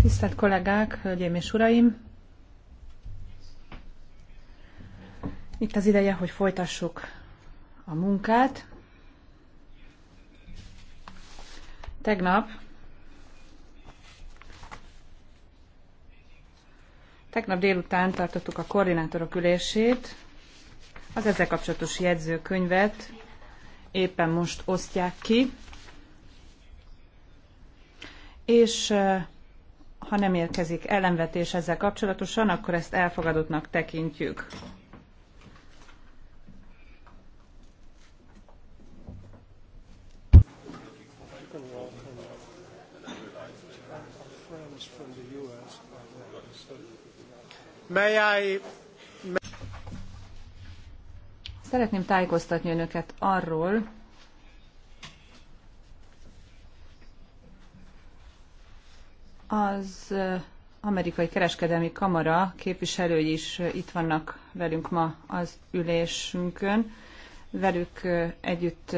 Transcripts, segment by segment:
Tisztelt kollégák, hölgyeim és uraim! Itt az ideje, hogy folytassuk a munkát. Tegnap Tegnap délután tartottuk a koordinátorok ülését, az ezzel kapcsolatos jegyzőkönyvet éppen most osztják ki, és ha nem érkezik ellenvetés ezzel kapcsolatosan, akkor ezt elfogadottnak tekintjük. May I Szeretném tájékoztatni önöket arról, az amerikai kereskedelmi kamara képviselői is itt vannak velünk ma az ülésünkön. Velük együtt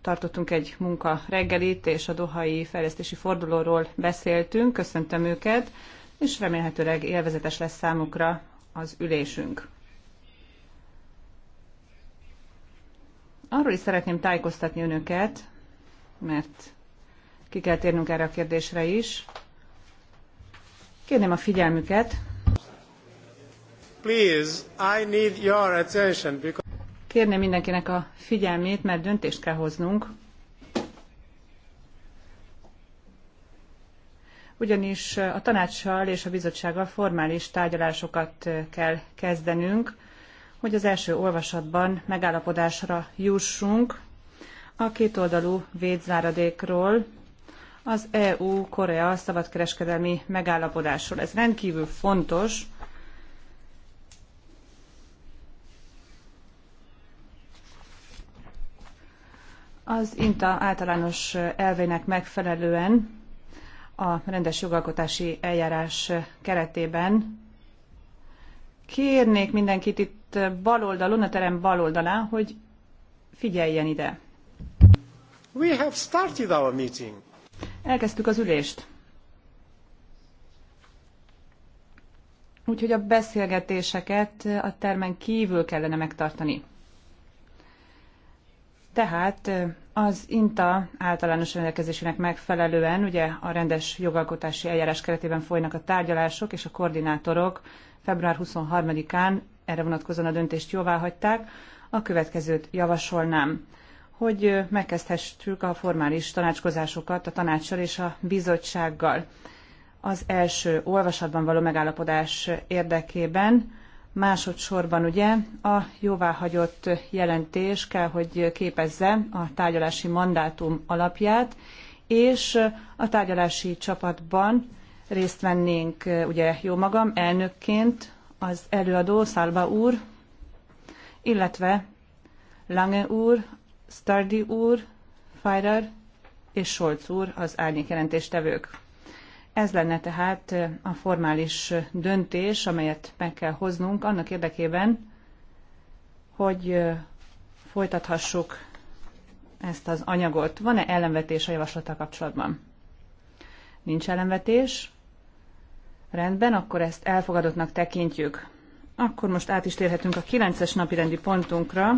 tartottunk egy munka reggelit, és a Dohai fejlesztési fordulóról beszéltünk. Köszöntöm őket, és remélhetőleg élvezetes lesz számukra az ülésünk. Arról is szeretném tájékoztatni önöket, mert ki kell térnünk erre a kérdésre is. Kérném a figyelmüket. Please, I need your attention because... Kérném mindenkinek a figyelmét, mert döntést kell hoznunk. Ugyanis a tanácssal és a bizottsággal formális tárgyalásokat kell kezdenünk hogy az első olvasatban megállapodásra jussunk a kétoldalú védzáradékról, az EU-Korea szabadkereskedelmi megállapodásról. Ez rendkívül fontos, Az INTA általános elvének megfelelően a rendes jogalkotási eljárás keretében Kérnék mindenkit itt baloldalon, a terem baloldalán, hogy figyeljen ide. We have started our meeting. Elkezdtük az ülést. Úgyhogy a beszélgetéseket a termen kívül kellene megtartani. Tehát az INTA általános rendelkezésének megfelelően ugye a rendes jogalkotási eljárás keretében folynak a tárgyalások, és a koordinátorok február 23-án erre vonatkozóan a döntést jóvá hagyták, a következőt javasolnám hogy megkezdhessük a formális tanácskozásokat a tanácssal és a bizottsággal. Az első olvasatban való megállapodás érdekében másodszorban ugye a jóváhagyott jelentés kell, hogy képezze a tárgyalási mandátum alapját, és a tárgyalási csapatban részt vennénk, ugye jó magam, elnökként, az előadó Szálba úr, illetve Lange úr, Stardi úr, Fajrar és Solc úr az árnyékjelentéstevők. Ez lenne tehát a formális döntés, amelyet meg kell hoznunk annak érdekében, hogy folytathassuk ezt az anyagot. Van-e ellenvetés a javaslata kapcsolatban? Nincs ellenvetés. Rendben, akkor ezt elfogadottnak tekintjük. Akkor most át is térhetünk a 9-es napirendi pontunkra.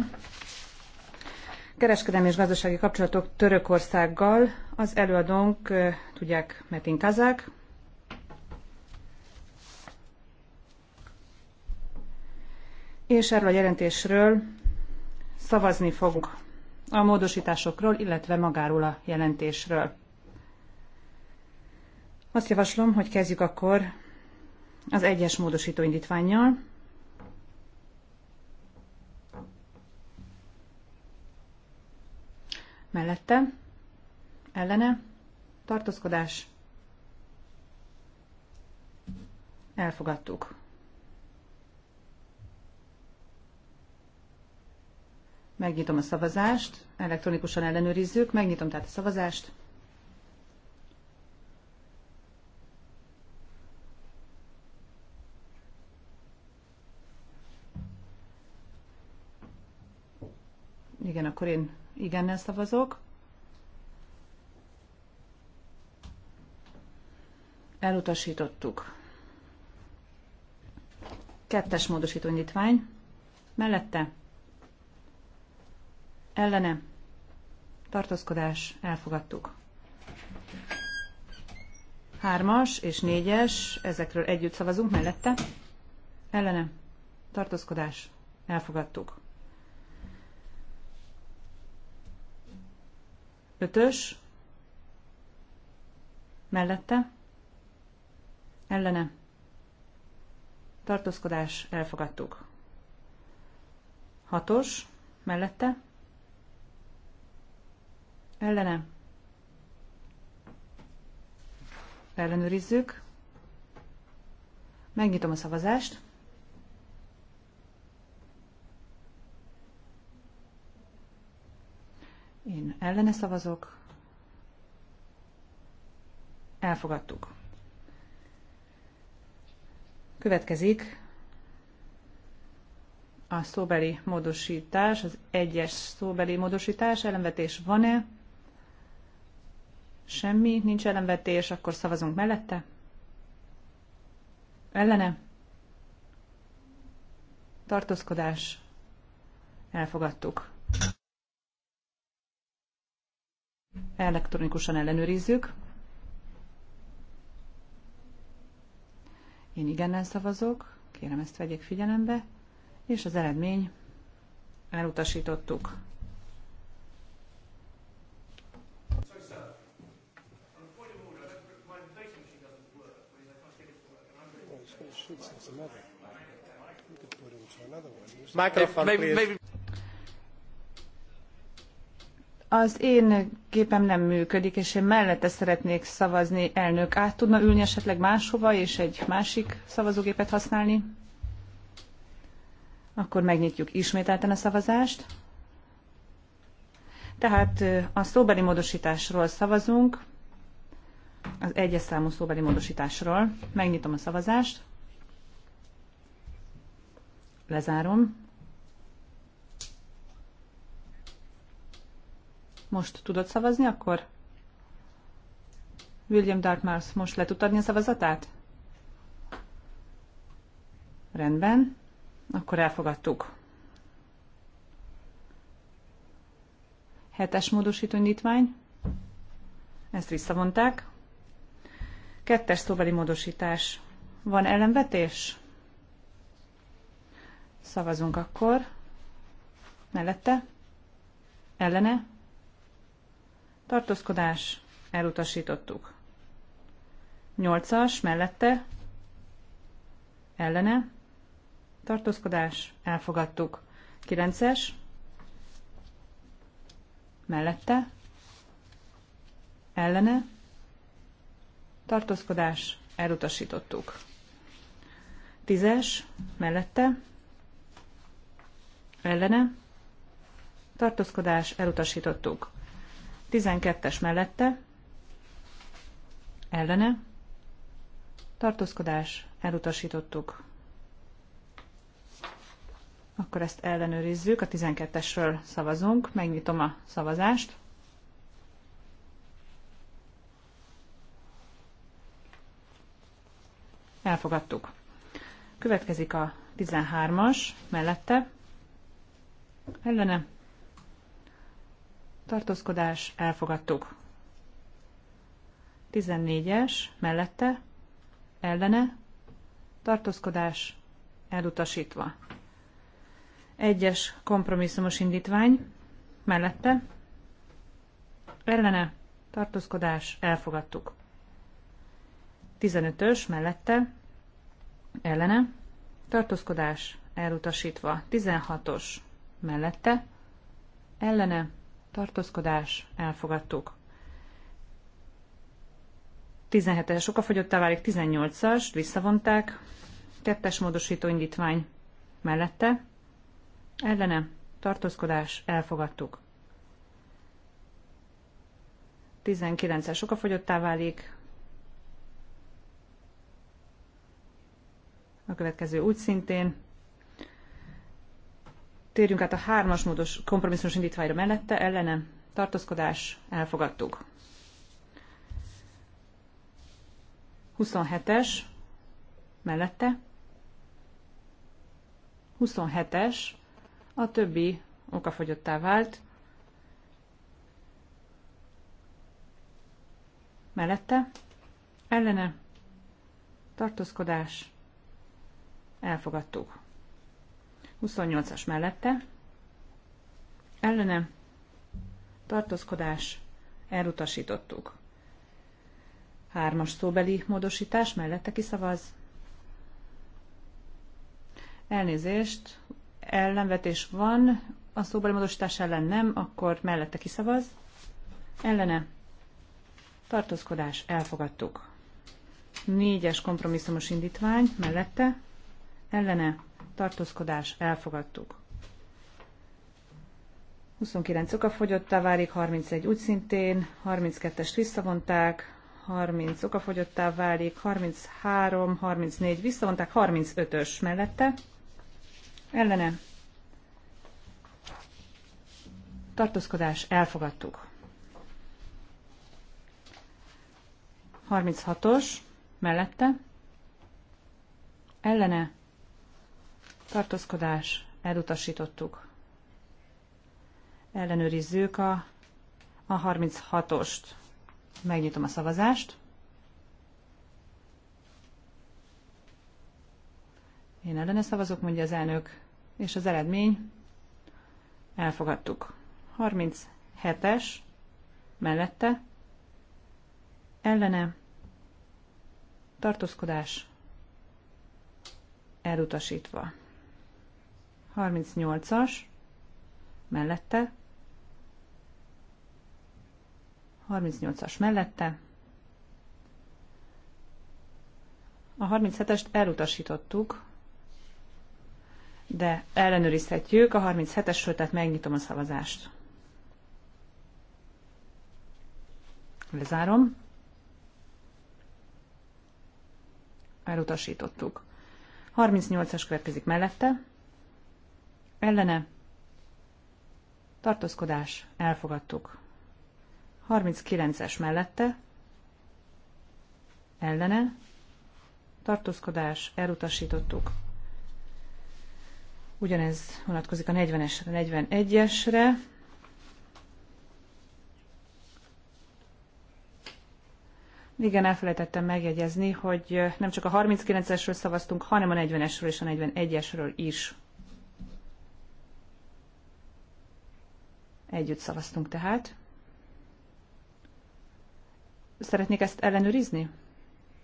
Kereskedelmi és gazdasági kapcsolatok Törökországgal. Az előadónk, tudják, Metin Kazák. És erről a jelentésről szavazni fogunk a módosításokról, illetve magáról a jelentésről. Azt javaslom, hogy kezdjük akkor az egyes módosító indítványjal. Mellette, ellene, tartózkodás, elfogadtuk. Megnyitom a szavazást, elektronikusan ellenőrizzük, megnyitom tehát a szavazást. Igen, akkor én igennel szavazok. Elutasítottuk. Kettes módosító indítvány. Mellette. Ellene. Tartózkodás. Elfogadtuk. Hármas és négyes, ezekről együtt szavazunk mellette. Ellene. Tartózkodás. Elfogadtuk. Ötös. Mellette. Ellene. Tartózkodás. Elfogadtuk. Hatos. Mellette. Ellene. Ellenőrizzük. Megnyitom a szavazást. Én ellene szavazok. Elfogadtuk. Következik a szóbeli módosítás, az egyes szóbeli módosítás. Ellenvetés van-e? Semmi, nincs ellenvetés, akkor szavazunk mellette. Ellene? Tartózkodás. Elfogadtuk. Elektronikusan ellenőrizzük. Én igennel szavazok, kérem ezt vegyék figyelembe, és az eredmény elutasítottuk. Microphone, please. Az én gépem nem működik, és én mellette szeretnék szavazni elnök. Át tudna ülni esetleg máshova, és egy másik szavazógépet használni? Akkor megnyitjuk ismételten a szavazást. Tehát a szóbeli módosításról szavazunk, az egyes számú szóbeli módosításról. Megnyitom a szavazást. Lezárom. Most tudod szavazni akkor? William Dartmouth most le tud adni a szavazatát? Rendben, akkor elfogadtuk. Hetes módosító indítvány. Ezt visszavonták. Kettes szóbeli módosítás. Van ellenvetés? Szavazunk akkor. Mellette? Ellene? tartózkodás, elutasítottuk. Nyolcas mellette, ellene, tartózkodás, elfogadtuk. Kilences, mellette, ellene, tartózkodás, elutasítottuk. Tízes mellette, ellene, tartózkodás, elutasítottuk. 12-es mellette, ellene, tartózkodás, elutasítottuk. Akkor ezt ellenőrizzük, a 12-esről szavazunk, megnyitom a szavazást. Elfogadtuk. Következik a 13-as mellette, ellene, tartózkodás, elfogadtuk. 14-es, mellette, ellene, tartózkodás, elutasítva. Egyes kompromisszumos indítvány, mellette, ellene, tartózkodás, elfogadtuk. 15-ös, mellette, ellene, tartózkodás, elutasítva. 16-os, mellette, ellene, tartózkodás, elfogadtuk. 17-es sokafogyottá válik, 18-as, visszavonták, kettes módosító indítvány mellette, ellene, tartózkodás, elfogadtuk. 19-es sokafogyottá válik, a következő úgy szintén, Térjünk át a hármas módos kompromisszumos indítványra mellette, ellene tartózkodás, elfogadtuk. 27-es mellette, 27-es, a többi okafogyottá vált, mellette, ellene, tartózkodás, elfogadtuk. 28-as mellette, ellene, tartózkodás, elutasítottuk. Hármas szóbeli módosítás mellette kiszavaz. Elnézést, ellenvetés van, a szóbeli módosítás ellen nem, akkor mellette kiszavaz. Ellene, tartózkodás, elfogadtuk. Négyes kompromisszumos indítvány mellette, ellene, tartózkodás, elfogadtuk. 29 okafogyottá válik, 31 úgy szintén, 32-est visszavonták, 30 okafogyottá válik, 33, 34 visszavonták, 35-ös mellette. Ellene. Tartózkodás, elfogadtuk. 36-os mellette. Ellene tartózkodás, elutasítottuk. Ellenőrizzük a, a 36-ost. Megnyitom a szavazást. Én ellene szavazok, mondja az elnök, és az eredmény elfogadtuk. 37-es mellette ellene tartózkodás elutasítva. 38-as, mellette, 38-as mellette. A 37-est elutasítottuk, de ellenőrizhetjük a 37-esről, tehát megnyitom a szavazást. Lezárom. Elutasítottuk. 38-as következik mellette. Ellene. Tartózkodás. Elfogadtuk. 39-es mellette. Ellene. Tartózkodás. Elutasítottuk. Ugyanez vonatkozik a 40-esre, 41-esre. Igen, elfelejtettem megjegyezni, hogy nem csak a 39-esről szavaztunk, hanem a 40-esről és a 41-esről is. Együtt szavaztunk tehát. Szeretnék ezt ellenőrizni?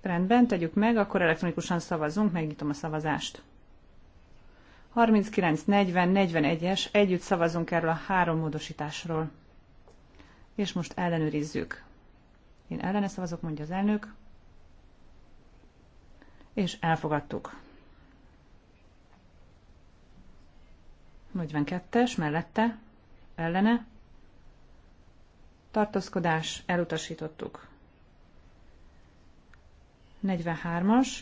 Rendben, tegyük meg, akkor elektronikusan szavazunk, megnyitom a szavazást. 39, 40, 41-es, együtt szavazunk erről a három módosításról. És most ellenőrizzük. Én ellene szavazok, mondja az elnök. És elfogadtuk. 42-es mellette, ellene, tartózkodás, elutasítottuk. 43-as,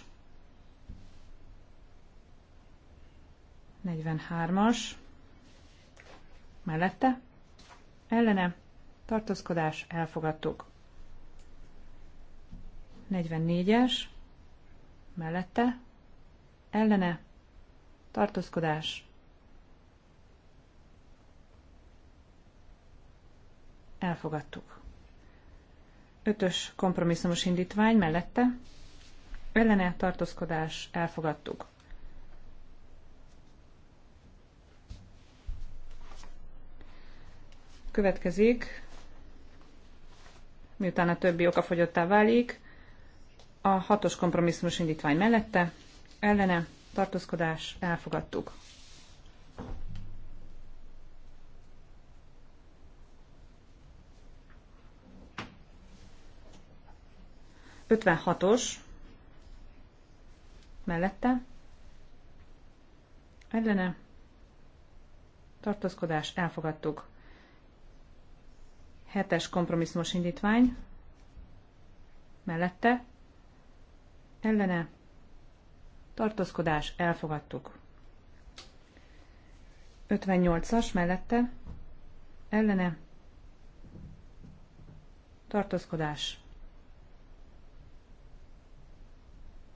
43-as, mellette, ellene, tartózkodás, elfogadtuk. 44-es, mellette, ellene, tartózkodás, Elfogadtuk. Ötös kompromisszumos indítvány mellette. Ellene tartózkodás. Elfogadtuk. Következik, miután a többi okafogyottá válik, a hatos kompromisszumos indítvány mellette, ellene, tartózkodás, elfogadtuk. 56-os mellette ellene tartózkodás elfogadtuk. 7-es kompromisszumos indítvány mellette ellene tartózkodás elfogadtuk. 58-as mellette ellene tartózkodás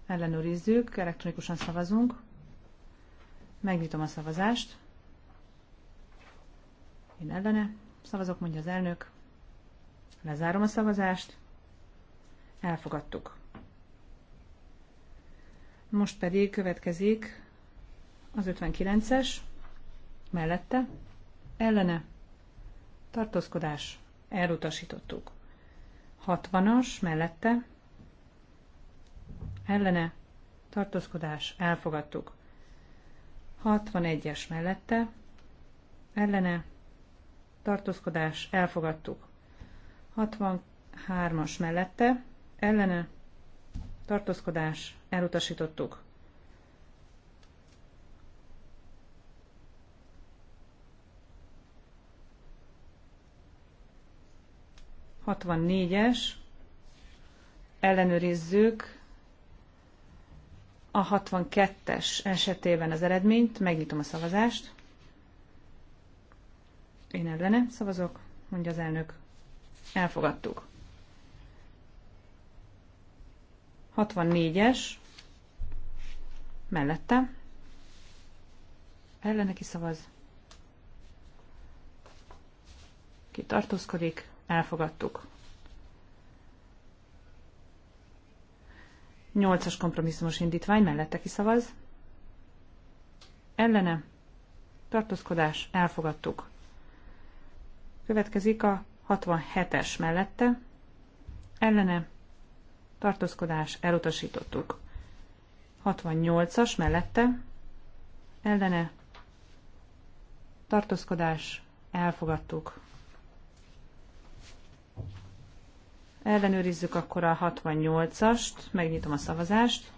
ellenőrizzük, elektronikusan szavazunk. Megnyitom a szavazást. Én ellene szavazok, mondja az elnök. Lezárom a szavazást. Elfogadtuk. Most pedig következik az 59-es, mellette, ellene, tartózkodás, elutasítottuk. 60-as, mellette, ellene, tartózkodás, elfogadtuk. 61-es mellette, ellene, tartózkodás, elfogadtuk. 63-as mellette, ellene, tartózkodás, elutasítottuk. 64-es, ellenőrizzük a 62-es esetében az eredményt, megnyitom a szavazást. Én ellene szavazok, mondja az elnök. Elfogadtuk. 64-es, mellette, ellene szavaz. ki tartózkodik, elfogadtuk. Nyolcas kompromisszumos indítvány mellette kiszavaz. Ellene. Tartózkodás. Elfogadtuk. Következik a 67-es mellette. Ellene. Tartózkodás. Elutasítottuk. 68-as mellette. Ellene. Tartózkodás. Elfogadtuk. Ellenőrizzük akkor a 68-ast, megnyitom a szavazást.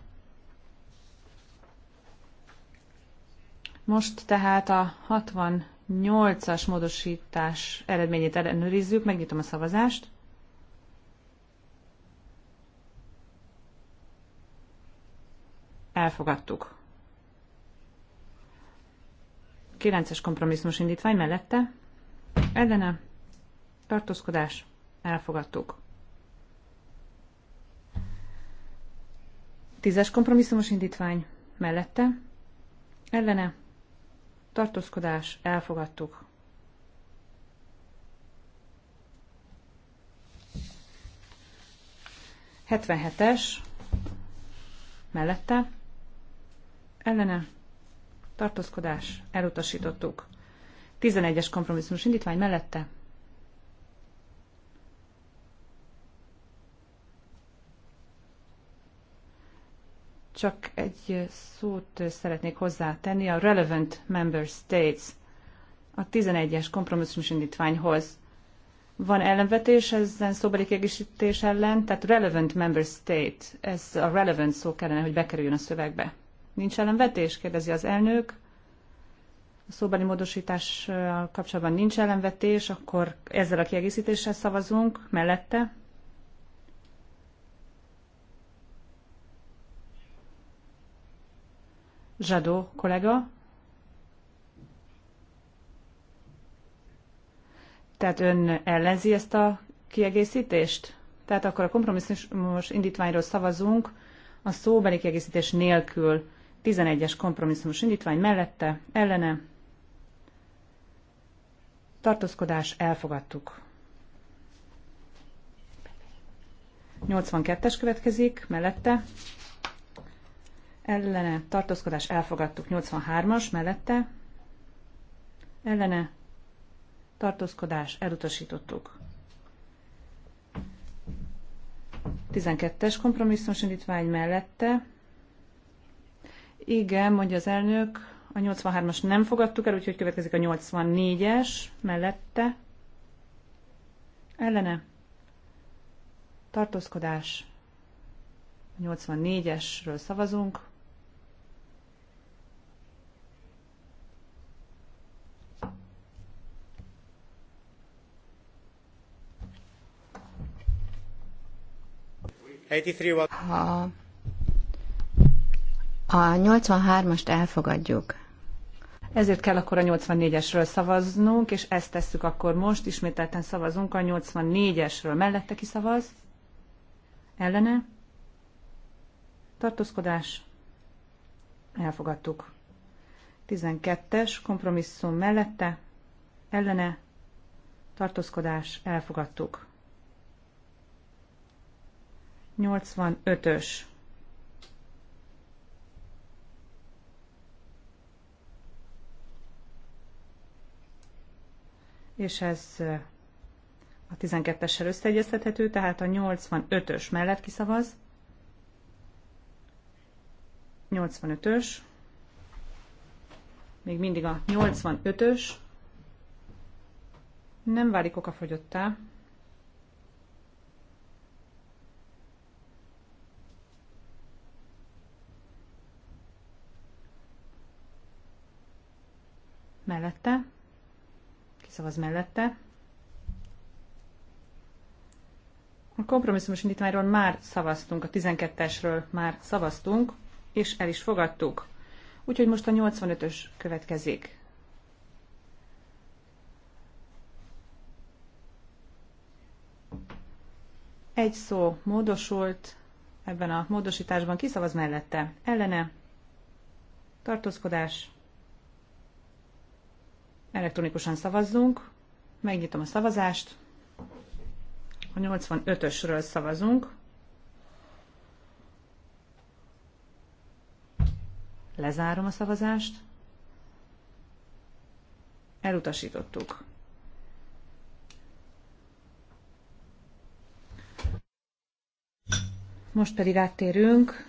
Most tehát a 68-as módosítás eredményét ellenőrizzük, megnyitom a szavazást. Elfogadtuk. 9-es kompromisszumos indítvány mellette. Ellene. Tartózkodás. Elfogadtuk. Tízes kompromisszumos indítvány mellette, ellene, tartózkodás, elfogadtuk. Hetvenhetes, mellette, ellene, tartózkodás, elutasítottuk. 11-es kompromisszumos indítvány mellette, Csak egy szót szeretnék hozzátenni a relevant member states, a 11-es kompromisszumos indítványhoz. Van ellenvetés ezen szóbeli kiegészítés ellen, tehát relevant member state, ez a relevant szó kellene, hogy bekerüljön a szövegbe. Nincs ellenvetés? kérdezi az elnök. A szóbeli módosítás kapcsolatban nincs ellenvetés, akkor ezzel a kiegészítéssel szavazunk mellette. Zsadó kollega. Tehát ön ellenzi ezt a kiegészítést? Tehát akkor a kompromisszumos indítványról szavazunk a szóbeli kiegészítés nélkül. 11-es kompromisszumos indítvány mellette, ellene. Tartózkodás elfogadtuk. 82-es következik, mellette, ellene tartózkodás elfogadtuk 83-as mellette, ellene tartózkodás elutasítottuk. 12-es kompromisszumos indítvány mellette. Igen, mondja az elnök, a 83-as nem fogadtuk el, úgyhogy következik a 84-es mellette. Ellene. Tartózkodás. A 84-esről szavazunk. Ha a 83-ast elfogadjuk, ezért kell akkor a 84-esről szavaznunk, és ezt tesszük akkor most, ismételten szavazunk a 84-esről. Mellette ki szavaz? Ellene? Tartózkodás? Elfogadtuk. 12-es kompromisszum mellette? Ellene? Tartózkodás? Elfogadtuk. 85-ös. És ez a 12-essel összeegyeztethető, tehát a 85-ös mellett kiszavaz. 85-ös. Még mindig a 85-ös. Nem válik okafogyottá. fogyottá. mellette, kiszavaz mellette. A kompromisszumos indítványról már szavaztunk, a 12-esről már szavaztunk, és el is fogadtuk. Úgyhogy most a 85-ös következik. Egy szó módosult ebben a módosításban, kiszavaz mellette, ellene, tartózkodás, Elektronikusan szavazzunk. Megnyitom a szavazást. A 85-ösről szavazunk. Lezárom a szavazást. Elutasítottuk. Most pedig áttérünk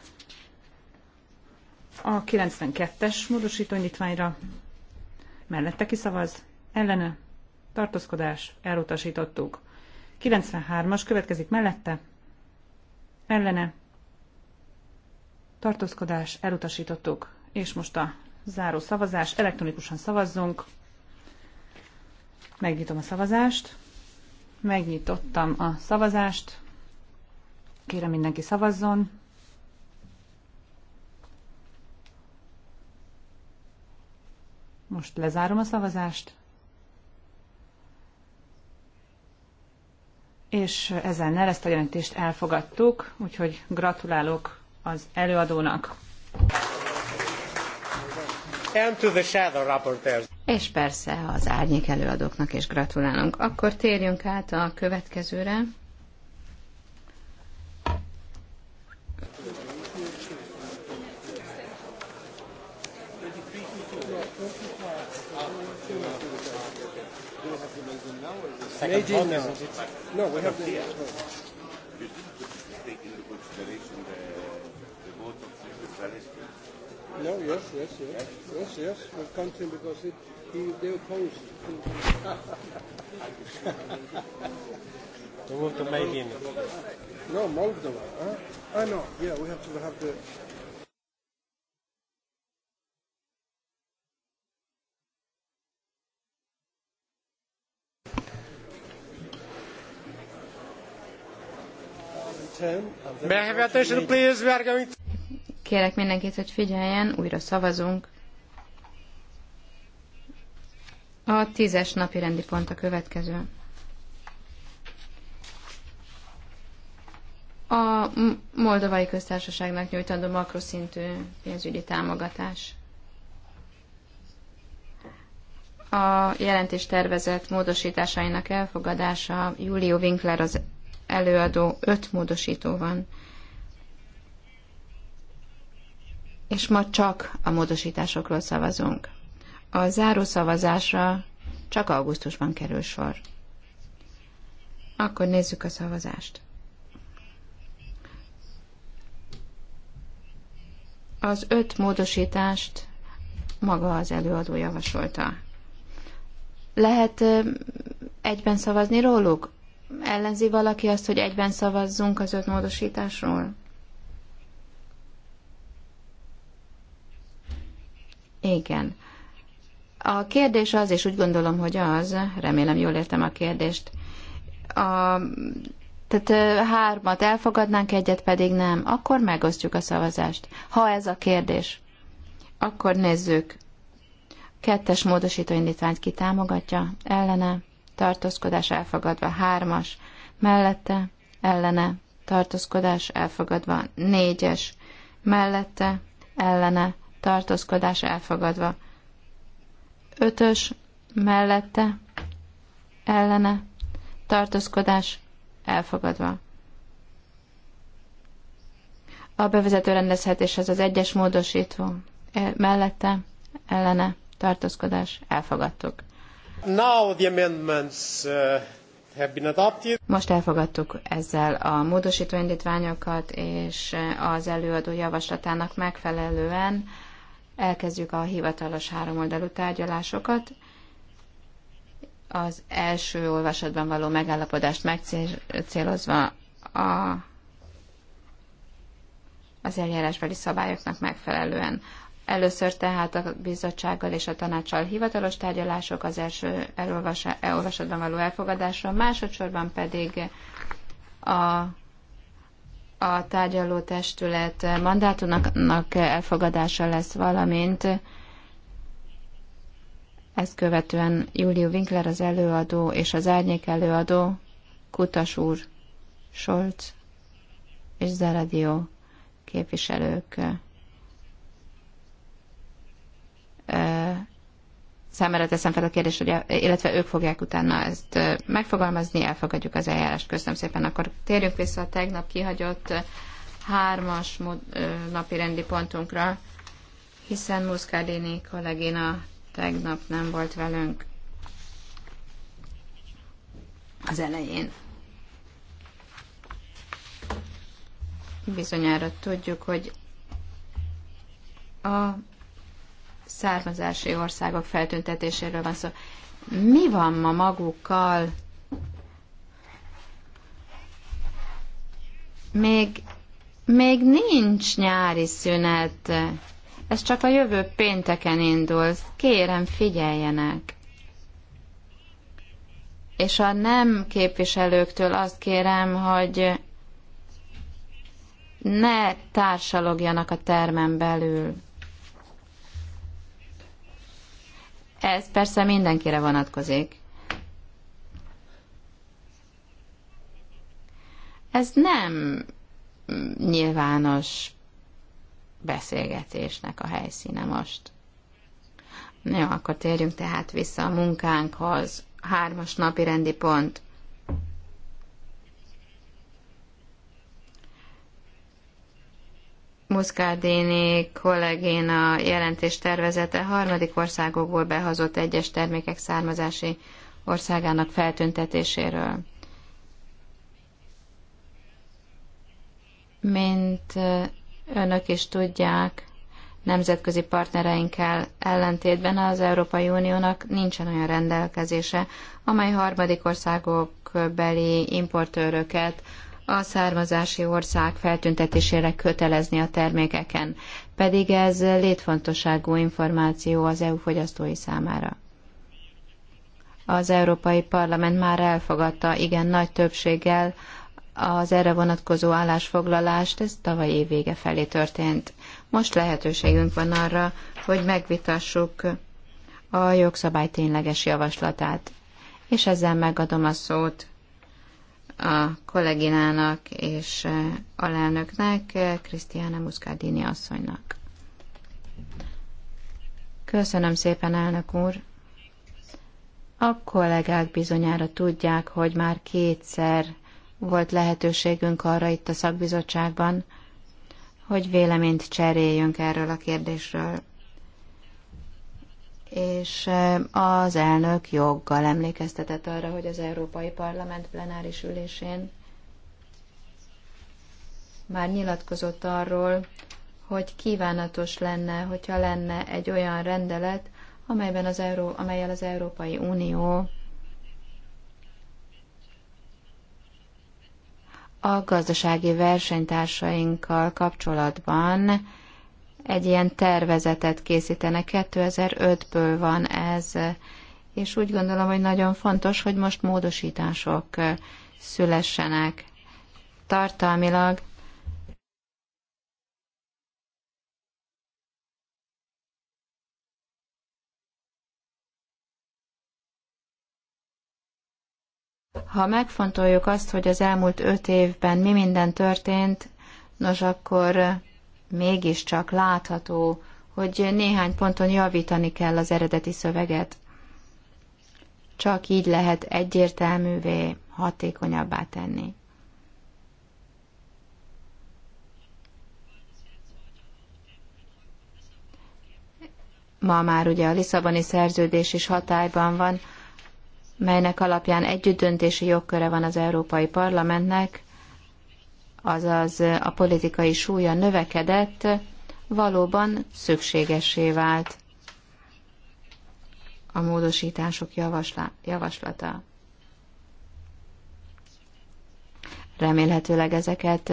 a 92-es módosító indítványra mellette szavaz? ellene, tartózkodás, elutasítottuk. 93-as következik mellette, ellene, tartózkodás, elutasítottuk. És most a záró szavazás, elektronikusan szavazzunk. Megnyitom a szavazást. Megnyitottam a szavazást. Kérem mindenki szavazzon. Most lezárom a szavazást. És ne ezt a jelentést elfogadtuk, úgyhogy gratulálok az előadónak. And to the shadow rapporteurs. És persze az árnyék előadóknak is gratulálunk. Akkor térjünk át a következőre. now or is it second 18 vote, No, we have the here. You didn't take No, yes, yes, yes, yes, yes, yes. We count him because it, he, they opposed. to move to Medina. No, Moldova. Huh? Ah, no, yeah, we have to have the. Kérek mindenkit, hogy figyeljen, újra szavazunk. A tízes napi rendi pont a következő. A Moldovai Köztársaságnak nyújtandó makroszintű pénzügyi támogatás. A jelentés tervezett módosításainak elfogadása Júlió Winkler az előadó öt módosító van. És ma csak a módosításokról szavazunk. A záró szavazásra csak augusztusban kerül sor. Akkor nézzük a szavazást. Az öt módosítást maga az előadó javasolta. Lehet egyben szavazni róluk? Ellenzi valaki azt, hogy egyben szavazzunk az öt módosításról? Igen. A kérdés az, és úgy gondolom, hogy az, remélem jól értem a kérdést, a, tehát hármat elfogadnánk, egyet pedig nem, akkor megosztjuk a szavazást. Ha ez a kérdés, akkor nézzük. Kettes módosító indítványt ki támogatja, ellene, tartózkodás elfogadva. Hármas mellette, ellene, tartózkodás elfogadva. Négyes mellette, ellene, tartózkodás elfogadva. Ötös mellette, ellene, tartózkodás elfogadva. A bevezető rendezhetéshez az egyes módosító eh, mellette, ellene, tartózkodás elfogadtuk. Uh, Most elfogadtuk ezzel a módosító indítványokat, és uh, az előadó javaslatának megfelelően elkezdjük a hivatalos háromoldalú tárgyalásokat. Az első olvasatban való megállapodást megcélozva a, az eljárásbeli szabályoknak megfelelően. Először tehát a bizottsággal és a tanácssal hivatalos tárgyalások az első elolvasatban való elfogadásra, másodszorban pedig a a tárgyaló testület mandátumnak elfogadása lesz, valamint ezt követően Júlió Winkler az előadó és az árnyék előadó Kutas úr, Scholz és Zeradió képviselők számára teszem fel a kérdést, hogy, illetve ők fogják utána ezt megfogalmazni, elfogadjuk az eljárást. Köszönöm szépen. Akkor térjünk vissza a tegnap kihagyott hármas napi rendi pontunkra, hiszen Muscadini kollégina tegnap nem volt velünk az elején. Bizonyára tudjuk, hogy a származási országok feltüntetéséről van szó. Mi van ma magukkal? Még, még nincs nyári szünet. Ez csak a jövő pénteken indul. Kérem, figyeljenek. És a nem képviselőktől azt kérem, hogy ne társalogjanak a termen belül. Ez persze mindenkire vonatkozik. Ez nem nyilvános beszélgetésnek a helyszíne most. Jó, akkor térjünk tehát vissza a munkánkhoz. Hármas napi rendi pont. Muszkádéni kollégén a jelentés tervezete harmadik országokból behazott egyes termékek származási országának feltüntetéséről. Mint önök is tudják, nemzetközi partnereinkkel ellentétben az Európai Uniónak nincsen olyan rendelkezése, amely harmadik országok beli importőröket a származási ország feltüntetésére kötelezni a termékeken, pedig ez létfontosságú információ az EU fogyasztói számára. Az Európai Parlament már elfogadta igen nagy többséggel az erre vonatkozó állásfoglalást, ez tavaly év vége felé történt. Most lehetőségünk van arra, hogy megvitassuk a jogszabály tényleges javaslatát. És ezzel megadom a szót a kolléginának és eh, alelnöknek, eh, Krisztiána Muscardini asszonynak. Köszönöm szépen, elnök úr! A kollégák bizonyára tudják, hogy már kétszer volt lehetőségünk arra itt a szakbizottságban, hogy véleményt cseréljünk erről a kérdésről és eh, az elnök joggal emlékeztetett arra, hogy az Európai Parlament plenáris ülésén már nyilatkozott arról, hogy kívánatos lenne, hogyha lenne egy olyan rendelet, amelyben az Euró, amelyel az Európai Unió a gazdasági versenytársainkkal kapcsolatban egy ilyen tervezetet készítenek. 2005-ből van ez, és úgy gondolom, hogy nagyon fontos, hogy most módosítások szülessenek. Tartalmilag Ha megfontoljuk azt, hogy az elmúlt öt évben mi minden történt, nos akkor mégiscsak látható, hogy néhány ponton javítani kell az eredeti szöveget. Csak így lehet egyértelművé, hatékonyabbá tenni. Ma már ugye a Lisszaboni szerződés is hatályban van, melynek alapján együttdöntési jogköre van az Európai Parlamentnek, azaz a politikai súlya növekedett, valóban szükségessé vált a módosítások javaslata. Remélhetőleg ezeket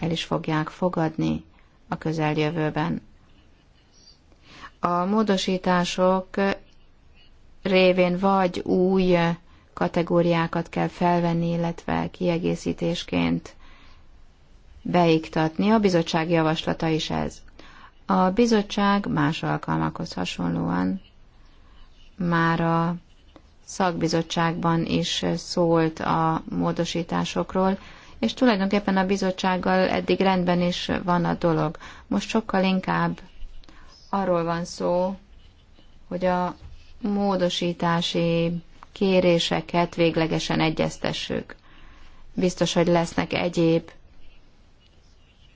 el is fogják fogadni a közeljövőben. A módosítások révén vagy új kategóriákat kell felvenni, illetve kiegészítésként beiktatni. A bizottság javaslata is ez. A bizottság más alkalmakhoz hasonlóan már a szakbizottságban is szólt a módosításokról, és tulajdonképpen a bizottsággal eddig rendben is van a dolog. Most sokkal inkább arról van szó, hogy a módosítási kéréseket véglegesen egyeztessük. Biztos, hogy lesznek egyéb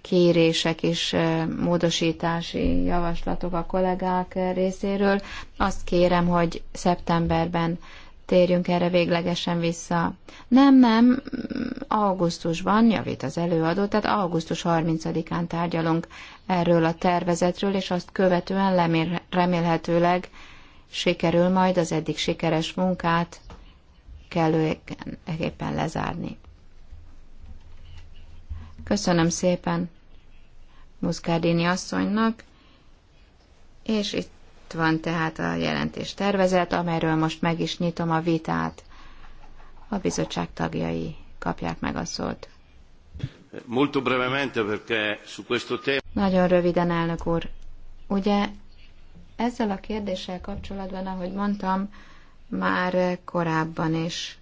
kérések és módosítási javaslatok a kollégák részéről. Azt kérem, hogy szeptemberben térjünk erre véglegesen vissza. Nem, nem, augusztusban javít az előadó, tehát augusztus 30-án tárgyalunk erről a tervezetről, és azt követően lemér, remélhetőleg sikerül majd az eddig sikeres munkát kellőképpen lezárni. Köszönöm szépen Muszkárdini asszonynak, és itt van tehát a jelentés tervezet, amelyről most meg is nyitom a vitát. A bizottság tagjai kapják meg a szót. Molto brevemente, perché su questo tema... Nagyon röviden, elnök úr. Ugye ezzel a kérdéssel kapcsolatban, ahogy mondtam, már korábban is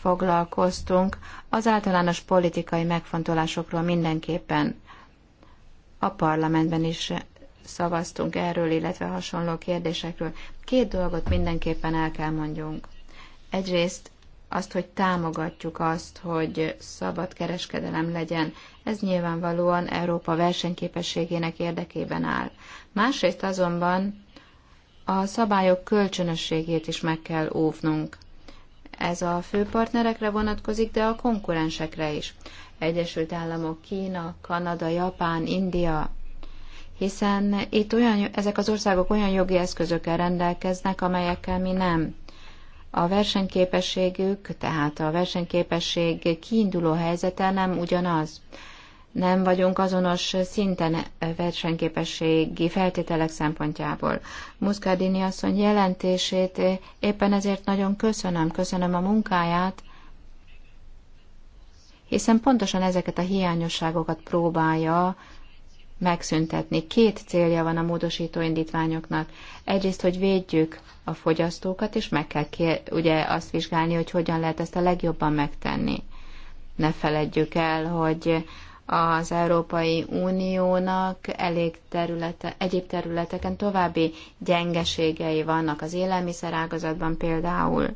foglalkoztunk az általános politikai megfontolásokról mindenképpen. A parlamentben is szavaztunk erről, illetve hasonló kérdésekről. Két dolgot mindenképpen el kell mondjunk. Egyrészt azt, hogy támogatjuk azt, hogy szabad kereskedelem legyen, ez nyilvánvalóan Európa versenyképességének érdekében áll. Másrészt azonban a szabályok kölcsönösségét is meg kell óvnunk. Ez a főpartnerekre vonatkozik, de a konkurensekre is. Egyesült Államok, Kína, Kanada, Japán, India, hiszen itt olyan, ezek az országok olyan jogi eszközökkel rendelkeznek, amelyekkel mi nem. A versenyképességük, tehát a versenyképesség kiinduló helyzete nem ugyanaz nem vagyunk azonos szinten versenyképességi feltételek szempontjából. Muscardini asszony jelentését éppen ezért nagyon köszönöm, köszönöm a munkáját, hiszen pontosan ezeket a hiányosságokat próbálja megszüntetni. Két célja van a módosító indítványoknak. Egyrészt, hogy védjük a fogyasztókat, és meg kell kér, ugye azt vizsgálni, hogy hogyan lehet ezt a legjobban megtenni. Ne feledjük el, hogy az Európai Uniónak elég területe, egyéb területeken további gyengeségei vannak az élelmiszerágazatban például.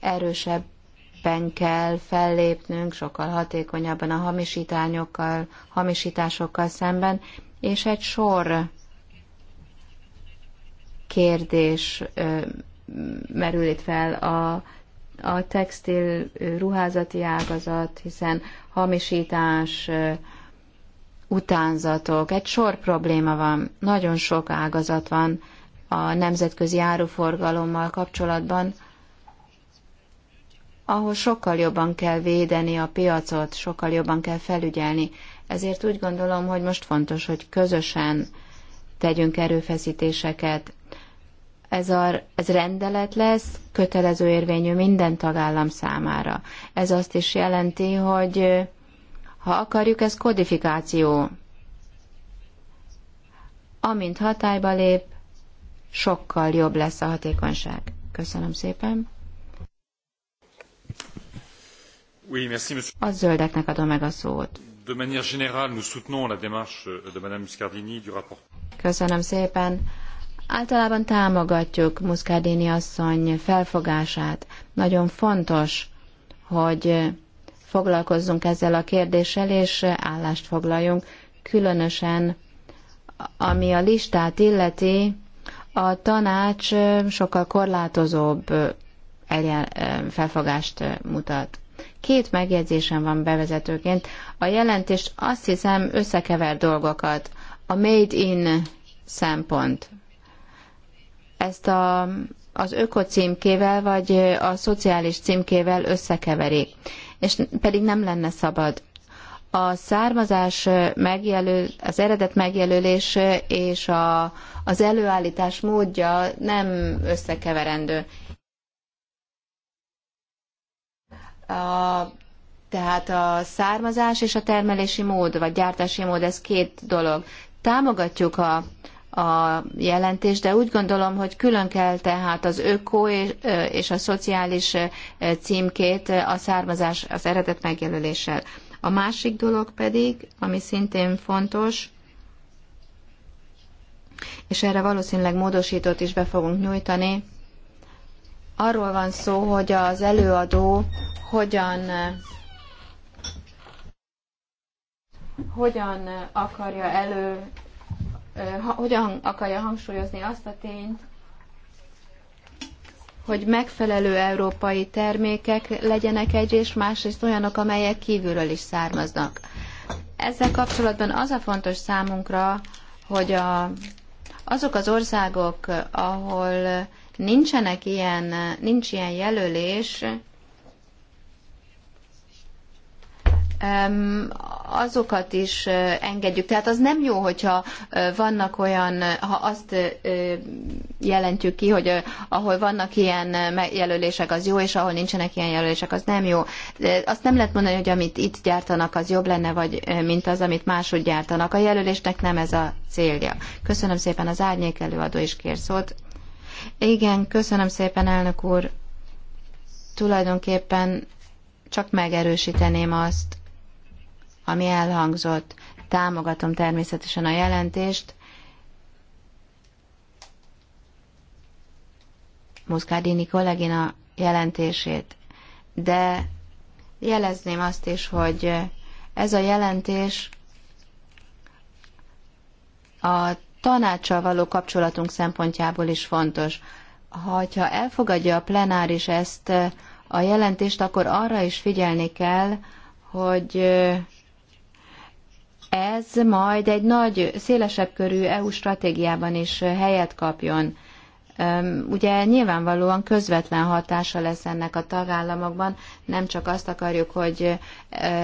Erősebben kell fellépnünk, sokkal hatékonyabban a hamisítányokkal, hamisításokkal szemben, és egy sor kérdés merül itt fel a a textil ruházati ágazat, hiszen hamisítás, utánzatok, egy sor probléma van, nagyon sok ágazat van a nemzetközi áruforgalommal kapcsolatban, ahol sokkal jobban kell védeni a piacot, sokkal jobban kell felügyelni. Ezért úgy gondolom, hogy most fontos, hogy közösen tegyünk erőfeszítéseket ez, a, ez rendelet lesz, kötelező érvényű minden tagállam számára. Ez azt is jelenti, hogy ha akarjuk, ez kodifikáció. Amint hatályba lép, sokkal jobb lesz a hatékonyság. Köszönöm szépen. Oui, merci, a zöldeknek adom meg a szót. De manière générale, nous soutenons la démarche de Madame Muscardini, du rapport. Köszönöm szépen. Általában támogatjuk Muszkádéni asszony felfogását. Nagyon fontos, hogy foglalkozzunk ezzel a kérdéssel, és állást foglaljunk, különösen ami a listát illeti, a tanács sokkal korlátozóbb felfogást mutat. Két megjegyzésem van bevezetőként. A jelentést azt hiszem összekever dolgokat. A made in szempont ezt a, az öko címkével vagy a szociális címkével összekeverik, és pedig nem lenne szabad. A származás megjelöl, az eredet megjelölés és a, az előállítás módja nem összekeverendő. A, tehát a származás és a termelési mód, vagy gyártási mód, ez két dolog. Támogatjuk a, a jelentés, de úgy gondolom, hogy külön kell tehát az öko és a szociális címkét a származás, az eredet megjelöléssel. A másik dolog pedig, ami szintén fontos, és erre valószínűleg módosítót is be fogunk nyújtani, arról van szó, hogy az előadó hogyan hogyan akarja elő hogyan akarja hangsúlyozni azt a tényt, hogy megfelelő európai termékek legyenek és másrészt olyanok, amelyek kívülről is származnak. Ezzel kapcsolatban az a fontos számunkra, hogy a, azok az országok, ahol nincsenek ilyen, nincs ilyen jelölés, azokat is engedjük. Tehát az nem jó, hogyha vannak olyan, ha azt jelentjük ki, hogy ahol vannak ilyen jelölések, az jó, és ahol nincsenek ilyen jelölések, az nem jó. Azt nem lehet mondani, hogy amit itt gyártanak, az jobb lenne, vagy mint az, amit máshogy gyártanak. A jelölésnek nem ez a célja. Köszönöm szépen az árnyék előadó is kér szót. Igen, köszönöm szépen, elnök úr. Tulajdonképpen csak megerősíteném azt, ami elhangzott. Támogatom természetesen a jelentést. Muszkádini kollégina jelentését, de jelezném azt is, hogy ez a jelentés a tanácssal való kapcsolatunk szempontjából is fontos. Ha elfogadja a plenáris ezt a jelentést, akkor arra is figyelni kell, hogy ez majd egy nagy, szélesebb körű EU stratégiában is helyet kapjon. Ugye nyilvánvalóan közvetlen hatása lesz ennek a tagállamokban, nem csak azt akarjuk, hogy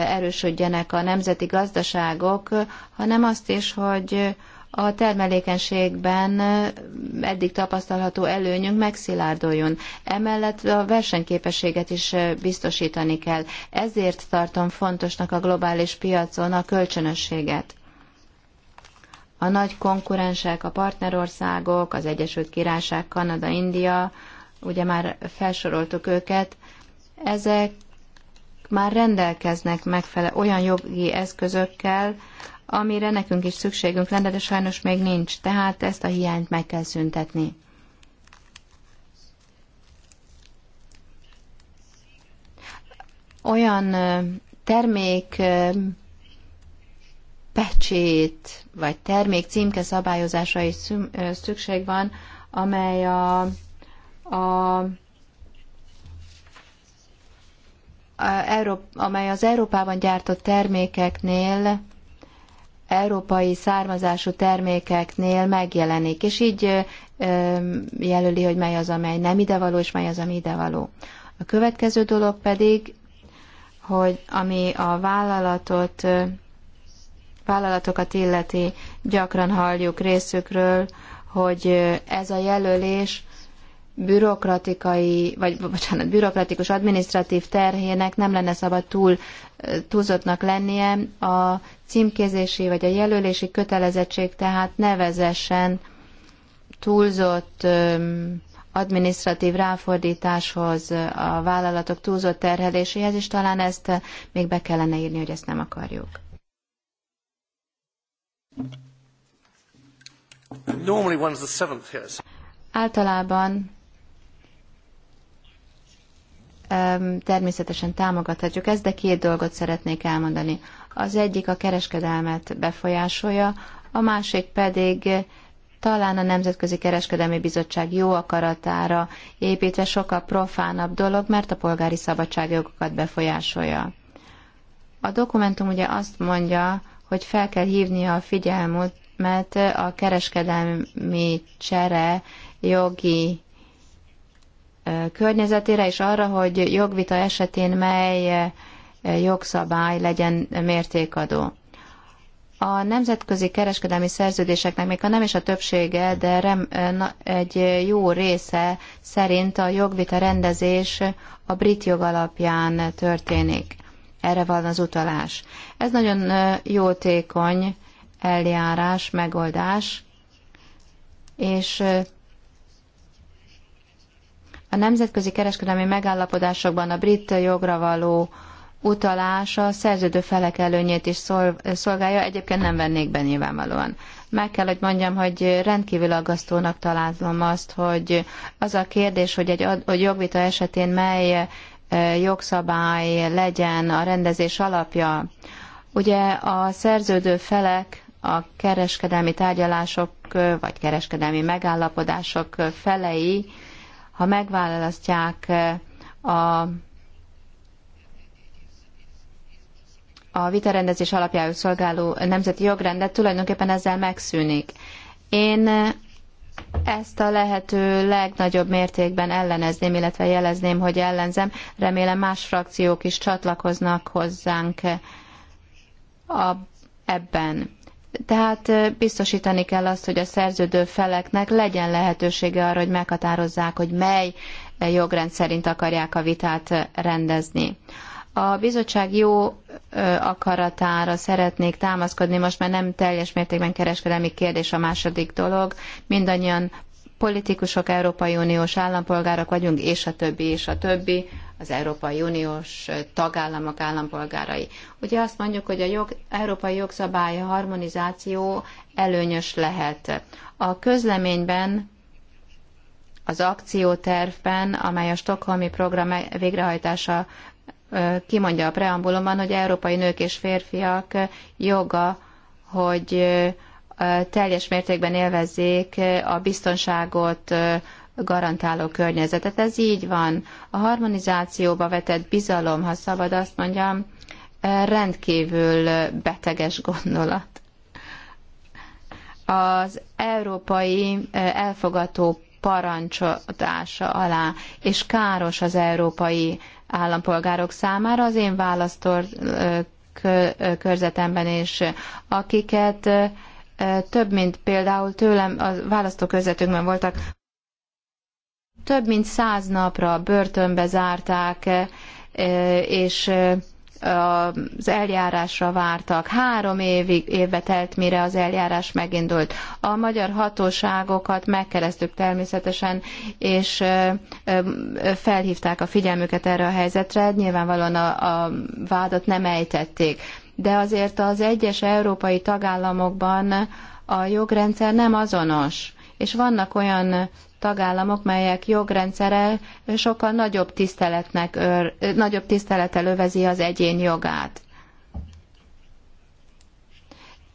erősödjenek a nemzeti gazdaságok, hanem azt is, hogy a termelékenységben eddig tapasztalható előnyünk megszilárduljon. Emellett a versenyképességet is biztosítani kell. Ezért tartom fontosnak a globális piacon a kölcsönösséget. A nagy konkurensek, a partnerországok, az Egyesült Királyság, Kanada, India, ugye már felsoroltuk őket, ezek már rendelkeznek megfele olyan jogi eszközökkel, amire nekünk is szükségünk lenne, de sajnos még nincs. Tehát ezt a hiányt meg kell szüntetni. Olyan termék pecsét, vagy termék címke szabályozásra is szükség van, amely a, a Európa, amely az Európában gyártott termékeknél európai származású termékeknél megjelenik, és így jelöli, hogy mely az, amely nem idevaló, és mely az, ami idevaló. A következő dolog pedig, hogy ami a vállalatot, vállalatokat illeti, gyakran halljuk részükről, hogy ez a jelölés bürokratikai, vagy bocsánat, bürokratikus adminisztratív terhének nem lenne szabad túl túlzottnak lennie. A címkézési vagy a jelölési kötelezettség tehát nevezesen túlzott adminisztratív ráfordításhoz, a vállalatok túlzott terheléséhez, és talán ezt még be kellene írni, hogy ezt nem akarjuk. Általában természetesen támogathatjuk ezt, de két dolgot szeretnék elmondani. Az egyik a kereskedelmet befolyásolja, a másik pedig talán a Nemzetközi Kereskedelmi Bizottság jó akaratára építve sokkal profánabb dolog, mert a polgári szabadságjogokat befolyásolja. A dokumentum ugye azt mondja, hogy fel kell hívnia a figyelmet a kereskedelmi csere jogi környezetére, és arra, hogy jogvita esetén mely jogszabály legyen mértékadó. A nemzetközi kereskedelmi szerződéseknek még ha nem is a többsége, de rem, egy jó része szerint a jogvita rendezés a brit jog alapján történik. Erre van az utalás. Ez nagyon jótékony eljárás, megoldás, és a nemzetközi kereskedelmi megállapodásokban a brit jogra való utalása a szerződő felek előnyét is szolgálja, egyébként nem vennék be nyilvánvalóan. Meg kell, hogy mondjam, hogy rendkívül aggasztónak találom azt, hogy az a kérdés, hogy egy hogy jogvita esetén mely e, jogszabály legyen a rendezés alapja. Ugye a szerződő felek a kereskedelmi tárgyalások vagy kereskedelmi megállapodások felei ha megválasztják eh, a a vitarendezés alapjául szolgáló nemzeti jogrendet tulajdonképpen ezzel megszűnik. Én eh, ezt a lehető legnagyobb mértékben ellenezném, illetve jelezném, hogy ellenzem. Remélem más frakciók is csatlakoznak hozzánk eh, a, ebben. Tehát biztosítani kell azt, hogy a szerződő feleknek legyen lehetősége arra, hogy meghatározzák, hogy mely jogrend szerint akarják a vitát rendezni. A bizottság jó akaratára szeretnék támaszkodni, most már nem teljes mértékben kereskedelmi kérdés a második dolog. Mindannyian politikusok, Európai Uniós állampolgárok vagyunk, és a többi, és a többi az Európai Uniós tagállamok állampolgárai. Ugye azt mondjuk, hogy a jog, európai jogszabály harmonizáció előnyös lehet. A közleményben az akciótervben, amely a Stockholmi program végrehajtása kimondja a preambulumban, hogy európai nők és férfiak joga, hogy teljes mértékben élvezzék a biztonságot, garantáló környezetet. Ez így van. A harmonizációba vetett bizalom, ha szabad azt mondjam, rendkívül beteges gondolat. Az európai eh, elfogató parancsodása alá, és káros az európai állampolgárok számára az én választor eh, eh, körzetemben is, akiket több mint például tőlem, a választókörzetünkben voltak több mint száz napra börtönbe zárták, e, e, és e, az eljárásra vártak. Három évig, évbe telt, mire az eljárás megindult. A magyar hatóságokat megkeresztük természetesen, és felhívták a figyelmüket erre a helyzetre. Nyilvánvalóan a, a vádat nem ejtették. De azért az egyes európai tagállamokban a jogrendszer nem azonos, és vannak olyan tagállamok, melyek jogrendszere sokkal nagyobb, tiszteletnek, nagyobb tisztelettel övezi az egyén jogát.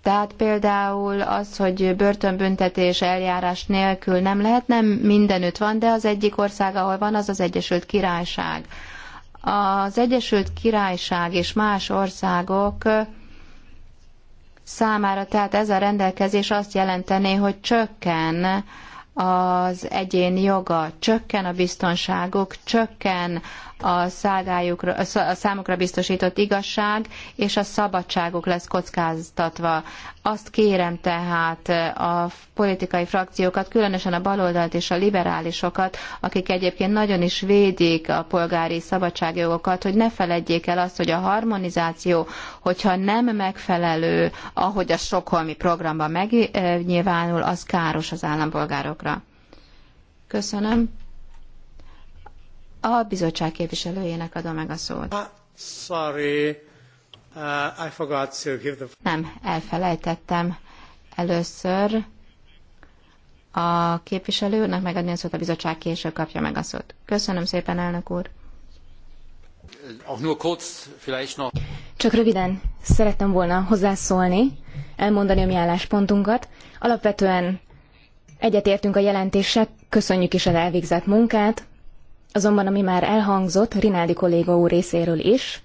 Tehát például az, hogy börtönbüntetés eljárás nélkül nem lehet, nem mindenütt van, de az egyik ország, ahol van, az az Egyesült Királyság. Az Egyesült Királyság és más országok számára tehát ez a rendelkezés azt jelentené, hogy csökken az egyén joga, csökken a biztonságok, csökken a, a számukra biztosított igazság, és a szabadságuk lesz kockáztatva. Azt kérem tehát a politikai frakciókat, különösen a baloldalt és a liberálisokat, akik egyébként nagyon is védik a polgári szabadságjogokat, hogy ne feledjék el azt, hogy a harmonizáció, hogyha nem megfelelő, ahogy a Stockholmi programban megnyilvánul, az káros az állampolgárokra. Köszönöm. A bizottság képviselőjének adom meg a szót. Ah, uh, Nem, elfelejtettem először a képviselőnek megadni a szót, a bizottság később kapja meg a szót. Köszönöm szépen, elnök úr. Csak röviden szerettem volna hozzászólni, elmondani a mi álláspontunkat. Alapvetően Egyetértünk a jelentéssel, köszönjük is az elvégzett munkát, azonban ami már elhangzott Rinaldi kolléga úr részéről is,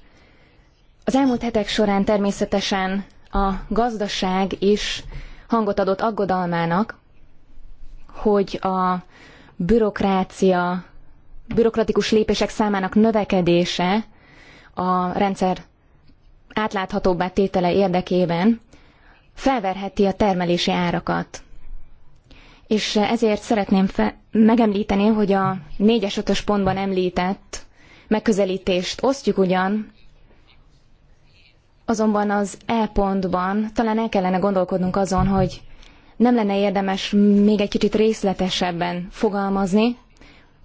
az elmúlt hetek során természetesen a gazdaság is hangot adott aggodalmának, hogy a bürokrácia, bürokratikus lépések számának növekedése a rendszer átláthatóbbá tétele érdekében felverheti a termelési árakat és ezért szeretném megemlíteni, hogy a 4-es 5-ös pontban említett megközelítést osztjuk ugyan, azonban az E pontban talán el kellene gondolkodnunk azon, hogy nem lenne érdemes még egy kicsit részletesebben fogalmazni,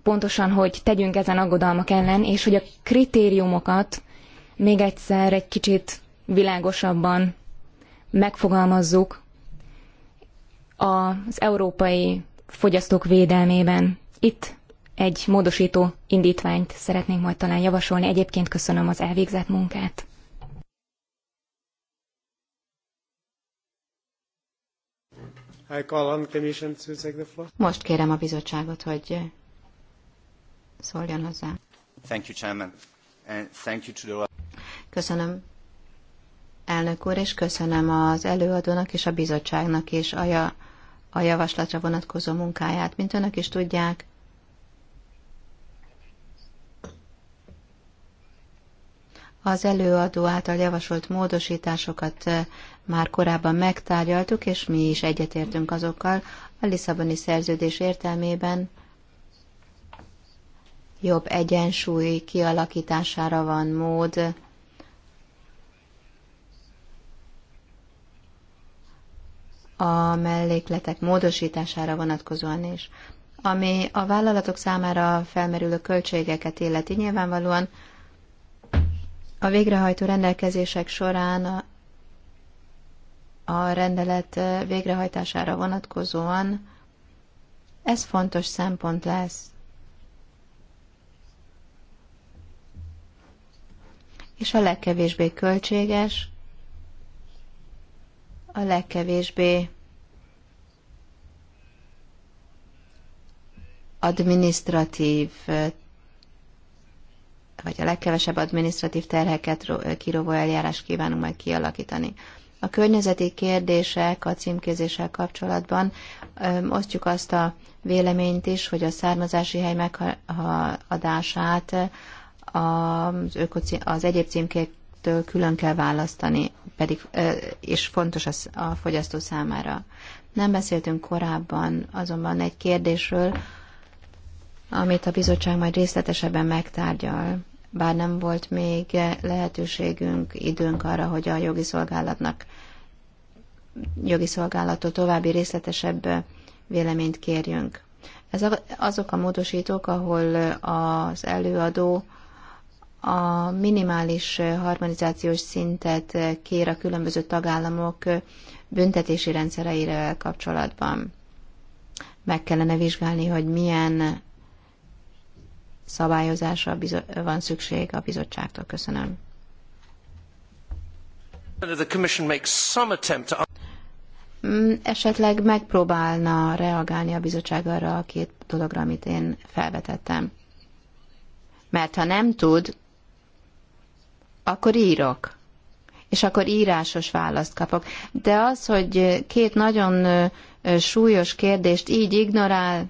pontosan, hogy tegyünk ezen aggodalmak ellen, és hogy a kritériumokat még egyszer egy kicsit világosabban megfogalmazzuk, az európai fogyasztók védelmében. Itt egy módosító indítványt szeretnénk majd talán javasolni. Egyébként köszönöm az elvégzett munkát. Most kérem a bizottságot, hogy szóljon hozzá. Thank you, Chairman. And thank you to the... Köszönöm, elnök úr, és köszönöm az előadónak és a bizottságnak is a a javaslatra vonatkozó munkáját. Mint önök is tudják, az előadó által javasolt módosításokat eh, már korábban megtárgyaltuk, és mi is egyetértünk azokkal. A Lisszaboni szerződés értelmében jobb egyensúly kialakítására van mód a mellékletek módosítására vonatkozóan is. Ami a vállalatok számára felmerülő költségeket illeti, nyilvánvalóan a végrehajtó rendelkezések során a, a rendelet végrehajtására vonatkozóan ez fontos szempont lesz. És a legkevésbé költséges, a legkevésbé administratív, vagy a legkevesebb administratív terheket kirovó eljárás kívánunk majd kialakítani. A környezeti kérdések a címkézéssel kapcsolatban osztjuk azt a véleményt is, hogy a származási hely meghadását az, az egyéb címkéktől külön kell választani pedig, és fontos az a fogyasztó számára. Nem beszéltünk korábban azonban egy kérdésről, amit a bizottság majd részletesebben megtárgyal, bár nem volt még lehetőségünk, időnk arra, hogy a jogi szolgálatnak jogi szolgálattól további részletesebb véleményt kérjünk. Ez azok a módosítók, ahol az előadó a minimális harmonizációs szintet kér a különböző tagállamok büntetési rendszereivel kapcsolatban. Meg kellene vizsgálni, hogy milyen szabályozásra van szükség a bizottságtól. Köszönöm. Mm, esetleg megpróbálna reagálni a bizottság arra a két dologra, amit én felvetettem. Mert ha nem tud, akkor írok. És akkor írásos választ kapok. De az, hogy két nagyon súlyos kérdést így ignorál,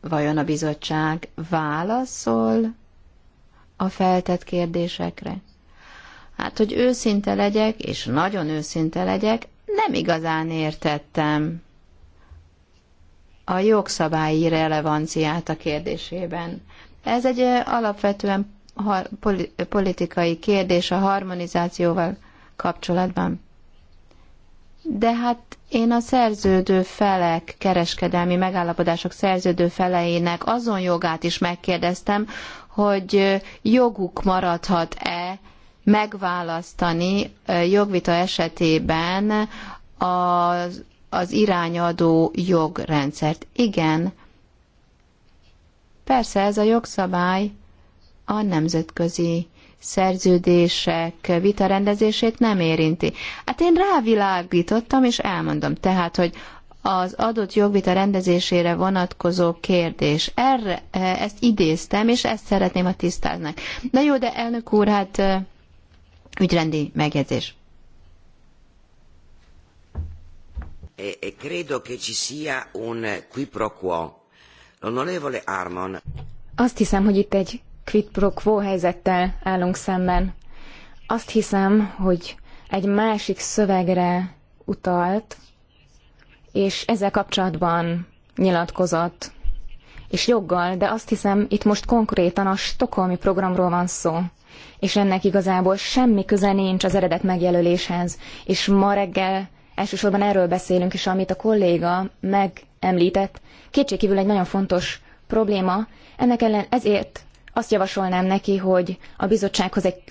vajon a bizottság válaszol a feltett kérdésekre? Hát, hogy őszinte legyek, és nagyon őszinte legyek, nem igazán értettem a jogszabályi relevanciát a kérdésében. Ez egy alapvetően politikai kérdés a harmonizációval kapcsolatban. De hát én a szerződő felek, kereskedelmi megállapodások szerződő feleinek azon jogát is megkérdeztem, hogy joguk maradhat-e megválasztani jogvita esetében az, az irányadó jogrendszert. Igen, persze ez a jogszabály a nemzetközi szerződések vitarendezését nem érinti. Hát én rávilágítottam, és elmondom tehát, hogy az adott jogvita rendezésére vonatkozó kérdés. Erre, e, ezt idéztem, és ezt szeretném, a tisztáznak. Na jó, de elnök úr, hát e, ügyrendi megjegyzés. E, credo che ci sia un qui pro quo. L'onorevole Armon. Azt hiszem, hogy itt egy quid pro quo helyzettel állunk szemben. Azt hiszem, hogy egy másik szövegre utalt, és ezzel kapcsolatban nyilatkozott, és joggal, de azt hiszem, itt most konkrétan a stokholmi programról van szó, és ennek igazából semmi köze nincs az eredet megjelöléshez, és ma reggel elsősorban erről beszélünk, és amit a kolléga megemlített, kétségkívül egy nagyon fontos probléma, ennek ellen ezért azt javasolnám neki, hogy a bizottsághoz egy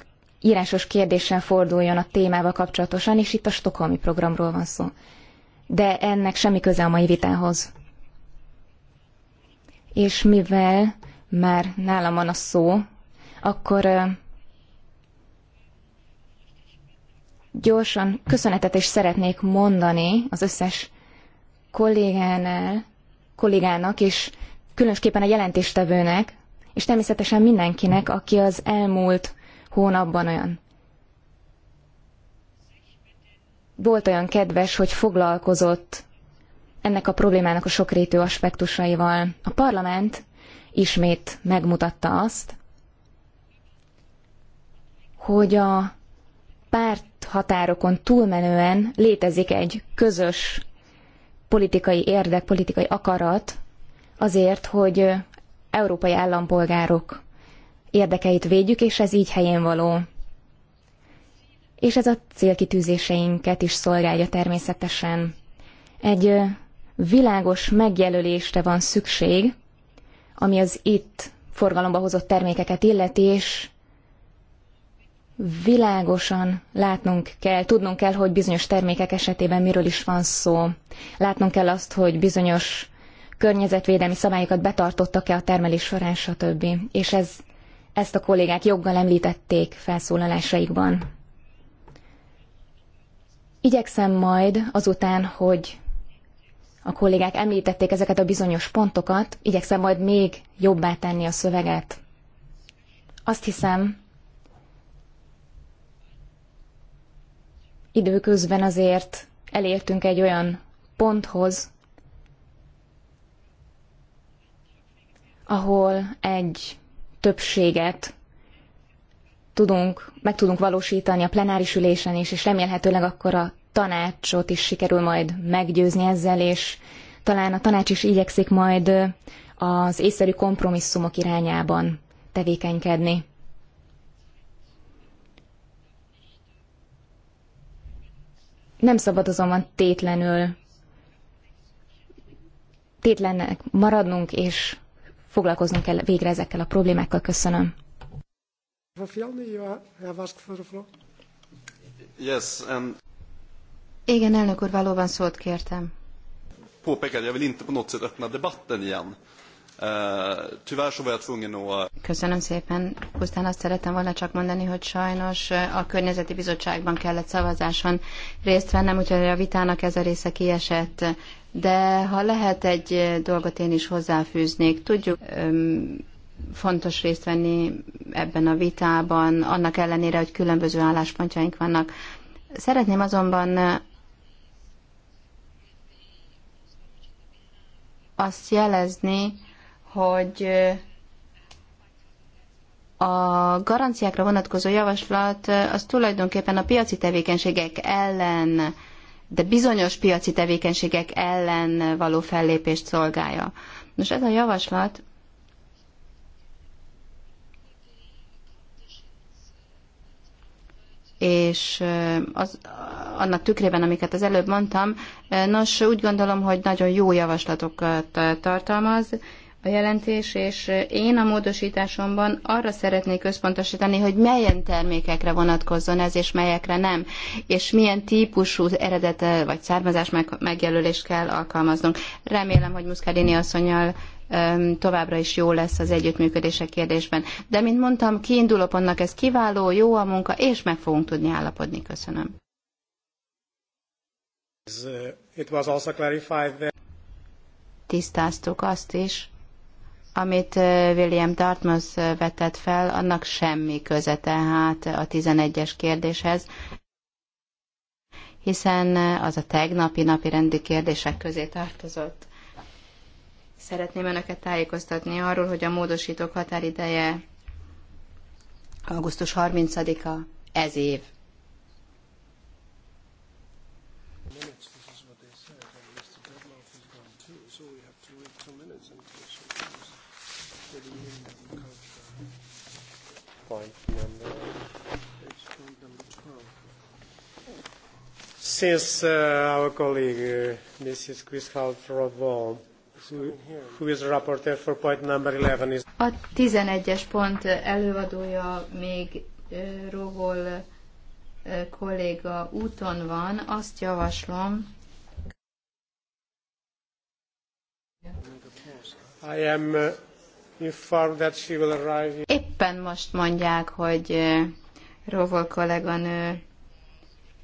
írásos kérdéssel forduljon a témával kapcsolatosan, és itt a stokholmi programról van szó. De ennek semmi köze a mai vitához. És mivel már nálam van a szó, akkor gyorsan köszönetet is szeretnék mondani az összes kollégánál, kollégának, és különösképpen a jelentéstevőnek, és természetesen mindenkinek, aki az elmúlt hónapban olyan volt olyan kedves, hogy foglalkozott ennek a problémának a sokrétű aspektusaival. A parlament ismét megmutatta azt, hogy a párt határokon túlmenően létezik egy közös politikai érdek, politikai akarat azért, hogy európai állampolgárok érdekeit védjük, és ez így helyén való. És ez a célkitűzéseinket is szolgálja természetesen. Egy világos megjelölésre van szükség, ami az itt forgalomba hozott termékeket illeti, és világosan látnunk kell, tudnunk kell, hogy bizonyos termékek esetében miről is van szó. Látnunk kell azt, hogy bizonyos környezetvédelmi szabályokat betartottak-e a termelés során, stb. És ez, ezt a kollégák joggal említették felszólalásaikban. Igyekszem majd azután, hogy a kollégák említették ezeket a bizonyos pontokat, igyekszem majd még jobbá tenni a szöveget. Azt hiszem, időközben azért elértünk egy olyan ponthoz, ahol egy többséget tudunk, meg tudunk valósítani a plenáris ülésen is, és remélhetőleg akkor a tanácsot is sikerül majd meggyőzni ezzel, és talán a tanács is igyekszik majd az észszerű kompromisszumok irányában tevékenykedni. Nem szabad azonban tétlenül tétlennek maradnunk, és foglalkoznunk kell végre ezekkel a problémákkal. Köszönöm. Yes, and... Igen, elnök úr, valóban szólt kértem. Påpekar, jag vill inte på något Eh, Köszönöm szépen. Pusztán azt szerettem volna csak mondani, hogy sajnos eh, a környezeti bizottságban kellett szavazáson részt vennem, úgyhogy a vitának ez a része kiesett. De ha lehet, egy eh, dolgot én is hozzáfűznék. Tudjuk, ehm, fontos részt venni ebben a vitában, annak ellenére, hogy különböző álláspontjaink vannak. Szeretném azonban azt jelezni, hogy a garanciákra vonatkozó javaslat az tulajdonképpen a piaci tevékenységek ellen, de bizonyos piaci tevékenységek ellen való fellépést szolgálja. Nos, ez a javaslat és az, annak tükrében, amiket az előbb mondtam, nos, úgy gondolom, hogy nagyon jó javaslatokat tartalmaz, a jelentés, és én a módosításomban arra szeretnék összpontosítani, hogy melyen termékekre vonatkozzon ez, és melyekre nem, és milyen típusú eredete eh, vagy származás meg, megjelölést kell alkalmaznunk. Remélem, hogy Muscadini asszonyal továbbra is jó lesz az együttműködése kérdésben. De, mint mondtam, kiindulópontnak ez kiváló, jó a munka, és meg fogunk tudni állapodni. Köszönöm. Eh, Tisztáztuk azt is, amit William Dartmouth vetett fel, annak semmi köze tehát a 11-es kérdéshez, hiszen az a tegnapi napi rendi kérdések közé tartozott. Szeretném Önöket tájékoztatni arról, hogy a módosítók határideje augusztus 30-a ez év. Since uh, our colleague, uh, Mrs. who is rapporteur for point number 11 is... A 11-es pont előadója még uh, Rovol uh, kolléga úton van, azt javaslom, I am uh, informed that she will arrive. Éppen most mondják, hogy uh, Rovol kolléganő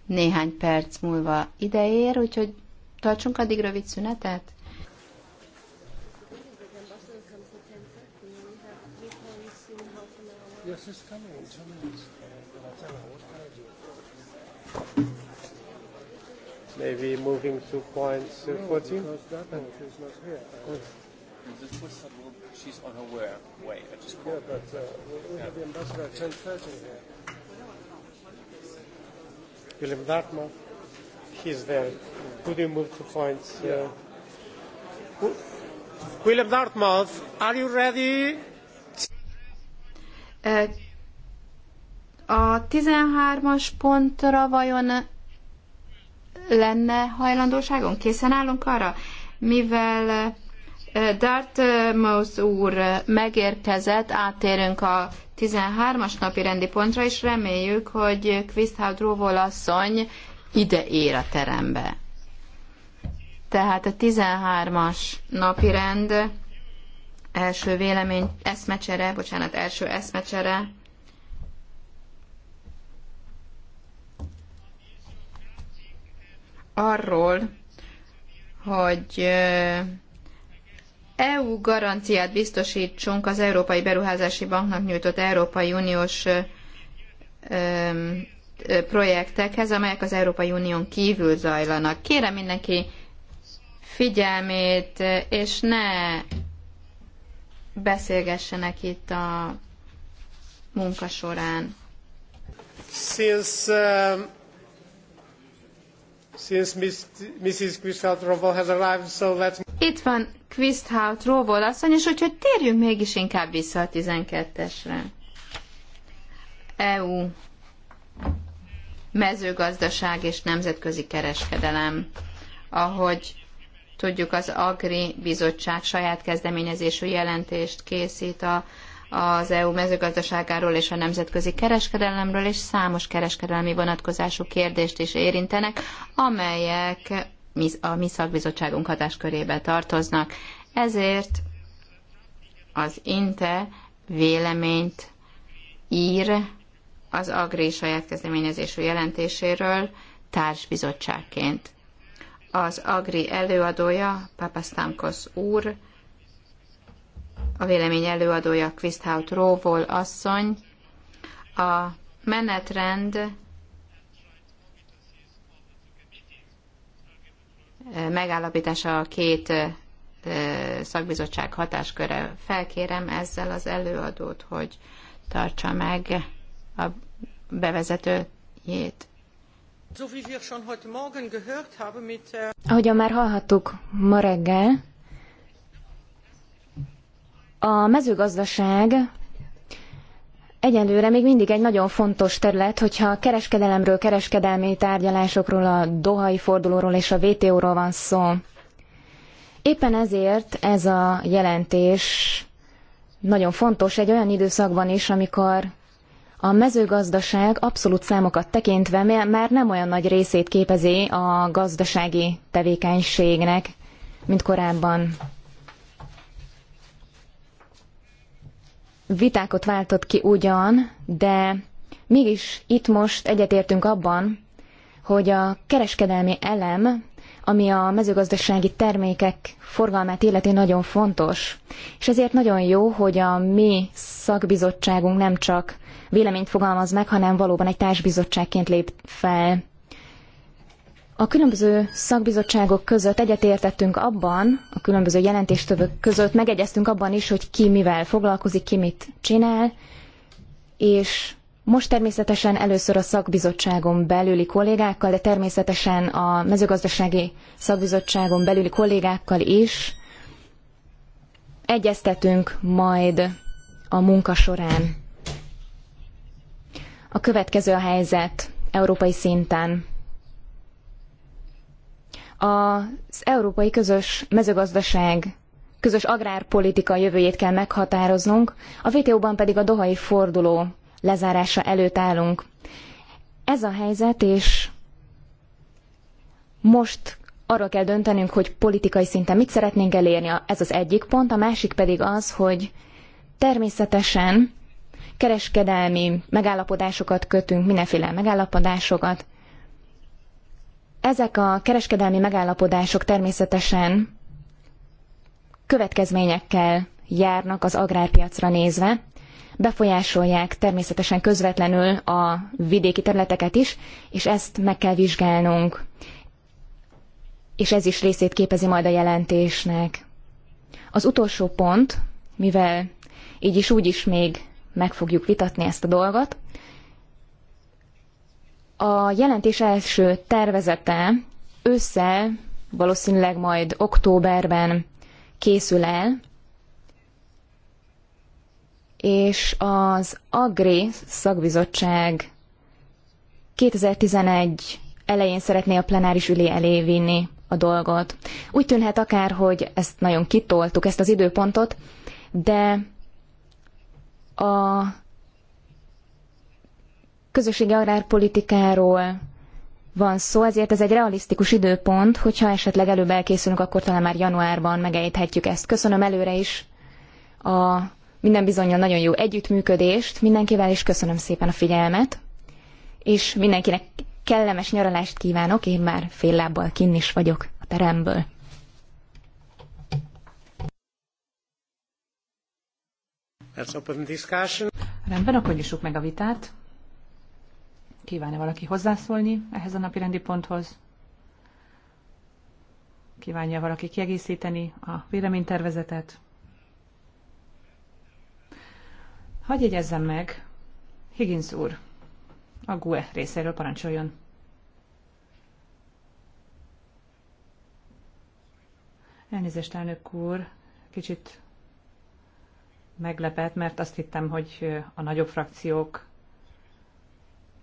néhány perc múlva ideér, úgyhogy tartsunk addig rövid szünetet. Maybe moving to point no, 14? because that one, she's not here. Uh, the Swiss she's on her way. I just Yeah, but uh, we, yeah. have the ambassador at 10.30 here. Willem Dartma. He's there. Could you move to point? Uh, Willem Dartmouth, are you ready? A 13-as pontra vajon lenne hajlandóságon? Készen állunk arra? Mivel Dartmouth eh, úr eh, megérkezett, átérünk a 13-as napi rendi pontra, és reméljük, hogy Quisthout Róvol asszony ide ér a terembe. Tehát a 13-as napi rend első vélemény, eszmecsere, bocsánat, első eszmecsere, arról, hogy eh, EU garanciát biztosítsunk az Európai Beruházási Banknak nyújtott Európai Uniós projektekhez, amelyek az Európai Unión kívül zajlanak. Kérem mindenki figyelmét, és ne beszélgessenek itt a munka során. Since, uh... Since Mrs. has arrived, so Itt van Quisthoudt Roval asszony, és úgyhogy térjünk mégis inkább vissza a 12-esre. EU mezőgazdaság és nemzetközi kereskedelem. Ahogy tudjuk, az Agri Bizottság saját kezdeményezésű jelentést készít a az EU mezőgazdaságáról és a nemzetközi kereskedelemről, és számos kereskedelmi vonatkozású kérdést is érintenek, amelyek a mi szakbizottságunk hatáskörébe tartoznak. Ezért az INTE véleményt ír az Agri saját kezdeményezésű jelentéséről társbizottságként. Az Agri előadója, Papasztámkosz úr, a vélemény előadója Quisthout Róvol asszony. A menetrend e, megállapítása a két e, e, szakbizottság hatásköre. Felkérem ezzel az előadót, hogy tartsa meg a bevezetőjét. Äh, Ahogyan már hallhattuk ma reggel, a mezőgazdaság egyelőre még mindig egy nagyon fontos terület, hogyha kereskedelemről, kereskedelmi tárgyalásokról, a Dohai fordulóról és a WTO-ról van szó. Éppen ezért ez a jelentés nagyon fontos egy olyan időszakban is, amikor a mezőgazdaság abszolút számokat tekintve már nem olyan nagy részét képezi a gazdasági tevékenységnek, mint korábban. vitákot váltott ki ugyan, de mégis itt most egyetértünk abban, hogy a kereskedelmi elem, ami a mezőgazdasági termékek forgalmát illeti nagyon fontos, és ezért nagyon jó, hogy a mi szakbizottságunk nem csak véleményt fogalmaz meg, hanem valóban egy társbizottságként lép fel a különböző szakbizottságok között egyetértettünk abban, a különböző jelentéstövök között megegyeztünk abban is, hogy ki mivel foglalkozik, ki mit csinál, és most természetesen először a szakbizottságon belüli kollégákkal, de természetesen a mezőgazdasági szakbizottságon belüli kollégákkal is egyeztetünk majd a munka során. A következő a helyzet európai szinten az európai közös mezőgazdaság, közös agrárpolitika jövőjét kell meghatároznunk, a WTO-ban pedig a dohai forduló lezárása előtt állunk. Ez a helyzet, és most arról kell döntenünk, hogy politikai szinten mit szeretnénk elérni, ez az egyik pont, a másik pedig az, hogy természetesen kereskedelmi megállapodásokat kötünk, mindenféle megállapodásokat, ezek a kereskedelmi megállapodások természetesen következményekkel járnak az agrárpiacra nézve, befolyásolják természetesen közvetlenül a vidéki területeket is, és ezt meg kell vizsgálnunk. És ez is részét képezi majd a jelentésnek. Az utolsó pont, mivel így is úgy is még meg fogjuk vitatni ezt a dolgot, a jelentés első tervezete össze valószínűleg majd októberben készül el, és az Agri szakbizottság 2011 elején szeretné a plenáris ülé elé vinni a dolgot. Úgy tűnhet akár, hogy ezt nagyon kitoltuk, ezt az időpontot, de a közösségi agrárpolitikáról van szó, ezért ez egy realisztikus időpont, hogyha esetleg előbb elkészülünk, akkor talán már januárban megejthetjük ezt. Köszönöm előre is a minden bizonyal nagyon jó együttműködést mindenkivel, és köszönöm szépen a figyelmet, és mindenkinek kellemes nyaralást kívánok, én már fél lábbal kinn is vagyok a teremből. Let's open discussion. Rendben, akkor nyissuk meg a vitát. Kíván-e valaki hozzászólni ehhez a napi rendi ponthoz? Kívánja valaki kiegészíteni a véleménytervezetet? Hagy jegyezzem meg, Higgins úr, a GUE részéről parancsoljon. Elnézést, elnök úr, kicsit meglepett, mert azt hittem, hogy a nagyobb frakciók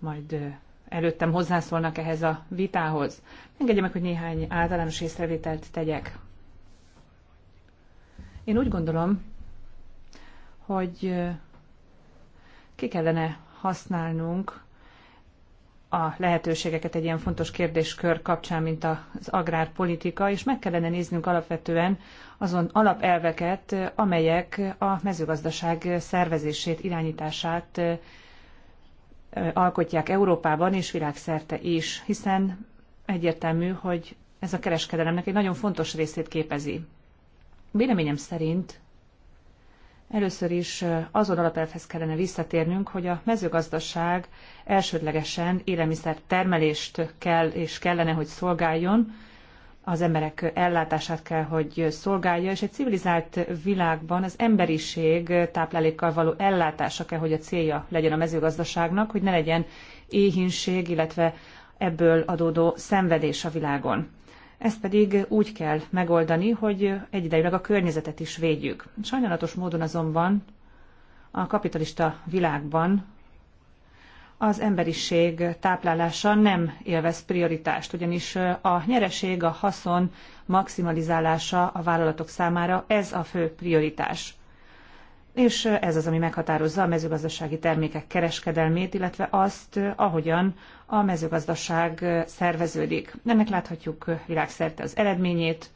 majd előttem hozzászólnak ehhez a vitához. Engedje meg, hogy néhány általános észrevételt tegyek. Én úgy gondolom, hogy ki kellene használnunk a lehetőségeket egy ilyen fontos kérdéskör kapcsán, mint az agrárpolitika, és meg kellene néznünk alapvetően azon alapelveket, amelyek a mezőgazdaság szervezését, irányítását alkotják Európában és világszerte is, hiszen egyértelmű, hogy ez a kereskedelemnek egy nagyon fontos részét képezi. Véleményem szerint először is azon alapelvhez kellene visszatérnünk, hogy a mezőgazdaság elsődlegesen élelmiszer termelést kell és kellene, hogy szolgáljon, az emberek ellátását kell, hogy szolgálja, és egy civilizált világban az emberiség táplálékkal való ellátása kell, hogy a célja legyen a mezőgazdaságnak, hogy ne legyen éhínség, illetve ebből adódó szenvedés a világon. Ezt pedig úgy kell megoldani, hogy egyidejűleg a környezetet is védjük. Sajnálatos módon azonban a kapitalista világban az emberiség táplálása nem élvez prioritást, ugyanis a nyereség, a haszon maximalizálása a vállalatok számára ez a fő prioritás. És ez az, ami meghatározza a mezőgazdasági termékek kereskedelmét, illetve azt, ahogyan a mezőgazdaság szerveződik. Ennek láthatjuk világszerte az eredményét,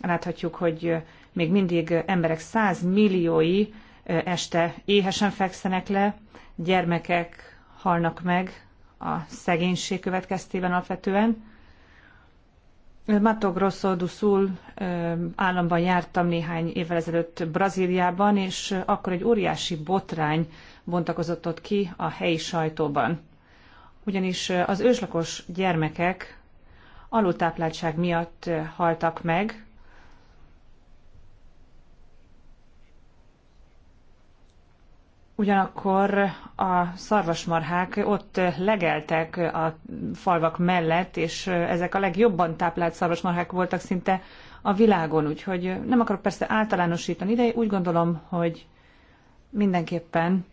láthatjuk, hogy még mindig emberek százmilliói este éhesen fekszenek le, gyermekek halnak meg a szegénység következtében alapvetően. Mato Grosso do Sul államban jártam néhány évvel ezelőtt Brazíliában, és akkor egy óriási botrány bontakozott ott ki a helyi sajtóban. Ugyanis az őslakos gyermekek alultápláltság miatt haltak meg, Ugyanakkor a szarvasmarhák ott legeltek a falvak mellett, és ezek a legjobban táplált szarvasmarhák voltak szinte a világon, úgyhogy nem akarok persze általánosítani, de úgy gondolom, hogy mindenképpen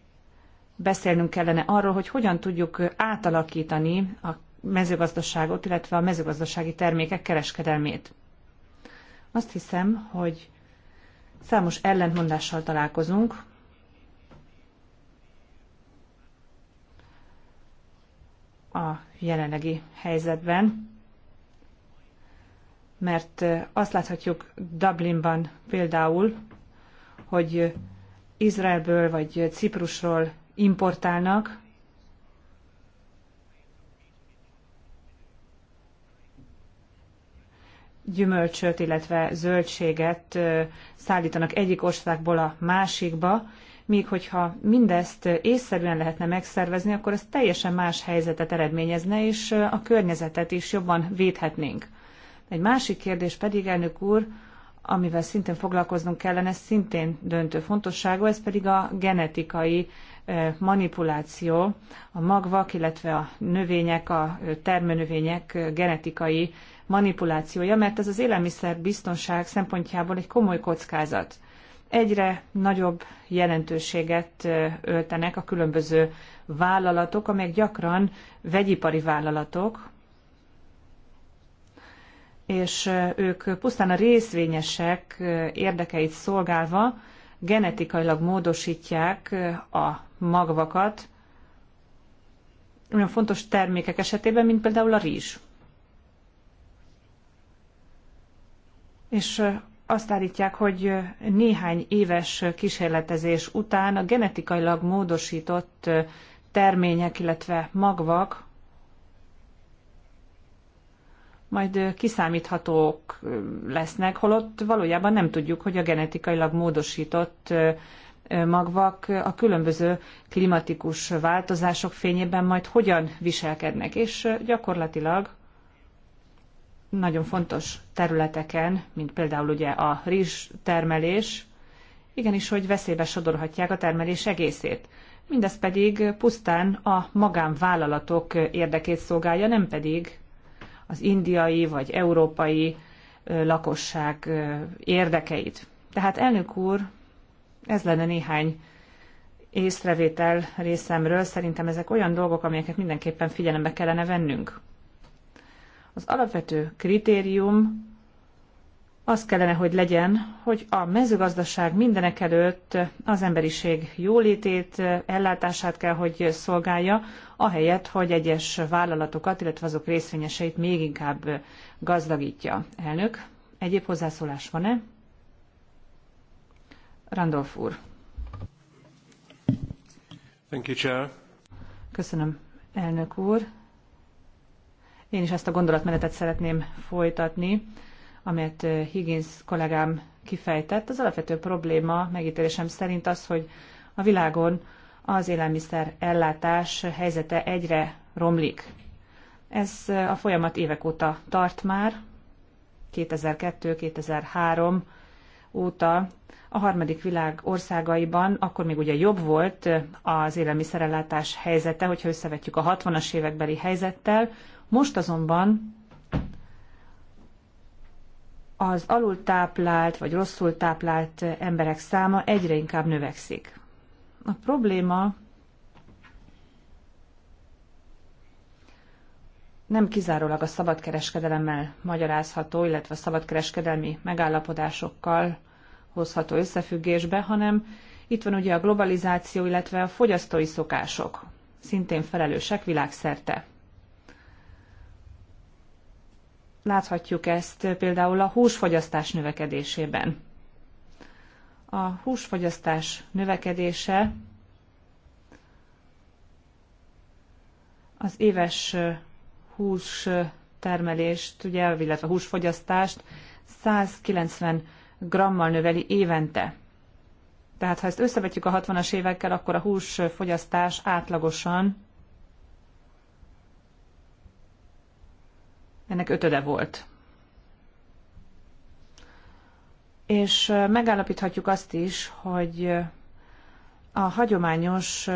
beszélnünk kellene arról, hogy hogyan tudjuk átalakítani a mezőgazdaságot, illetve a mezőgazdasági termékek kereskedelmét. Azt hiszem, hogy számos ellentmondással találkozunk, a jelenlegi helyzetben, mert azt láthatjuk Dublinban például, hogy Izraelből vagy Ciprusról importálnak, gyümölcsöt, illetve zöldséget szállítanak egyik országból a másikba, míg hogyha mindezt észszerűen lehetne megszervezni, akkor az teljesen más helyzetet eredményezne, és a környezetet is jobban védhetnénk. Egy másik kérdés pedig, elnök úr, amivel szintén foglalkoznunk kellene, szintén döntő fontosságú, ez pedig a genetikai manipuláció, a magvak, illetve a növények, a termőnövények genetikai manipulációja, mert ez az élelmiszer biztonság szempontjából egy komoly kockázat egyre nagyobb jelentőséget öltenek a különböző vállalatok, amelyek gyakran vegyipari vállalatok, és ők pusztán a részvényesek érdekeit szolgálva genetikailag módosítják a magvakat olyan fontos termékek esetében, mint például a rizs. És azt állítják, hogy néhány éves kísérletezés után a genetikailag módosított termények, illetve magvak majd kiszámíthatók lesznek, holott valójában nem tudjuk, hogy a genetikailag módosított magvak a különböző klimatikus változások fényében majd hogyan viselkednek, és gyakorlatilag nagyon fontos területeken, mint például ugye a rizs termelés, igenis, hogy veszélybe sodorhatják a termelés egészét. Mindez pedig pusztán a magánvállalatok érdekét szolgálja, nem pedig az indiai vagy európai lakosság érdekeit. Tehát elnök úr, ez lenne néhány észrevétel részemről. Szerintem ezek olyan dolgok, amelyeket mindenképpen figyelembe kellene vennünk. Az alapvető kritérium az kellene, hogy legyen, hogy a mezőgazdaság mindenek előtt az emberiség jólétét, ellátását kell, hogy szolgálja, ahelyett, hogy egyes vállalatokat, illetve azok részvényeseit még inkább gazdagítja. Elnök, egyéb hozzászólás van-e? Randolph úr. Thank you, Chair. Köszönöm, elnök úr. Én is ezt a gondolatmenetet szeretném folytatni, amelyet eh, Higgins kollégám kifejtett. Az alapvető probléma megítélésem szerint az, hogy a világon az élelmiszer ellátás helyzete egyre romlik. Ez eh, a folyamat évek óta tart már, 2002-2003 óta a harmadik világ országaiban, akkor még ugye jobb volt eh, az élelmiszerellátás helyzete, hogyha összevetjük a 60-as évekbeli helyzettel, most azonban az alultáplált vagy rosszul táplált emberek száma egyre inkább növekszik. A probléma nem kizárólag a szabadkereskedelemmel magyarázható, illetve a szabadkereskedelmi megállapodásokkal hozható összefüggésbe, hanem itt van ugye a globalizáció, illetve a fogyasztói szokások, szintén felelősek világszerte. Láthatjuk ezt például a húsfogyasztás növekedésében. A húsfogyasztás növekedése az éves hús termelést, ugye, illetve húsfogyasztást 190 grammal növeli évente. Tehát ha ezt összevetjük a 60-as évekkel, akkor a húsfogyasztás átlagosan ennek ötöde volt. És megállapíthatjuk azt is, hogy a hagyományos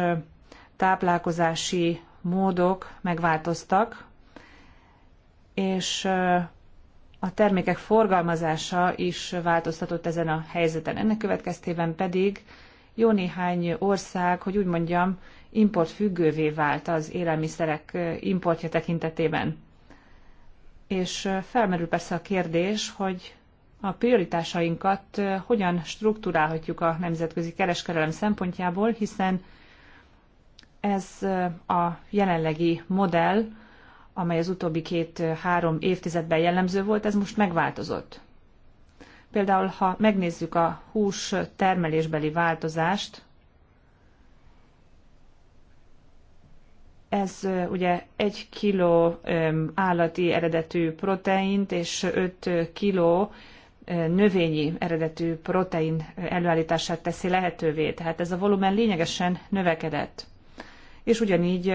táplálkozási módok megváltoztak, és a termékek forgalmazása is változtatott ezen a helyzeten. Ennek következtében pedig jó néhány ország, hogy úgy mondjam, import függővé vált az élelmiszerek importja tekintetében és felmerül persze a kérdés, hogy a prioritásainkat hogyan struktúrálhatjuk a nemzetközi kereskedelem szempontjából, hiszen ez a jelenlegi modell, amely az utóbbi két-három évtizedben jellemző volt, ez most megváltozott. Például, ha megnézzük a hús termelésbeli változást, Ez ugye egy kiló állati eredetű proteint és 5 kiló növényi eredetű protein előállítását teszi lehetővé. Tehát ez a volumen lényegesen növekedett. És ugyanígy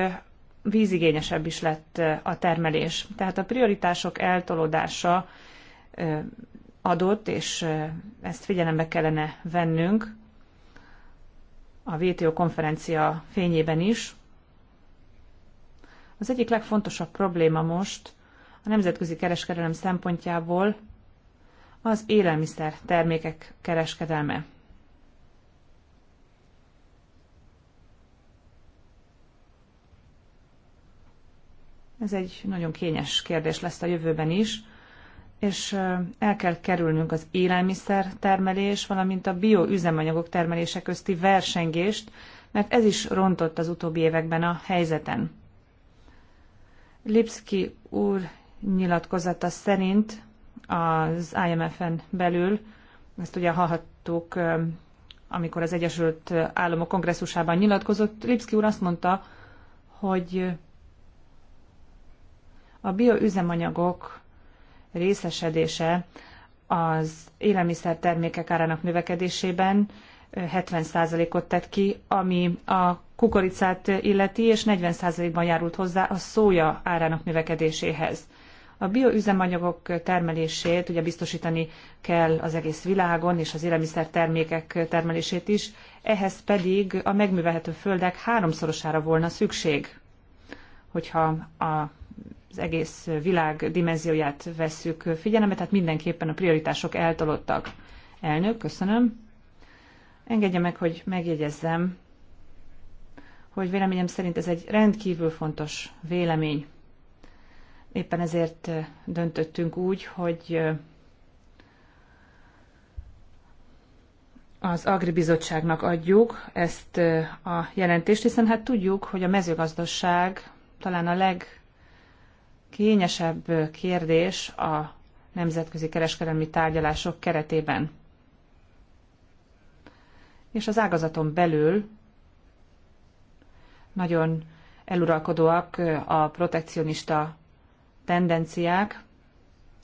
vízigényesebb is lett a termelés. Tehát a prioritások eltolódása adott, és ezt figyelembe kellene vennünk a VTO konferencia fényében is, az egyik legfontosabb probléma most a nemzetközi kereskedelem szempontjából az élelmiszer termékek kereskedelme. Ez egy nagyon kényes kérdés lesz a jövőben is, és el kell kerülnünk az élelmiszer termelés, valamint a bioüzemanyagok termelése közti versengést, mert ez is rontott az utóbbi években a helyzeten. Lipski úr nyilatkozata szerint az IMF-en belül, ezt ugye hallhattuk, amikor az Egyesült Államok kongresszusában nyilatkozott, Lipski úr azt mondta, hogy a bioüzemanyagok részesedése az élelmiszertermékek árának növekedésében 70%-ot tett ki, ami a kukoricát illeti, és 40%-ban járult hozzá a szója árának növekedéséhez. A bioüzemanyagok termelését ugye biztosítani kell az egész világon, és az élelmiszertermékek termelését is, ehhez pedig a megművelhető földek háromszorosára volna szükség, hogyha a az egész világ dimenzióját vesszük figyelembe, tehát mindenképpen a prioritások eltolottak. Elnök, köszönöm. Engedje meg, hogy megjegyezzem, hogy véleményem szerint ez egy rendkívül fontos vélemény. Éppen ezért döntöttünk úgy, hogy az Agribizottságnak adjuk ezt a jelentést, hiszen hát tudjuk, hogy a mezőgazdaság talán a legkényesebb kérdés a nemzetközi kereskedelmi tárgyalások keretében és az ágazaton belül nagyon eluralkodóak a protekcionista tendenciák,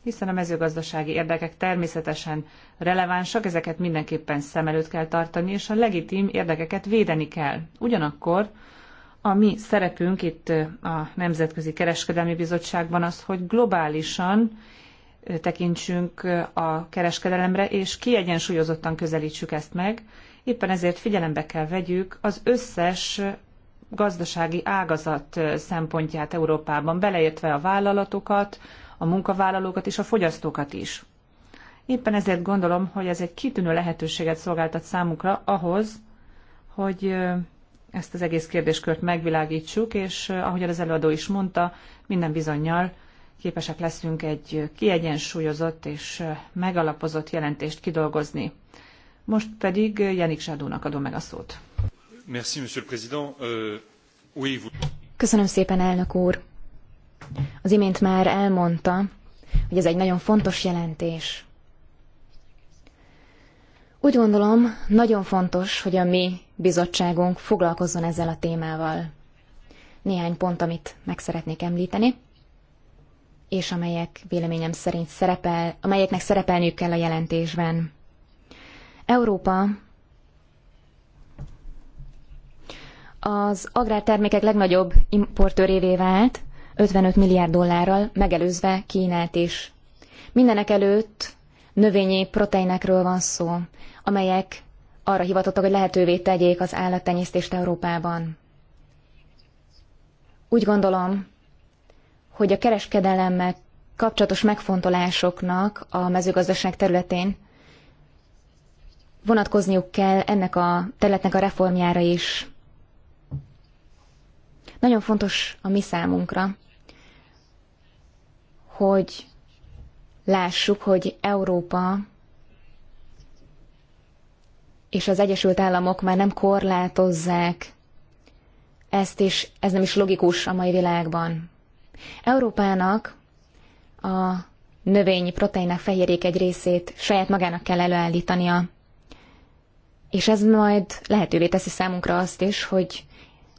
hiszen a mezőgazdasági érdekek természetesen relevánsak, ezeket mindenképpen szem előtt kell tartani, és a legitim érdekeket védeni kell. Ugyanakkor a mi szerepünk itt a Nemzetközi Kereskedelmi Bizottságban az, hogy globálisan tekintsünk a kereskedelemre, és kiegyensúlyozottan közelítsük ezt meg, Éppen ezért figyelembe kell vegyük az összes gazdasági ágazat szempontját Európában, beleértve a vállalatokat, a munkavállalókat és a fogyasztókat is. Éppen ezért gondolom, hogy ez egy kitűnő lehetőséget szolgáltat számukra ahhoz, hogy ezt az egész kérdéskört megvilágítsuk, és ahogy az előadó is mondta, minden bizonyal képesek leszünk egy kiegyensúlyozott és megalapozott jelentést kidolgozni. Most pedig Janik Zsadónak adom meg a szót. Merci, monsieur le président. Uh, oui, vous... Köszönöm szépen, elnök úr. Az imént már elmondta, hogy ez egy nagyon fontos jelentés. Úgy gondolom, nagyon fontos, hogy a mi bizottságunk foglalkozzon ezzel a témával. Néhány pont, amit meg szeretnék említeni, és amelyek véleményem szerint szerepel, amelyeknek szerepelniük kell a jelentésben. Európa az agrártermékek legnagyobb importőrévé vált, 55 milliárd dollárral, megelőzve Kínát is. Mindenek előtt növényi proteinekről van szó, amelyek arra hivatottak, hogy lehetővé tegyék az állattenyésztést Európában. Úgy gondolom, hogy a kereskedelemmel kapcsolatos megfontolásoknak a mezőgazdaság területén vonatkozniuk kell ennek a területnek a reformjára is. Nagyon fontos a mi számunkra, hogy lássuk, hogy Európa és az Egyesült Államok már nem korlátozzák ezt, és ez nem is logikus a mai világban. Európának a növényi proteinek fehérjék egy részét saját magának kell előállítania és ez majd lehetővé teszi számunkra azt is, hogy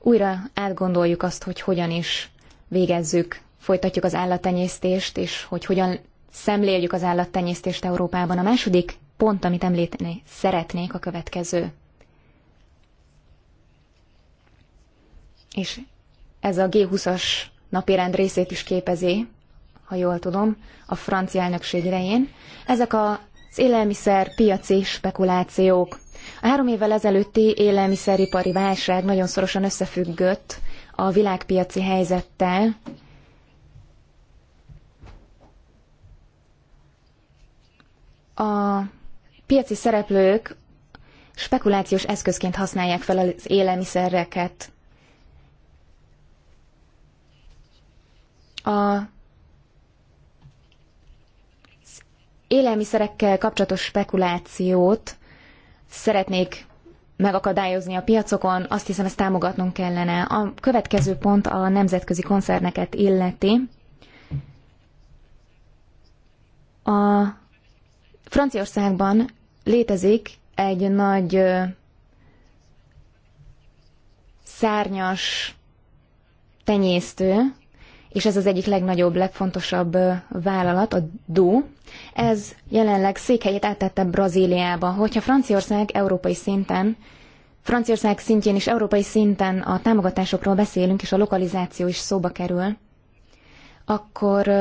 újra átgondoljuk azt, hogy hogyan is végezzük, folytatjuk az állattenyésztést, és hogy hogyan szemléljük az állattenyésztést Európában. A második pont, amit említeni szeretnék, a következő. És ez a G20-as napirend részét is képezi, ha jól tudom, a francia elnökség idején. Ezek az élelmiszer piaci spekulációk, a három évvel ezelőtti élelmiszeripari válság nagyon szorosan összefüggött a világpiaci helyzettel, a piaci szereplők spekulációs eszközként használják fel az élelmiszereket. A élelmiszerekkel kapcsolatos spekulációt szeretnék megakadályozni a piacokon, azt hiszem ezt támogatnunk kellene. A következő pont a nemzetközi koncerneket illeti. A Franciaországban létezik egy nagy szárnyas tenyésztő, és ez az egyik legnagyobb, legfontosabb vállalat, a DO. Ez jelenleg székhelyét áttette Brazíliába. Hogyha Franciaország európai szinten, Franciaország szintjén és európai szinten a támogatásokról beszélünk, és a lokalizáció is szóba kerül, akkor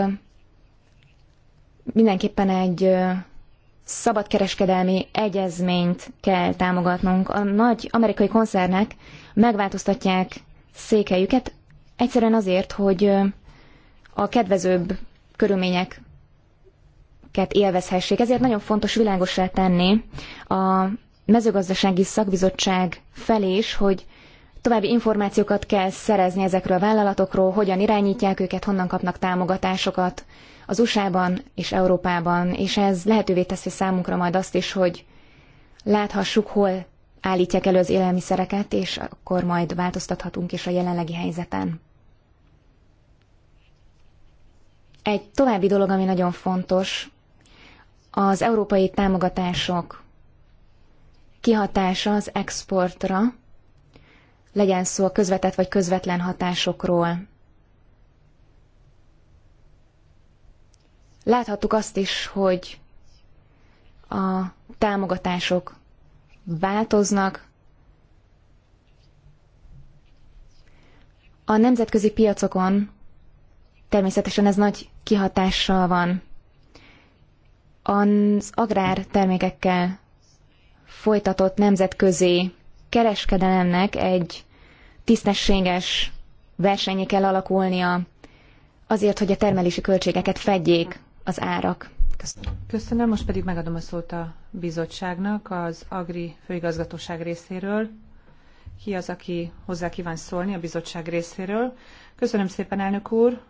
mindenképpen egy szabadkereskedelmi egyezményt kell támogatnunk. A nagy amerikai koncernek megváltoztatják székhelyüket, egyszerűen azért, hogy a kedvezőbb körülményeket élvezhessék. Ezért nagyon fontos világosra tenni a mezőgazdasági szakbizottság felé is, hogy további információkat kell szerezni ezekről a vállalatokról, hogyan irányítják őket, honnan kapnak támogatásokat az USA-ban és Európában, és ez lehetővé teszi számunkra majd azt is, hogy láthassuk, hol állítják elő az élelmiszereket, és akkor majd változtathatunk is a jelenlegi helyzeten. Egy további dolog, ami nagyon fontos, az európai támogatások kihatása az exportra, legyen szó a közvetett vagy közvetlen hatásokról. Láthattuk azt is, hogy a támogatások változnak. A nemzetközi piacokon természetesen ez nagy kihatással van az agrártermékekkel folytatott nemzetközi kereskedelemnek egy tisztességes versenyé kell alakulnia azért, hogy a termelési költségeket fedjék az árak. Köszönöm. Köszönöm, most pedig megadom a szót a bizottságnak az Agri főigazgatóság részéről. Ki az, aki hozzá kíván szólni a bizottság részéről? Köszönöm szépen, elnök úr,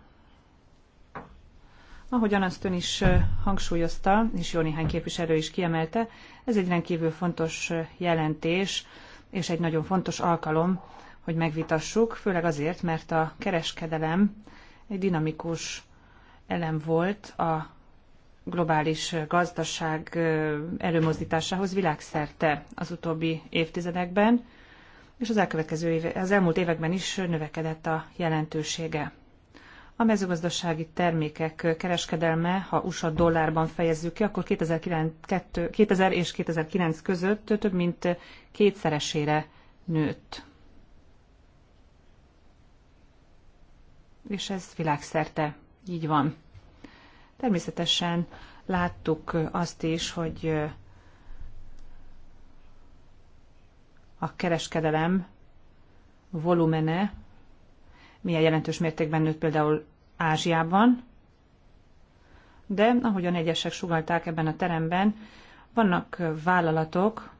Ahogyan azt ön is hangsúlyozta, és jó néhány képviselő is kiemelte, ez egy rendkívül fontos jelentés, és egy nagyon fontos alkalom, hogy megvitassuk, főleg azért, mert a kereskedelem egy dinamikus elem volt a globális gazdaság előmozdításához világszerte az utóbbi évtizedekben, és az, elkövetkező éve, az elmúlt években is növekedett a jelentősége. A mezőgazdasági termékek kereskedelme, ha USA dollárban fejezzük ki, akkor 2000 és 2009 között több mint kétszeresére nőtt. És ez világszerte így van. Természetesen láttuk azt is, hogy a kereskedelem volumene milyen jelentős mértékben nőtt például Ázsiában, de ahogyan egyesek sugalták ebben a teremben, vannak vállalatok,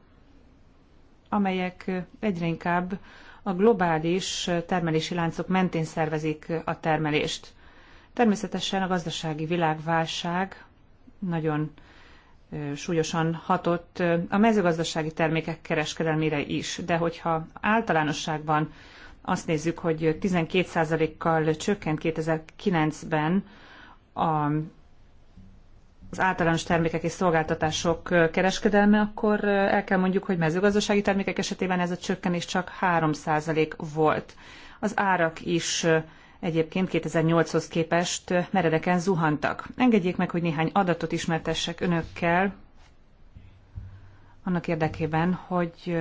amelyek egyre inkább a globális termelési láncok mentén szervezik a termelést. Természetesen a gazdasági világválság nagyon súlyosan hatott a mezőgazdasági termékek kereskedelmére is, de hogyha általánosságban azt nézzük, hogy 12%-kal csökkent 2009-ben a az általános termékek és szolgáltatások kereskedelme, akkor el kell mondjuk, hogy mezőgazdasági termékek esetében ez a csökkenés csak 3% volt. Az árak is egyébként 2008-hoz képest meredeken zuhantak. Engedjék meg, hogy néhány adatot ismertessek önökkel, annak érdekében, hogy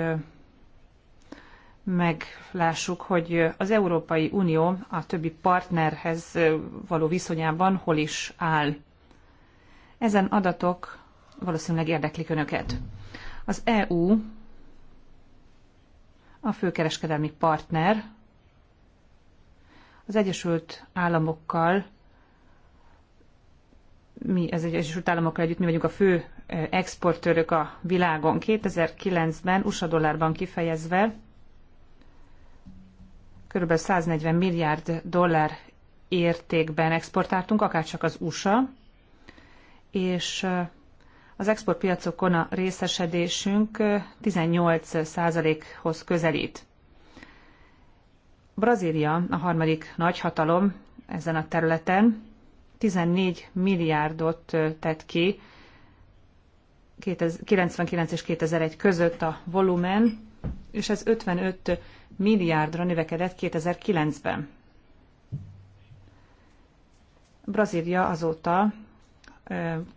meglássuk, hogy az Európai Unió a többi partnerhez való viszonyában hol is áll. Ezen adatok valószínűleg érdeklik Önöket. Az EU a főkereskedelmi partner az Egyesült Államokkal mi az Egyesült Államokkal együtt mi vagyunk a fő exportőrök a világon. 2009-ben USA dollárban kifejezve kb. 140 milliárd dollár értékben exportáltunk, akárcsak az USA, és az exportpiacokon a részesedésünk 18%-hoz közelít. Brazília a harmadik nagyhatalom ezen a területen, 14 milliárdot tett ki 99 és 2001 között a volumen, és ez 55 milliárdra növekedett 2009-ben. Brazília azóta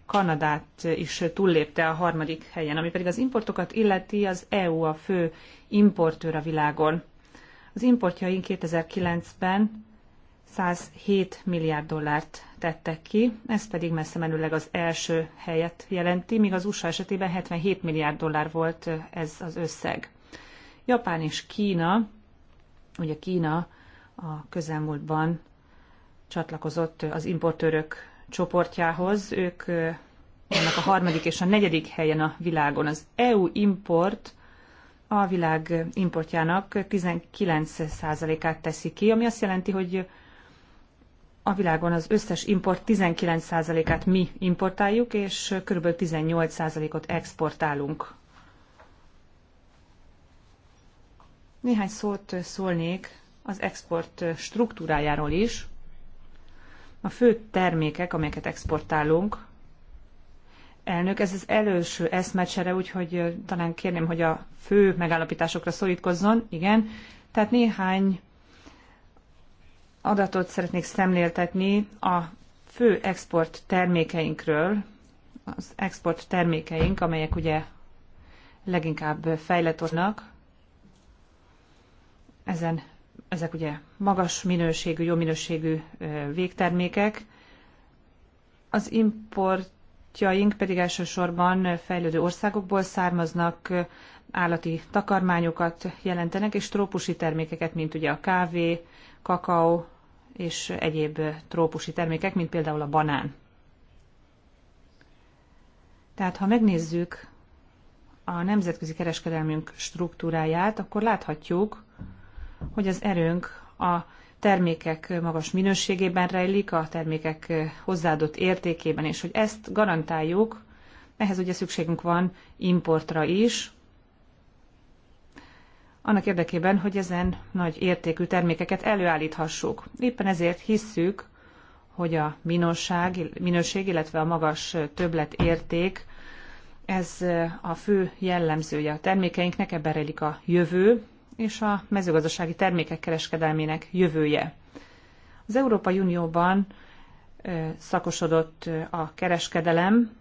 Kanadát is túllépte a harmadik helyen, ami pedig az importokat illeti, az EU a fő importőr a világon. Az importjaink 2009-ben 107 milliárd dollárt tettek ki, ez pedig messze menőleg az első helyet jelenti, míg az USA esetében 77 milliárd dollár volt ez az összeg. Japán és Kína, ugye Kína a közelmúltban csatlakozott az importőrök csoportjához, ők ennek a harmadik és a negyedik helyen a világon. Az EU import a világ importjának 19%-át teszi ki, ami azt jelenti, hogy a világon az összes import 19%-át mi importáljuk, és kb. 18%-ot exportálunk. Néhány szót szólnék az export struktúrájáról is. A fő termékek, amelyeket exportálunk, elnök, ez az előső eszmecsere, úgyhogy talán kérném, hogy a fő megállapításokra szorítkozzon. Igen, tehát néhány adatot szeretnék szemléltetni a fő export termékeinkről, az export termékeink, amelyek ugye leginkább fejlett ezen, ezek ugye magas minőségű, jó minőségű végtermékek. Az importjaink pedig elsősorban fejlődő országokból származnak, állati takarmányokat jelentenek, és trópusi termékeket, mint ugye a kávé, kakaó és egyéb trópusi termékek, mint például a banán. Tehát ha megnézzük a nemzetközi kereskedelmünk struktúráját, akkor láthatjuk, hogy az erőnk a termékek magas minőségében rejlik, a termékek hozzáadott értékében, és hogy ezt garantáljuk, ehhez ugye szükségünk van importra is, annak érdekében, hogy ezen nagy értékű termékeket előállíthassuk. Éppen ezért hisszük, hogy a minőség, minőség illetve a magas többlet érték, ez a fő jellemzője a termékeinknek, ebben rejlik a jövő, és a mezőgazdasági termékek kereskedelmének jövője. Az Európai Unióban szakosodott a kereskedelem,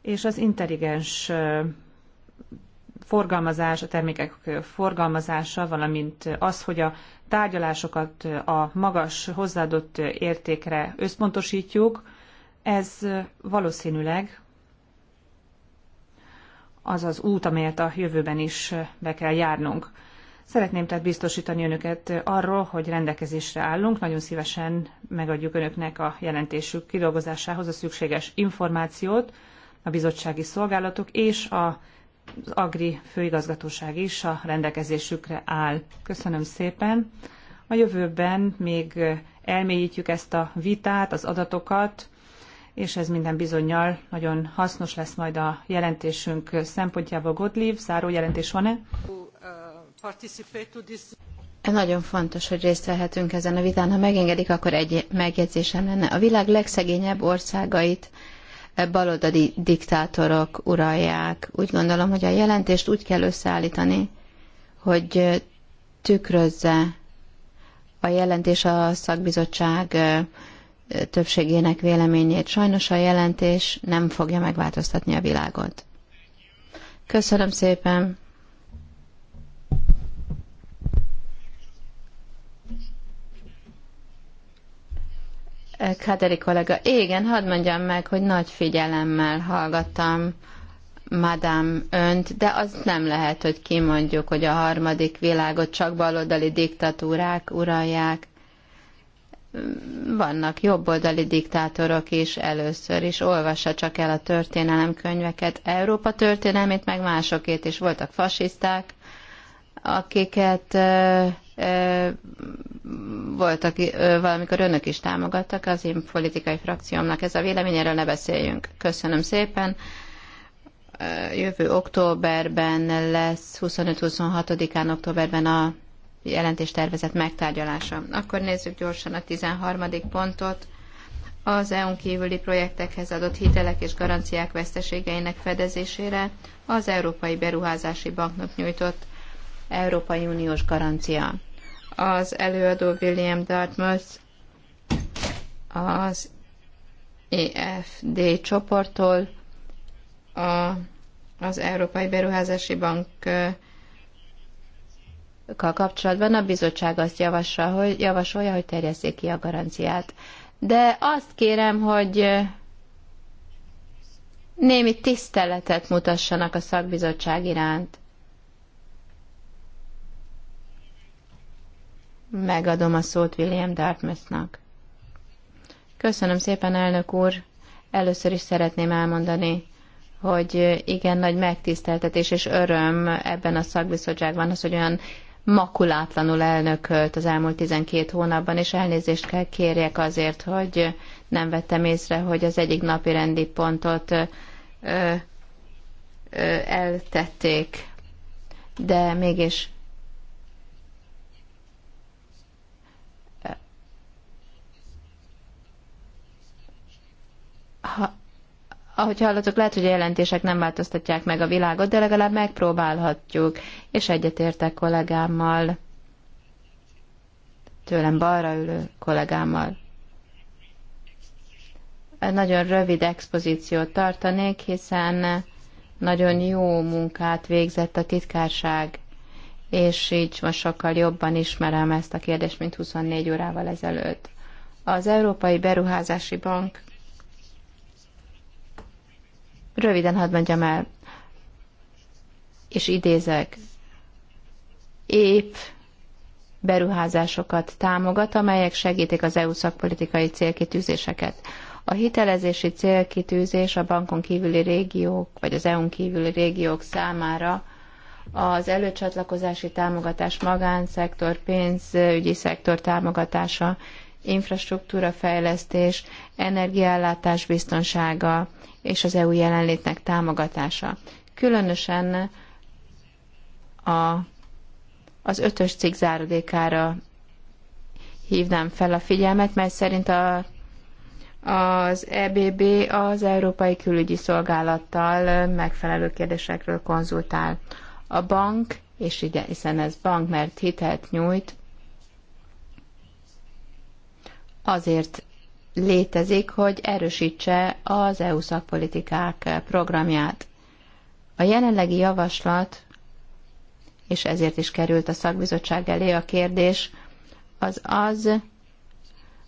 és az intelligens forgalmazás, a termékek forgalmazása, valamint az, hogy a tárgyalásokat a magas hozzáadott értékre összpontosítjuk, ez valószínűleg az az út, amelyet a jövőben is be kell járnunk. Szeretném tehát biztosítani önöket arról, hogy rendelkezésre állunk, nagyon szívesen megadjuk önöknek a jelentésük kidolgozásához a szükséges információt, a bizottsági szolgálatok és a az Agri főigazgatóság is a rendelkezésükre áll. Köszönöm szépen. A jövőben még elmélyítjük ezt a vitát, az adatokat, és ez minden bizonyal nagyon hasznos lesz majd a jelentésünk szempontjából. Gottlieb, záró jelentés van-e? Nagyon fontos, hogy részt vehetünk ezen a vitán. Ha megengedik, akkor egy megjegyzésem lenne. A világ legszegényebb országait baloldali diktátorok uralják. Úgy gondolom, hogy a jelentést úgy kell összeállítani, hogy tükrözze a jelentés a szakbizottság többségének véleményét. Sajnos a jelentés nem fogja megváltoztatni a világot. Köszönöm szépen! Kaderi kollega, igen, hadd mondjam meg, hogy nagy figyelemmel hallgattam Madám önt, de az nem lehet, hogy kimondjuk, hogy a harmadik világot csak baloldali diktatúrák uralják vannak jobboldali diktátorok is először is, olvassa csak el a történelemkönyveket, Európa történelmét, meg másokét is. Voltak fasiszták, akiket ö, ö, voltak, ö, valamikor önök is támogattak, az én politikai frakciómnak ez a vélemény, erről ne beszéljünk. Köszönöm szépen. Jövő októberben lesz, 25-26-án októberben a jelentéstervezet megtárgyalása. Akkor nézzük gyorsan a 13. pontot. Az EU-n kívüli projektekhez adott hitelek és garanciák veszteségeinek fedezésére az Európai Beruházási Banknak nyújtott Európai Uniós garancia. Az előadó William Dartmouth az EFD csoporttól a, az Európai Beruházási Bank kapcsolatban a bizottság azt javasol, hogy, javasolja, hogy terjesszék ki a garanciát. De azt kérem, hogy némi tiszteletet mutassanak a szakbizottság iránt. Megadom a szót William Dartmouthnak. Köszönöm szépen, elnök úr. Először is szeretném elmondani, hogy igen, nagy megtiszteltetés és öröm ebben a szakbizottságban az, hogy olyan makulátlanul elnökölt az elmúlt 12 hónapban, és elnézést kell kérjek azért, hogy nem vettem észre, hogy az egyik napi rendi pontot ö, ö, eltették. De mégis ha, ahogy hallottuk, lehet, hogy a jelentések nem változtatják meg a világot, de legalább megpróbálhatjuk, és egyetértek kollégámmal, tőlem balra ülő kollégámmal. Nagyon rövid expozíciót tartanék, hiszen nagyon jó munkát végzett a titkárság, és így most sokkal jobban ismerem ezt a kérdést, mint 24 órával ezelőtt. Az Európai Beruházási Bank Röviden hadd mondjam el, és idézek, épp beruházásokat támogat, amelyek segítik az EU szakpolitikai célkitűzéseket. A hitelezési célkitűzés a bankon kívüli régiók, vagy az EU-n kívüli régiók számára az előcsatlakozási támogatás magánszektor, pénzügyi szektor támogatása infrastruktúrafejlesztés, energiaellátás biztonsága és az EU jelenlétnek támogatása. Különösen a, az ötös cikk záradékára hívnám fel a figyelmet, mert szerint a, az EBB az Európai Külügyi Szolgálattal megfelelő kérdésekről konzultál. A bank, és igen, hiszen ez bank, mert hitelt nyújt, azért létezik, hogy erősítse az EU szakpolitikák programját. A jelenlegi javaslat, és ezért is került a szakbizottság elé a kérdés, az az,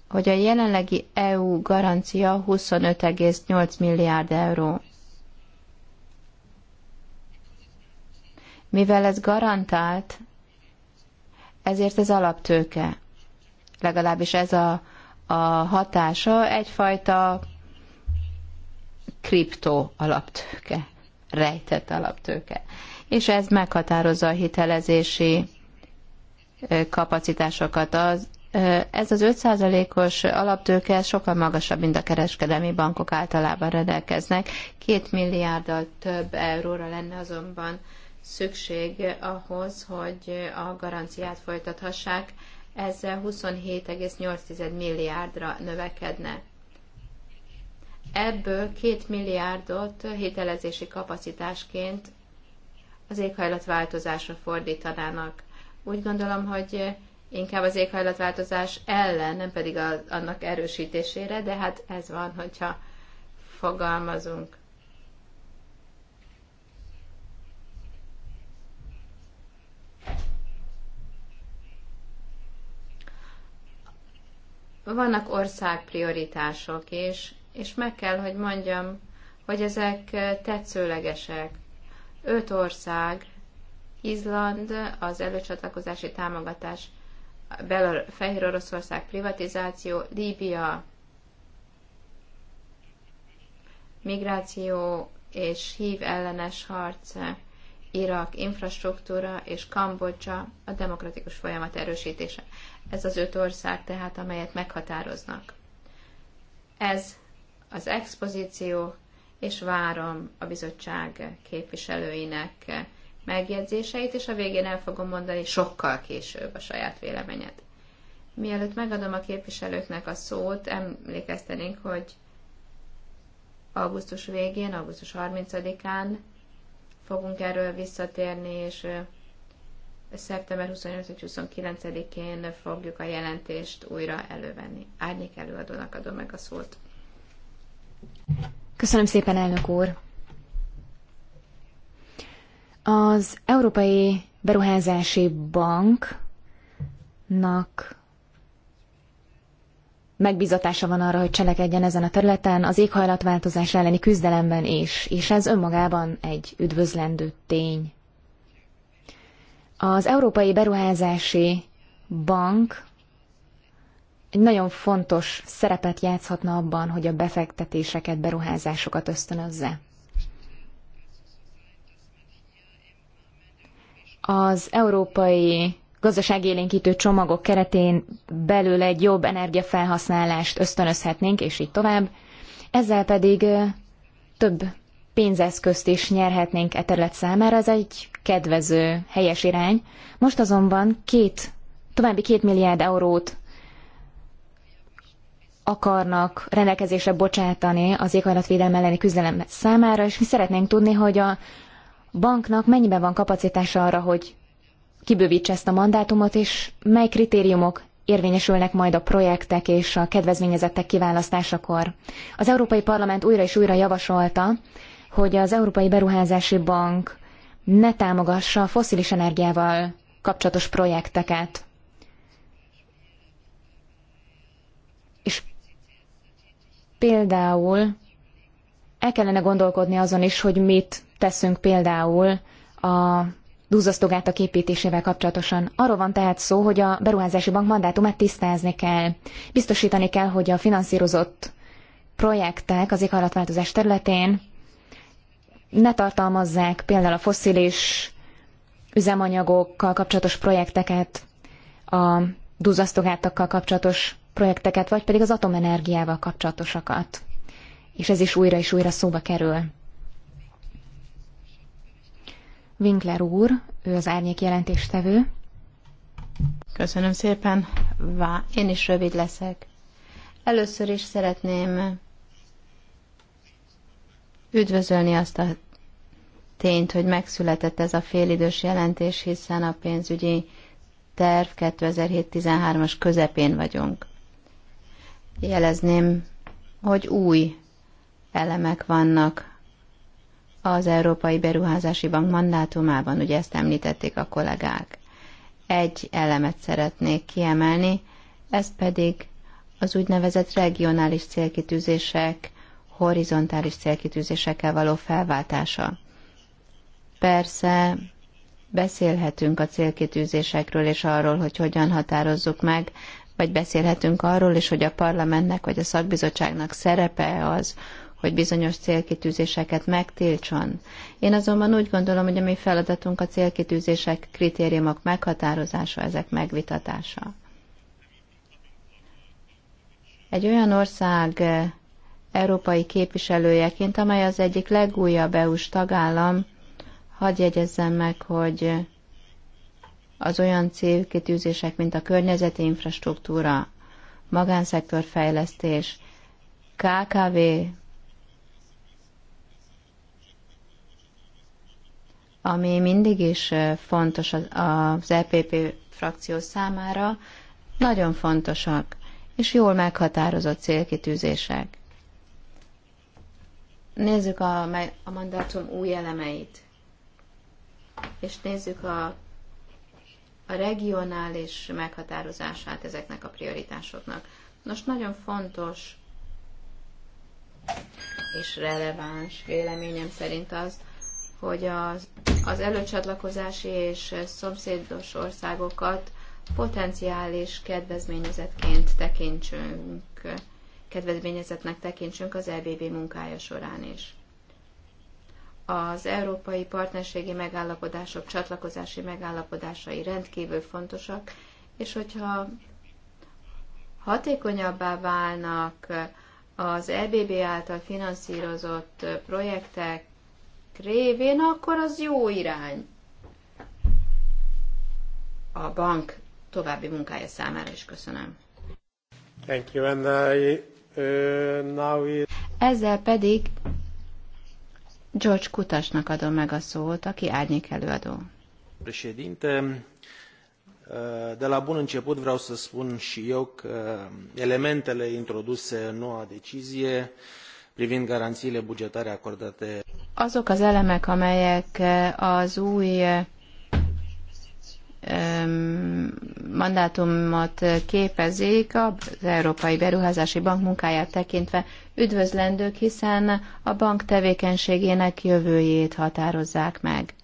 hogy a jelenlegi EU garancia 25,8 milliárd euró. Mivel ez garantált, ezért ez alaptőke. Legalábbis ez a a hatása egyfajta kriptó alaptőke, rejtett alaptőke. És ez meghatározza a hitelezési kapacitásokat. Az, ez az 5%-os alaptőke sokkal magasabb, mint a kereskedelmi bankok általában rendelkeznek. Két milliárddal több euróra lenne azonban szükség ahhoz, hogy a garanciát folytathassák, ezzel 27,8 milliárdra növekedne. Ebből 2 milliárdot hitelezési kapacitásként az éghajlatváltozásra fordítanának. Úgy gondolom, hogy inkább az éghajlatváltozás ellen, nem pedig a, annak erősítésére, de hát ez van, hogyha fogalmazunk. vannak országprioritások és, és meg kell, hogy mondjam, hogy ezek eh, tetszőlegesek. Öt ország, Izland, az előcsatlakozási támogatás, Belor, Fehér Oroszország privatizáció, Líbia, migráció és hív ellenes harc, Irak infrastruktúra és Kambodzsa a demokratikus folyamat erősítése. Ez az öt ország tehát, amelyet meghatároznak. Ez az expozíció, és várom a bizottság képviselőinek megjegyzéseit, és a végén el fogom mondani sokkal később a saját véleményet. Mielőtt megadom a képviselőknek a szót, emlékeztenénk, hogy augusztus végén, augusztus 30-án fogunk erről visszatérni, és szeptember 25-29-én fogjuk a jelentést újra elővenni. Árnyék előadónak adom meg a szót. Köszönöm szépen, elnök úr! Az Európai Beruházási Banknak megbizatása van arra, hogy cselekedjen ezen a területen, az éghajlatváltozás elleni küzdelemben is, és ez önmagában egy üdvözlendő tény. Az Európai Beruházási Bank egy nagyon fontos szerepet játszhatna abban, hogy a befektetéseket, beruházásokat ösztönözze. Az európai gazdaságélénkítő csomagok keretén belül egy jobb energiafelhasználást ösztönözhetnénk, és így tovább. Ezzel pedig több pénzeszközt is nyerhetnénk e terület számára. Ez egy kedvező, helyes irány. Most azonban két, további két milliárd eurót akarnak rendelkezésre bocsátani az éghajlatvédelme elleni küzdelem számára, és mi szeretnénk tudni, hogy a banknak mennyiben van kapacitása arra, hogy kibővítse ezt a mandátumot, és mely kritériumok érvényesülnek majd a projektek és a kedvezményezettek kiválasztásakor. Az Európai Parlament újra és újra javasolta, hogy az Európai Beruházási Bank ne támogassa a foszilis energiával kapcsolatos projekteket. És például el kellene gondolkodni azon is, hogy mit teszünk például a a építésével kapcsolatosan. Arról van tehát szó, hogy a beruházási bank mandátumát tisztázni kell. Biztosítani kell, hogy a finanszírozott projektek az éghajlatváltozás területén ne tartalmazzák például a foszilis üzemanyagokkal kapcsolatos projekteket, a duzzasztogátokkal kapcsolatos projekteket, vagy pedig az atomenergiával kapcsolatosakat. És ez is újra és újra szóba kerül. Winkler úr, ő az árnyék jelentéstevő. Köszönöm szépen. Vá, én is rövid leszek. Először is szeretném üdvözölni azt a tényt, hogy megszületett ez a félidős jelentés, hiszen a pénzügyi terv 2007-13-as közepén vagyunk. Jelezném, hogy új elemek vannak az Európai Beruházási Bank mandátumában, ugye ezt említették a kollégák. Egy elemet szeretnék kiemelni, ez pedig az úgynevezett regionális célkitűzések horizontális célkitűzésekkel való felváltása. Persze beszélhetünk a célkitűzésekről és arról, hogy hogyan határozzuk meg, vagy beszélhetünk arról is, hogy a parlamentnek vagy a szakbizottságnak szerepe az, hogy bizonyos célkitűzéseket megtiltson. Én azonban úgy gondolom, hogy a mi feladatunk a célkitűzések, kritériumok meghatározása, ezek megvitatása. Egy olyan ország európai képviselőjeként, amely az egyik legújabb EU-s tagállam, hadd jegyezzem meg, hogy az olyan célkitűzések, mint a környezeti infrastruktúra, magánszektorfejlesztés, KKV, ami mindig is fontos az EPP frakció számára, nagyon fontosak és jól meghatározott célkitűzések. Nézzük a, a mandátum új elemeit, és nézzük a, a regionális meghatározását ezeknek a prioritásoknak. Nos, nagyon fontos és releváns véleményem szerint az, hogy az, az előcsatlakozási és szomszédos országokat potenciális kedvezményezetként tekintsünk kedvezményezetnek tekintsünk az EBB munkája során is. Az európai partnerségi megállapodások, csatlakozási megállapodásai rendkívül fontosak, és hogyha hatékonyabbá válnak az EBB által finanszírozott projektek révén, akkor az jó irány a bank további munkája számára is köszönöm. Thank you, and I ezzel pedig George Kutasnak adom meg a szót, aki árnyék előadó. Președinte, de la bun început vreau să spun și eu că elementele introduse în noua decizie privind garanțiile bugetare acordate. Azok az elemek, amelyek az új mandátumot képezik az Európai Beruházási Bank munkáját tekintve üdvözlendők, hiszen a bank tevékenységének jövőjét határozzák meg.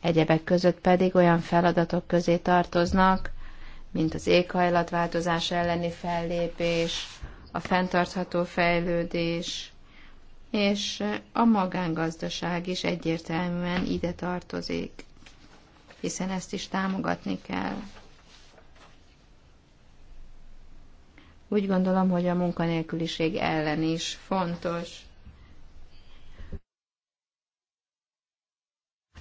Egyebek között pedig olyan feladatok közé tartoznak, mint az éghajlatváltozás elleni fellépés, a fenntartható fejlődés, és a magángazdaság is egyértelműen ide tartozik hiszen ezt is támogatni kell. Úgy gondolom, hogy a munkanélküliség ellen is fontos.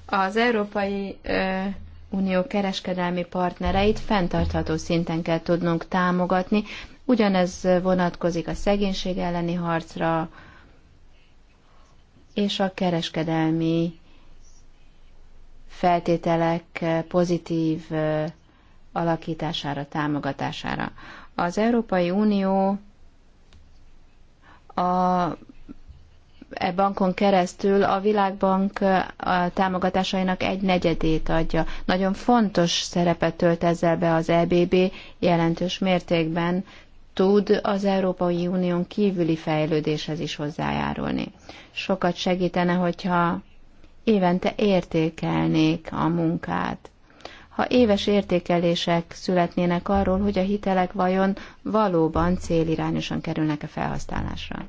Az Európai Unió kereskedelmi partnereit fenntartható szinten kell tudnunk támogatni. Ugyanez vonatkozik a szegénység elleni harcra és a kereskedelmi feltételek eh, pozitív eh, alakítására, támogatására. Az Európai Unió a e bankon keresztül a Világbank eh, támogatásainak egy negyedét adja. Nagyon fontos szerepet tölt ezzel be az EBB, jelentős mértékben tud az Európai Unión kívüli fejlődéshez is hozzájárulni. Sokat segítene, hogyha évente értékelnék a munkát. Ha éves értékelések születnének arról, hogy a hitelek vajon valóban célirányosan kerülnek-e felhasználásra.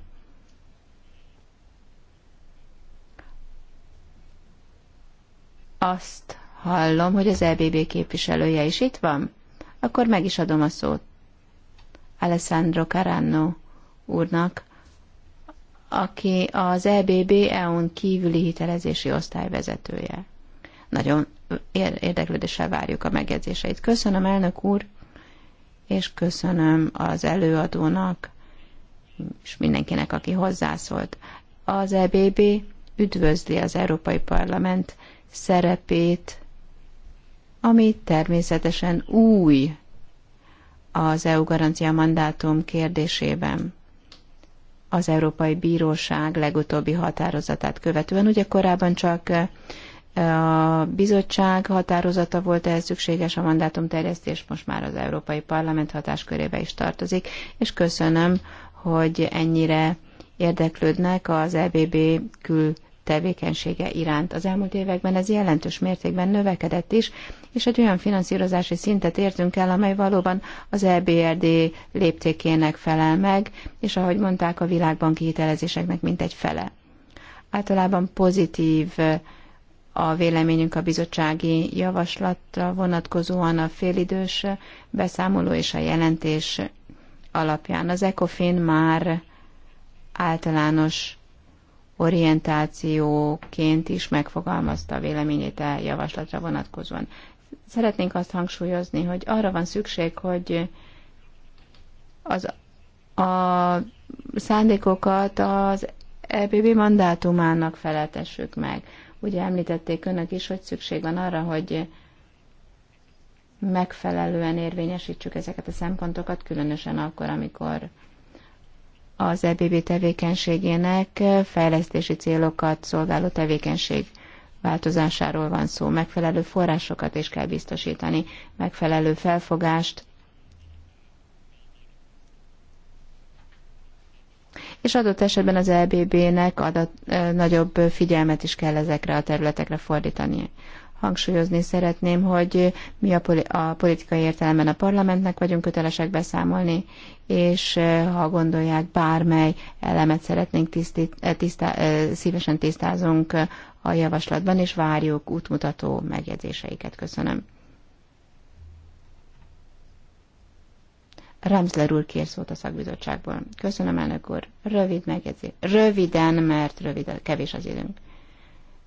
Azt hallom, hogy az EBB képviselője is itt van. Akkor meg is adom a szót. Alessandro Carano úrnak, aki az EBB EON kívüli hitelezési osztály vezetője. Nagyon érdeklődéssel várjuk a megjegyzéseit. Köszönöm, elnök úr, és köszönöm az előadónak, és mindenkinek, aki hozzászólt. Az EBB üdvözli az Európai Parlament szerepét, ami természetesen új az EU garancia mandátum kérdésében az Európai Bíróság legutóbbi határozatát követően. Ugye korábban csak a bizottság határozata volt ehhez szükséges, a mandátumterjesztés most már az Európai Parlament hatáskörébe is tartozik, és köszönöm, hogy ennyire érdeklődnek az EBB kül tevékenysége iránt. Az elmúlt években ez jelentős mértékben növekedett is, és egy olyan finanszírozási szintet értünk el, amely valóban az EBRD léptékének felel meg, és ahogy mondták, a világbanki mint mintegy fele. Általában pozitív a véleményünk a bizottsági javaslatra vonatkozóan a félidős beszámoló és a jelentés alapján. Az ECOFIN már általános orientációként is megfogalmazta a véleményét a e javaslatra vonatkozóan. Szeretnénk azt hangsúlyozni, hogy arra van szükség, hogy az a szándékokat az EBB mandátumának feletessük meg. Ugye említették önök is, hogy szükség van arra, hogy megfelelően érvényesítsük ezeket a szempontokat, különösen akkor, amikor az EBB tevékenységének fejlesztési célokat szolgáló tevékenység változásáról van szó. Megfelelő forrásokat is kell biztosítani, megfelelő felfogást, és adott esetben az EBB-nek adat, nagyobb figyelmet is kell ezekre a területekre fordítani. Hangsúlyozni szeretném, hogy mi a, poli- a politikai értelemben a parlamentnek vagyunk kötelesek beszámolni, és eh, ha gondolják, bármely elemet szeretnénk tiszti- eh, tisztá, eh, szívesen tisztázunk a javaslatban, és várjuk útmutató megjegyzéseiket. Köszönöm. Ramsler úr kér szót a szakbizottságból. Köszönöm, elnök úr. Rövid megjegyzés. Röviden, mert rövid, kevés az időnk.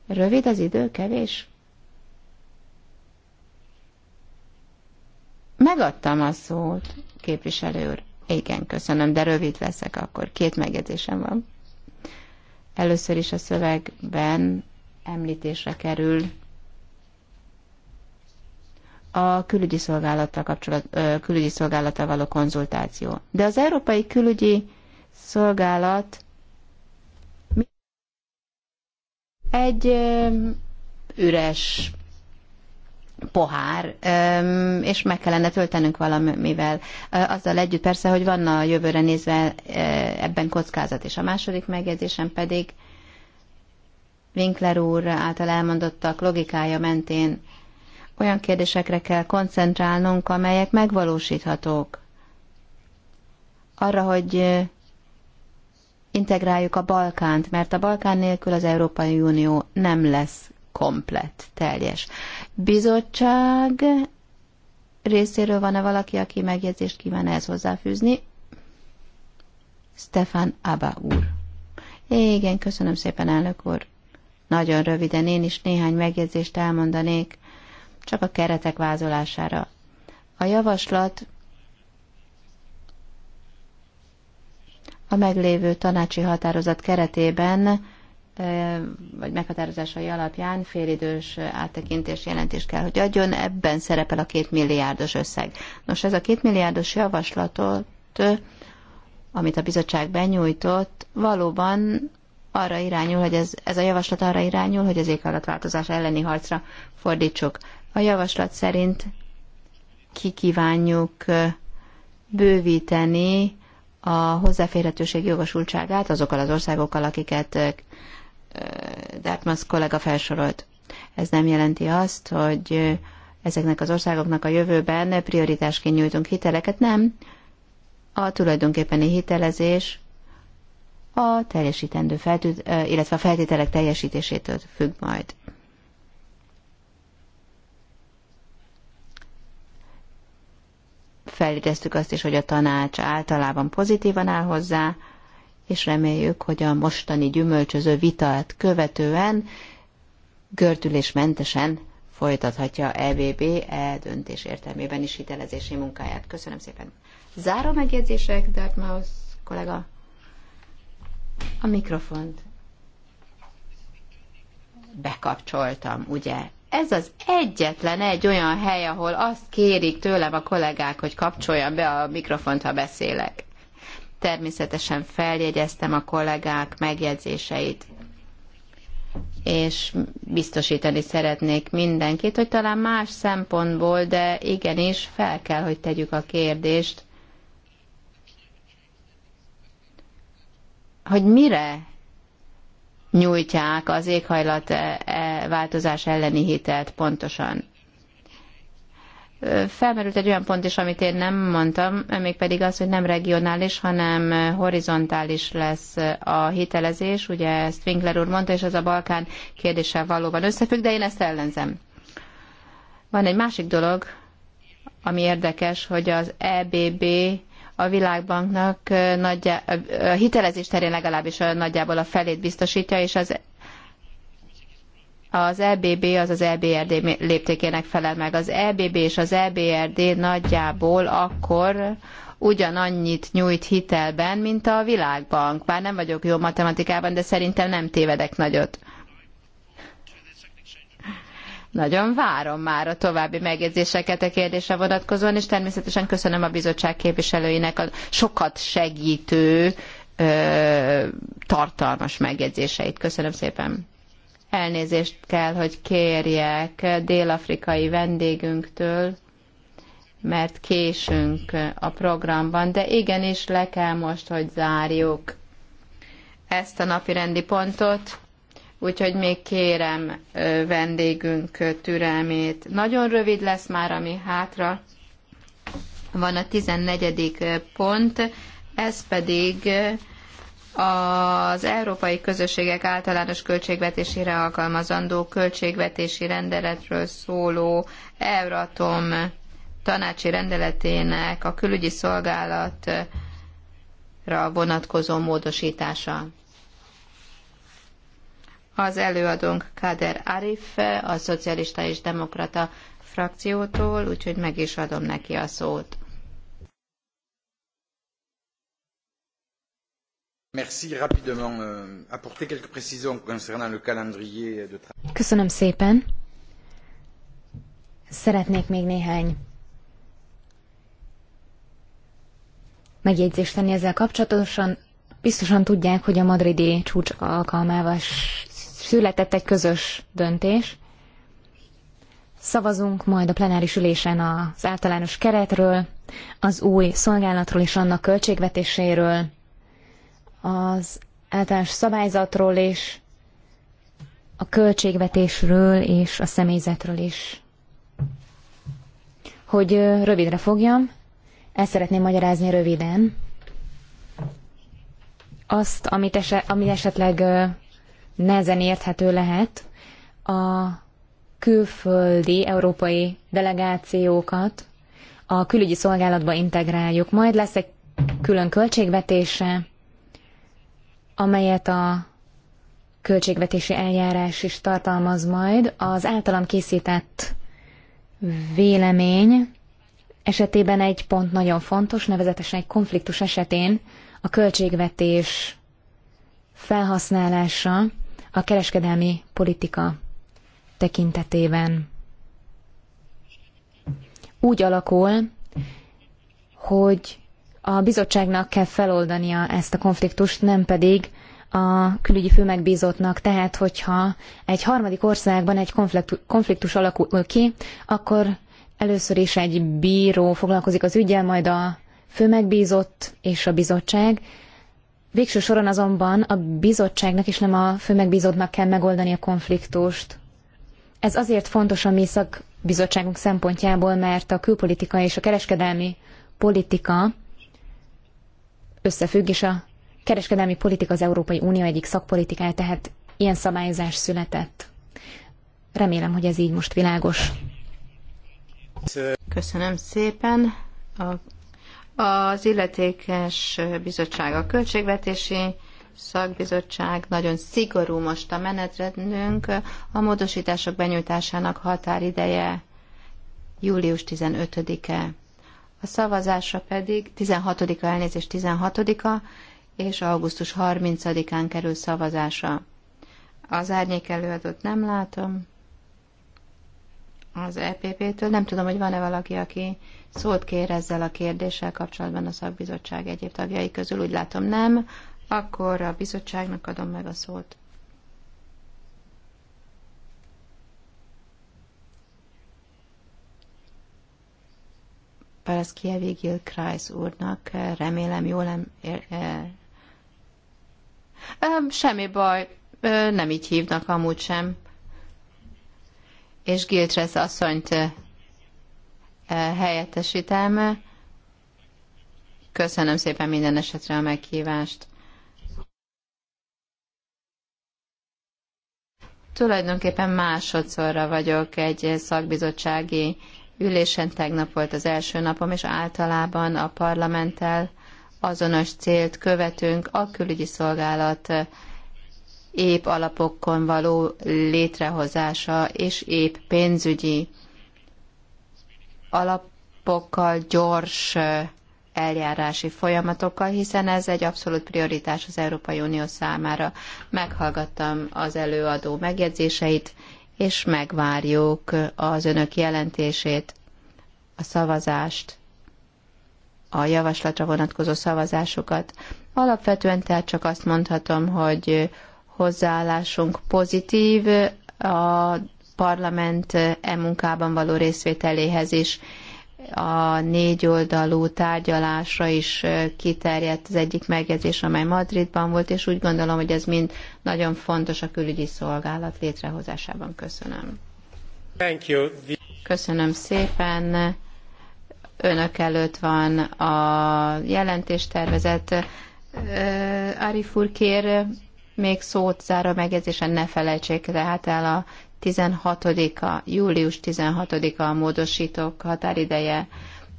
Rövid az idő, kevés? Megadtam a szót, képviselő úr. Igen, köszönöm, de rövid leszek akkor. Két megjegyzésem van. Először is a szövegben említésre kerül a külügyi szolgálattal, kapcsolat, külügyi szolgálata való konzultáció. De az Európai Külügyi Szolgálat egy üres pohár, és meg kellene töltenünk valamivel. Azzal együtt persze, hogy van a jövőre nézve ebben kockázat. És a második megjegyzésem pedig Winkler úr által elmondottak logikája mentén olyan kérdésekre kell koncentrálnunk, amelyek megvalósíthatók. Arra, hogy integráljuk a Balkánt, mert a Balkán nélkül az Európai Unió nem lesz komplet, teljes. Bizottság részéről van-e valaki, aki megjegyzést kíván ehhez hozzáfűzni? Stefan Abba úr. Igen, köszönöm szépen, elnök úr. Nagyon röviden én is néhány megjegyzést elmondanék, csak a keretek vázolására. A javaslat a meglévő tanácsi határozat keretében vagy meghatározásai alapján félidős áttekintés jelentést kell, hogy adjon. Ebben szerepel a két milliárdos összeg. Nos, ez a két milliárdos javaslatot, amit a bizottság benyújtott, valóban arra irányul, hogy ez, ez a javaslat arra irányul, hogy az éghajlatváltozás elleni harcra fordítsuk. A javaslat szerint kikívánjuk bővíteni a hozzáférhetőség jogosultságát azokkal az országokkal, akiket Dartmouth kollega felsorolt. Ez nem jelenti azt, hogy ezeknek az országoknak a jövőben prioritásként nyújtunk hiteleket, nem. A tulajdonképpeni hitelezés a teljesítendő feltűt, illetve a feltételek teljesítésétől függ majd. Felidéztük azt is, hogy a tanács általában pozitívan áll hozzá, és reméljük, hogy a mostani gyümölcsöző vitát követően gördülésmentesen folytathatja a e, e döntés értelmében is hitelezési munkáját. Köszönöm szépen. Záró megjegyzések, Dartmouth kollega. A mikrofont bekapcsoltam, ugye? Ez az egyetlen egy olyan hely, ahol azt kérik tőlem a kollégák, hogy kapcsoljam be a mikrofont, ha beszélek. Természetesen feljegyeztem a kollégák megjegyzéseit, és biztosítani szeretnék mindenkit, hogy talán más szempontból, de igenis fel kell, hogy tegyük a kérdést, hogy mire nyújtják az éghajlat eh, változás elleni hitelt pontosan. Felmerült egy olyan pont is, amit én nem mondtam, mégpedig az, hogy nem regionális, hanem horizontális lesz a hitelezés. Ugye ezt Winkler úr mondta, és ez a Balkán kérdéssel valóban összefügg, de én ezt ellenzem. Van egy másik dolog, ami érdekes, hogy az EBB a világbanknak nagyjá, a hitelezés terén legalábbis nagyjából a felét biztosítja, és az az EBB az az EBRD léptékének felel meg. Az EBB és az EBRD nagyjából akkor ugyanannyit nyújt hitelben, mint a világbank. Bár nem vagyok jó matematikában, de szerintem nem tévedek nagyot. Nagyon várom már a további megjegyzéseket a kérdésre vonatkozóan, és természetesen köszönöm a bizottság képviselőinek a sokat segítő, ö, tartalmas megjegyzéseit. Köszönöm szépen. Elnézést kell, hogy kérjek dél-afrikai vendégünktől, mert késünk a programban, de igenis le kell most, hogy zárjuk ezt a napi rendi pontot, úgyhogy még kérem vendégünk türelmét. Nagyon rövid lesz már, ami hátra van a 14. pont, ez pedig az európai közösségek általános költségvetésére alkalmazandó költségvetési rendeletről szóló Euratom tanácsi rendeletének a külügyi szolgálatra vonatkozó módosítása. Az előadónk Kader Arif, a szocialista és demokrata frakciótól, úgyhogy meg is adom neki a szót. Euh, Köszönöm szépen. Szeretnék még néhány megjegyzést tenni ezzel kapcsolatosan. Biztosan tudják, hogy a madridi csúcs alkalmával született egy közös döntés. Szavazunk majd a plenáris ülésen az általános keretről, az új szolgálatról és annak költségvetéséről, az általános szabályzatról és a költségvetésről és a személyzetről is. Hogy rövidre fogjam, ezt szeretném magyarázni röviden. Azt, amit eset, ami esetleg nehezen érthető lehet, a külföldi európai delegációkat a külügyi szolgálatba integráljuk. Majd lesz egy külön költségvetése, amelyet a költségvetési eljárás is tartalmaz majd, az általam készített vélemény esetében egy pont nagyon fontos, nevezetesen egy konfliktus esetén a költségvetés felhasználása a kereskedelmi politika tekintetében úgy alakul, hogy a bizottságnak kell feloldania ezt a konfliktust, nem pedig a külügyi főmegbízottnak. Tehát, hogyha egy harmadik országban egy konfliktus alakul ki, akkor először is egy bíró foglalkozik az ügyel, majd a főmegbízott és a bizottság. Végső soron azonban a bizottságnak és nem a főmegbízottnak kell megoldani a konfliktust. Ez azért fontos a mi szakbizottságunk szempontjából, mert a külpolitika és a kereskedelmi politika összefügg, és a kereskedelmi politika az Európai Unió egyik szakpolitikája, tehát ilyen szabályozás született. Remélem, hogy ez így most világos. Köszönöm szépen. A, az illetékes bizottság a költségvetési szakbizottság nagyon szigorú most a menetrendünk. A módosítások benyújtásának határideje július 15-e a szavazásra pedig 16-a elnézés 16-a és augusztus 30-án kerül szavazásra. Az árnyék előadót nem látom. Az EPP-től nem tudom, hogy van-e valaki, aki szót kér ezzel a kérdéssel kapcsolatban a szakbizottság egyéb tagjai közül. Úgy látom nem. Akkor a bizottságnak adom meg a szót. Paraszkievi Gil Kreis úrnak. Eh, remélem jól eh, eh, em... Semmi baj, nem így hívnak amúgy sem. És Giltresz asszonyt helyettesítem. Köszönöm szépen minden esetre a meghívást. Tulajdonképpen másodszorra vagyok egy szakbizottsági ülésen tegnap volt az első napom, és általában a parlamenttel azonos célt követünk, a külügyi szolgálat eh, épp alapokon való létrehozása és épp pénzügyi alapokkal gyors eh, eljárási folyamatokkal, hiszen ez egy abszolút prioritás az Európai Unió számára. Meghallgattam az előadó megjegyzéseit, és megvárjuk az önök jelentését, a szavazást, a javaslatra vonatkozó szavazásokat. Alapvetően tehát csak azt mondhatom, hogy hozzáállásunk pozitív a parlament e munkában való részvételéhez is, a négy oldalú tárgyalásra is kiterjedt az egyik megjegyzés, amely Madridban volt, és úgy gondolom, hogy ez mind nagyon fontos a külügyi szolgálat létrehozásában. Köszönöm. Thank you. Köszönöm szépen. Önök előtt van a jelentéstervezet. Arif úr kér még szót a megjegyzésen ne felejtsék tehát el a 16-a, július 16-a a módosítók határideje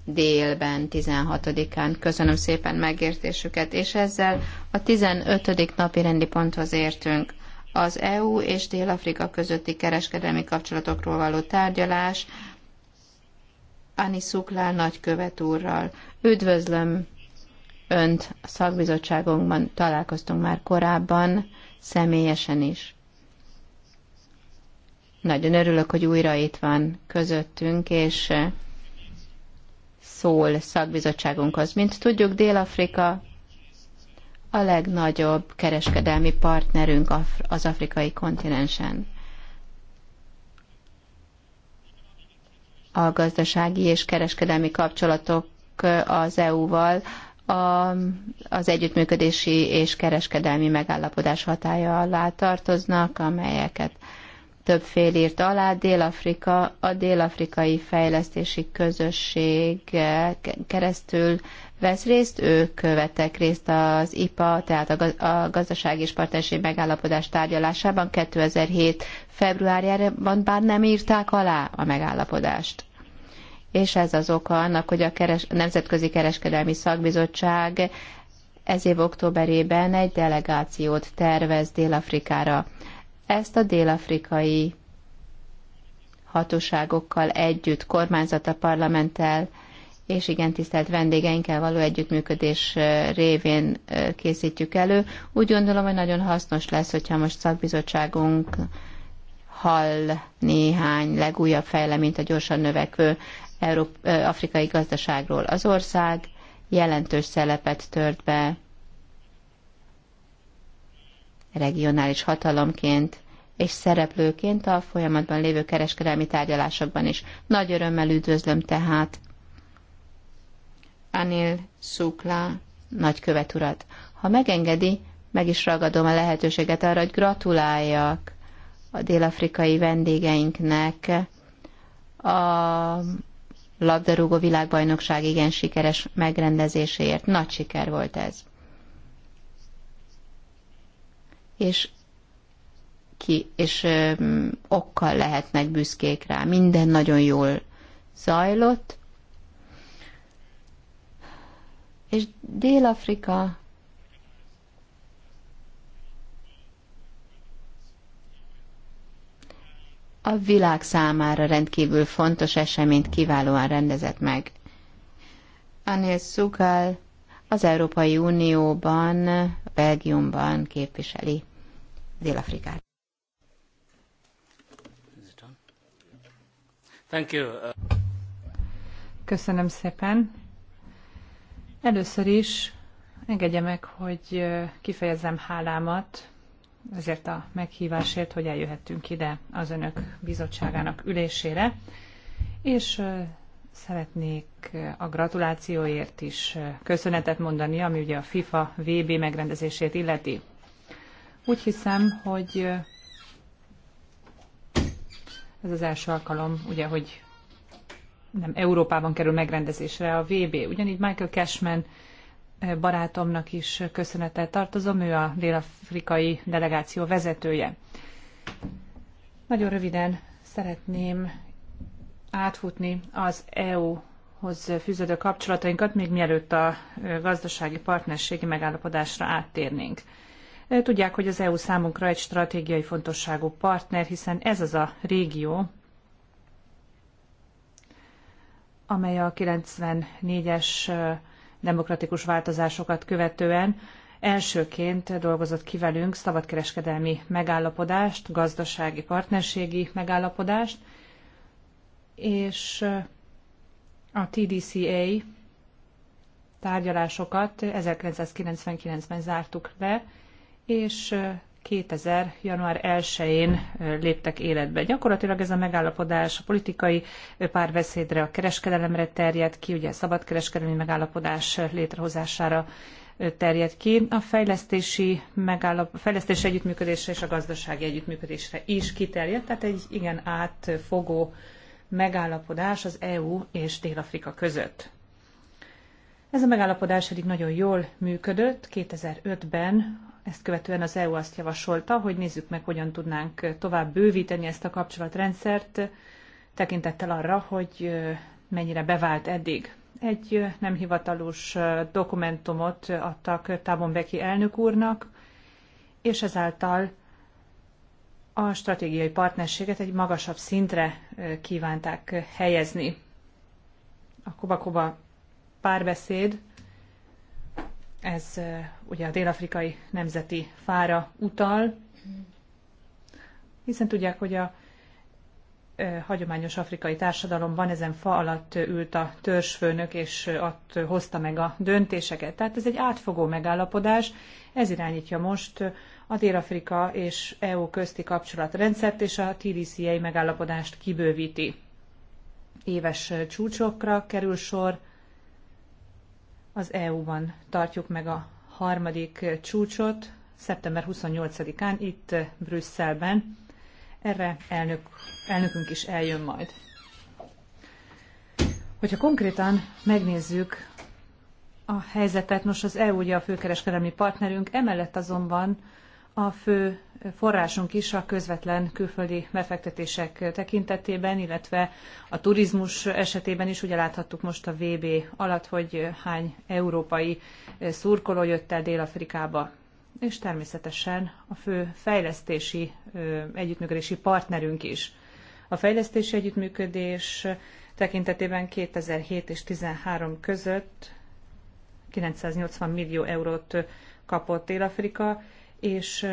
délben 16-án. Köszönöm szépen megértésüket, és ezzel a 15. napi rendi ponthoz értünk. Az EU és Dél-Afrika közötti kereskedelmi kapcsolatokról való tárgyalás Ani Szuklál nagykövet úrral. Üdvözlöm Önt a szakbizottságunkban, találkoztunk már korábban, személyesen is. Nagyon örülök, hogy újra itt van közöttünk, és eh, szól szakbizottságunkhoz. Mint tudjuk, Dél-Afrika a legnagyobb kereskedelmi partnerünk az afrikai kontinensen. A gazdasági és kereskedelmi kapcsolatok eh, az EU-val a, az együttműködési és kereskedelmi megállapodás hatája alá tartoznak, amelyeket több fél írt alá, Dél-Afrika, a Dél-Afrikai Fejlesztési Közösség keresztül vesz részt, ők vettek részt az IPA, tehát a gazdasági és partnerség megállapodás tárgyalásában 2007. februárjában bár nem írták alá a megállapodást. És ez az oka annak, hogy a keres, Nemzetközi Kereskedelmi Szakbizottság ez év októberében egy delegációt tervez Dél-Afrikára. Ezt a délafrikai hatóságokkal együtt, kormányzata parlamenttel és igen tisztelt vendégeinkkel való együttműködés révén készítjük elő. Úgy gondolom, hogy nagyon hasznos lesz, hogyha most szakbizottságunk hall néhány legújabb fejleményt a gyorsan növekvő Európa, afrikai gazdaságról. Az ország jelentős szelepet tört be regionális hatalomként és szereplőként a folyamatban lévő kereskedelmi tárgyalásokban is. Nagy örömmel üdvözlöm tehát Anil Szukla nagykövet urat. Ha megengedi, meg is ragadom a lehetőséget arra, hogy gratuláljak a délafrikai vendégeinknek a labdarúgó világbajnokság igen sikeres megrendezéséért. Nagy siker volt ez és ki, és ö, okkal lehetnek büszkék rá. Minden nagyon jól zajlott. És Dél-Afrika a világ számára rendkívül fontos eseményt kiválóan rendezett meg. Anil Sugal az Európai Unióban, Belgiumban képviseli Dél-Afrikát. Köszönöm szépen. Először is engedje meg, hogy kifejezzem hálámat ezért a meghívásért, hogy eljöhettünk ide az önök bizottságának ülésére, és Szeretnék eh, a gratulációért is eh, köszönetet mondani, ami ugye a FIFA VB megrendezését illeti. Úgy hiszem, hogy eh, ez az első alkalom, ugye, hogy nem Európában kerül megrendezésre a VB. Ugyanígy Michael Cashman barátomnak is köszönetet tartozom, ő a dél-afrikai delegáció vezetője. Nagyon röviden szeretném átfutni az EU-hoz fűződő kapcsolatainkat, még mielőtt a gazdasági partnerségi megállapodásra áttérnénk. Tudják, hogy az EU számunkra egy stratégiai fontosságú partner, hiszen ez az a régió, amely a 94-es demokratikus változásokat követően elsőként dolgozott ki velünk szabadkereskedelmi megállapodást, gazdasági partnerségi megállapodást, és a TDCA tárgyalásokat 1999-ben zártuk le, és 2000. január 1-én léptek életbe. Gyakorlatilag ez a megállapodás a politikai párbeszédre, a kereskedelemre terjed ki, ugye a szabadkereskedelmi megállapodás létrehozására terjed ki. A fejlesztési, megállap, fejlesztési együttműködésre és a gazdasági együttműködésre is kiterjed, tehát egy igen átfogó megállapodás az EU és Dél-Afrika között. Ez a megállapodás eddig nagyon jól működött. 2005-ben ezt követően az EU azt javasolta, hogy nézzük meg, hogyan tudnánk tovább bővíteni ezt a kapcsolatrendszert, tekintettel arra, hogy mennyire bevált eddig. Egy nem hivatalos dokumentumot adtak Tábon Beki elnök úrnak, és ezáltal a stratégiai partnerséget egy magasabb szintre kívánták helyezni. A Kuba-Kuba párbeszéd, ez ugye a dél-afrikai nemzeti fára utal, hiszen tudják, hogy a hagyományos afrikai társadalomban ezen fa alatt ült a törzsfőnök, és ott hozta meg a döntéseket. Tehát ez egy átfogó megállapodás, ez irányítja most a Dél-Afrika és EU közti kapcsolatrendszert és a TDCA megállapodást kibővíti. Éves csúcsokra kerül sor, az EU-ban tartjuk meg a harmadik csúcsot szeptember 28-án itt Brüsszelben. Erre elnök, elnökünk is eljön majd. Hogyha konkrétan megnézzük a helyzetet, nos az EU ugye a főkereskedelmi partnerünk, emellett azonban a fő forrásunk is a közvetlen külföldi befektetések tekintetében, illetve a turizmus esetében is. Ugye láthattuk most a VB alatt, hogy hány európai szurkoló jött el Dél-Afrikába. És természetesen a fő fejlesztési együttműködési partnerünk is. A fejlesztési együttműködés tekintetében 2007 és 2013 között 980 millió eurót kapott Dél-Afrika, és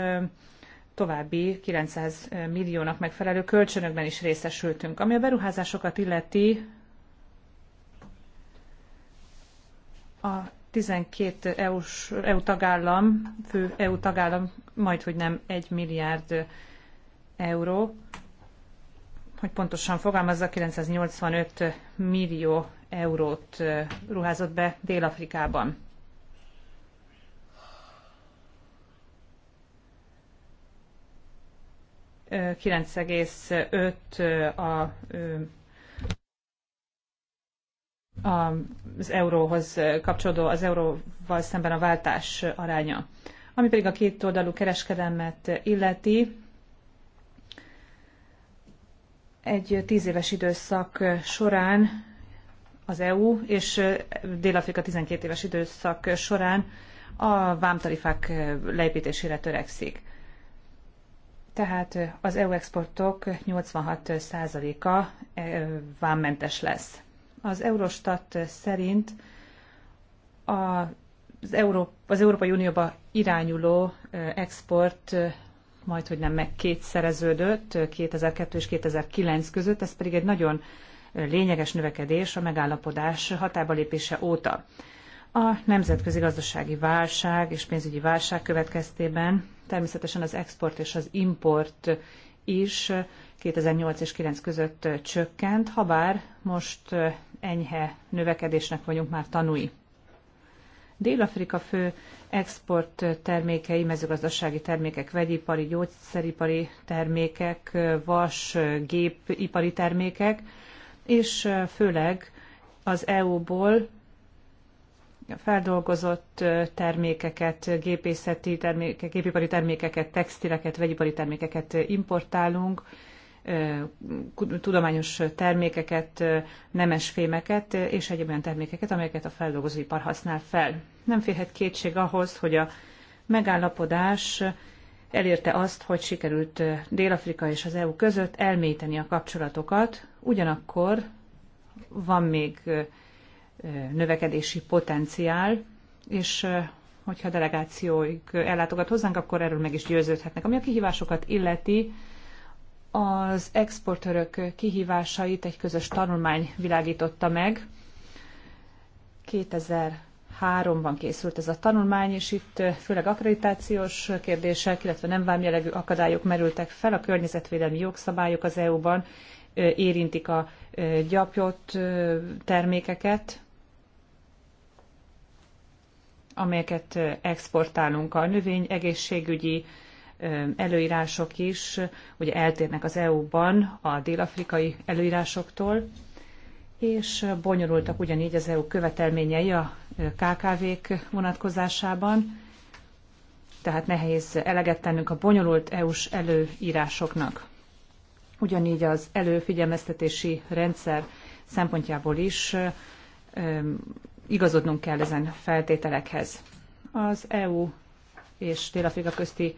további 900 milliónak megfelelő kölcsönökben is részesültünk. Ami a beruházásokat illeti, a 12 EU-s, EU tagállam, fő EU tagállam majd, hogy nem 1 milliárd euró, hogy pontosan fogalmazza, 985 millió eurót ruházott be Dél-Afrikában. 9,5 a az euróhoz kapcsolódó, az euróval szemben a váltás aránya. Ami pedig a két oldalú kereskedelmet illeti, egy tíz éves időszak során az EU és Dél-Afrika 12 éves időszak során a vámtarifák leépítésére törekszik. Tehát az EU exportok 86%-a vámmentes lesz. Az Eurostat szerint az, Európa, az Európai Unióba irányuló export majd, hogy nem meg kétszereződött 2002 és 2009 között, ez pedig egy nagyon lényeges növekedés a megállapodás hatába lépése óta. A nemzetközi gazdasági válság és pénzügyi válság következtében természetesen az export és az import is 2008 és 9 között csökkent, habár most enyhe növekedésnek vagyunk már tanúi. Dél-Afrika fő export termékei, mezőgazdasági termékek, vegyipari, gyógyszeripari termékek, vas, gépipari termékek, és főleg az EU-ból feldolgozott termékeket, gépészeti termékeket, gépipari termékeket, textileket, vegyipari termékeket importálunk, tudományos termékeket, nemesfémeket és egyéb olyan termékeket, amelyeket a feldolgozóipar használ fel. Nem férhet kétség ahhoz, hogy a megállapodás elérte azt, hogy sikerült Dél-Afrika és az EU között elmélyíteni a kapcsolatokat, ugyanakkor van még növekedési potenciál, és hogyha delegációik ellátogat hozzánk, akkor erről meg is győződhetnek. Ami a kihívásokat illeti, az exportőrök kihívásait egy közös tanulmány világította meg. 2003-ban készült ez a tanulmány, és itt főleg akkreditációs kérdések, illetve nem vámjellegű akadályok merültek fel. A környezetvédelmi jogszabályok az EU-ban érintik a gyapjott termékeket, amelyeket exportálunk. A növény egészségügyi előírások is ugye eltérnek az EU-ban a dél-afrikai előírásoktól, és bonyolultak ugyanígy az EU követelményei a KKV-k vonatkozásában, tehát nehéz eleget tennünk a bonyolult EU-s előírásoknak. Ugyanígy az előfigyelmeztetési rendszer szempontjából is igazodnunk kell ezen feltételekhez. Az EU és Dél-Afrika közti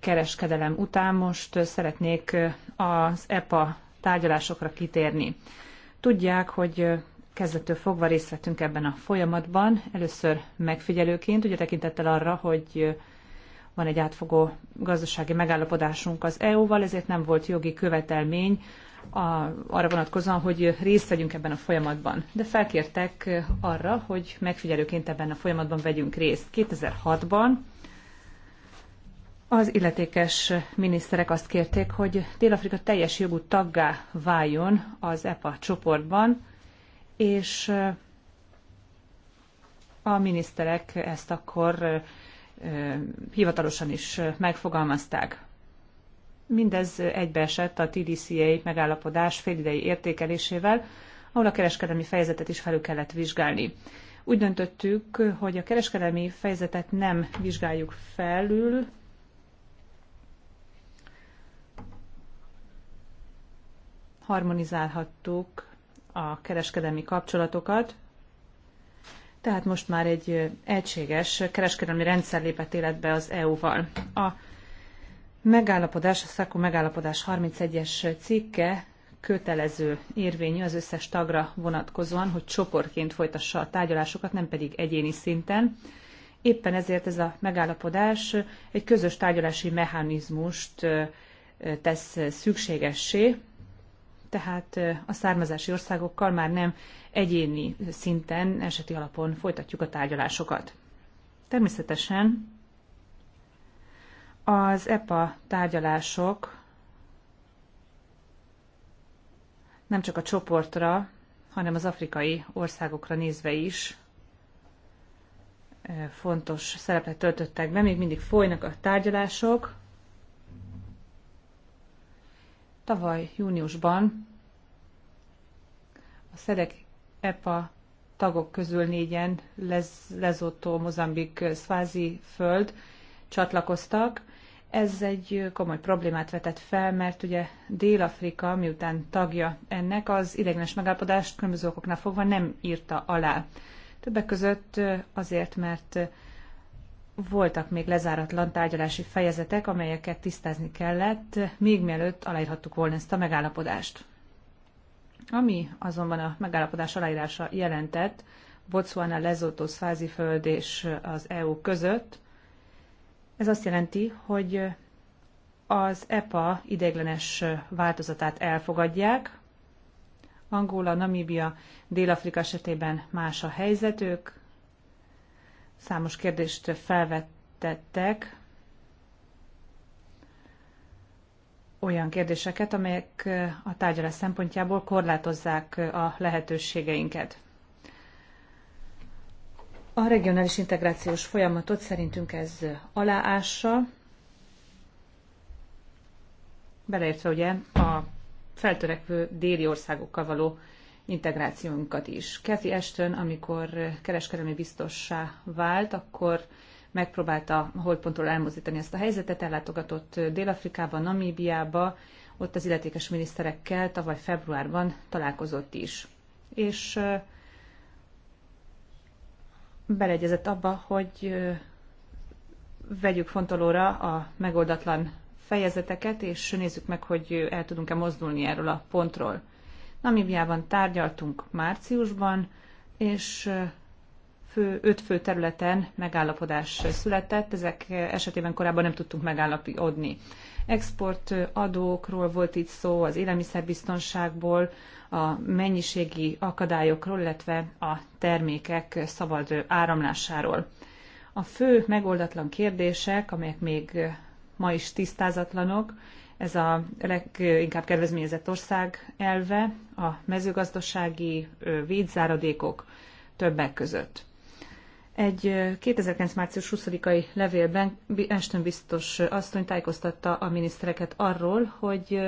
kereskedelem után most szeretnék az EPA tárgyalásokra kitérni. Tudják, hogy kezdettől fogva részt vettünk ebben a folyamatban, először megfigyelőként, ugye tekintettel arra, hogy van egy átfogó gazdasági megállapodásunk az EU-val, ezért nem volt jogi követelmény a, arra vonatkozóan, hogy részt vegyünk ebben a folyamatban. De felkértek arra, hogy megfigyelőként ebben a folyamatban vegyünk részt. 2006-ban az illetékes miniszterek azt kérték, hogy Dél-Afrika teljes jogú taggá váljon az EPA csoportban, és a miniszterek ezt akkor hivatalosan is megfogalmazták. Mindez egybeesett a TDCA megállapodás félidei értékelésével, ahol a kereskedelmi fejezetet is felül kellett vizsgálni. Úgy döntöttük, hogy a kereskedelmi fejezetet nem vizsgáljuk felül, harmonizálhattuk a kereskedelmi kapcsolatokat, tehát most már egy egységes kereskedelmi rendszer lépett életbe az EU-val. A megállapodás, a SZAKU megállapodás 31-es cikke kötelező érvényű az összes tagra vonatkozóan, hogy csoportként folytassa a tárgyalásokat, nem pedig egyéni szinten. Éppen ezért ez a megállapodás egy közös tárgyalási mechanizmust tesz szükségessé, tehát a származási országokkal már nem egyéni szinten, eseti alapon folytatjuk a tárgyalásokat. Természetesen az EPA tárgyalások nem csak a csoportra, hanem az afrikai országokra nézve is eh, fontos szerepet töltöttek be, még mindig folynak a tárgyalások. Tavaly júniusban a SZEDEK EPA tagok közül négyen Lez, lezottó Mozambik, Szvázi föld csatlakoztak, ez egy komoly problémát vetett fel, mert ugye Dél-Afrika, miután tagja ennek, az ideiglenes megállapodást különböző okoknál fogva nem írta alá. Többek között azért, mert voltak még lezáratlan tárgyalási fejezetek, amelyeket tisztázni kellett, még mielőtt aláírhattuk volna ezt a megállapodást. Ami azonban a megállapodás aláírása jelentett, Botswana, Lesotho, Szváziföld és az EU között, ez azt jelenti, hogy az EPA ideiglenes változatát elfogadják. Angola, Namíbia, Dél-Afrika esetében más a helyzetük. számos kérdést felvettettek, olyan kérdéseket, amelyek a tárgyalás szempontjából korlátozzák a lehetőségeinket. A regionális integrációs folyamatot szerintünk ez aláássa, beleértve ugye a feltörekvő déli országokkal való integrációnkat is. Kathy Ashton, amikor kereskedelmi biztossá vált, akkor megpróbálta holtpontról elmozdítani ezt a helyzetet, ellátogatott Dél-Afrikába, Namíbiába, ott az illetékes miniszterekkel tavaly februárban találkozott is. És beleegyezett abba, hogy vegyük fontolóra a megoldatlan fejezeteket, és nézzük meg, hogy el tudunk-e mozdulni erről a pontról. Namibiában tárgyaltunk márciusban, és fő, öt fő területen megállapodás született, ezek esetében korábban nem tudtunk megállapodni. Exportadókról volt itt szó, az élelmiszerbiztonságból, a mennyiségi akadályokról, illetve a termékek szabad áramlásáról. A fő megoldatlan kérdések, amelyek még ma is tisztázatlanok, ez a leginkább kedvezményezett ország elve, a mezőgazdasági védzáradékok többek között. Egy 2009. március 20-ai levélben Ashton biztos asszony tájékoztatta a minisztereket arról, hogy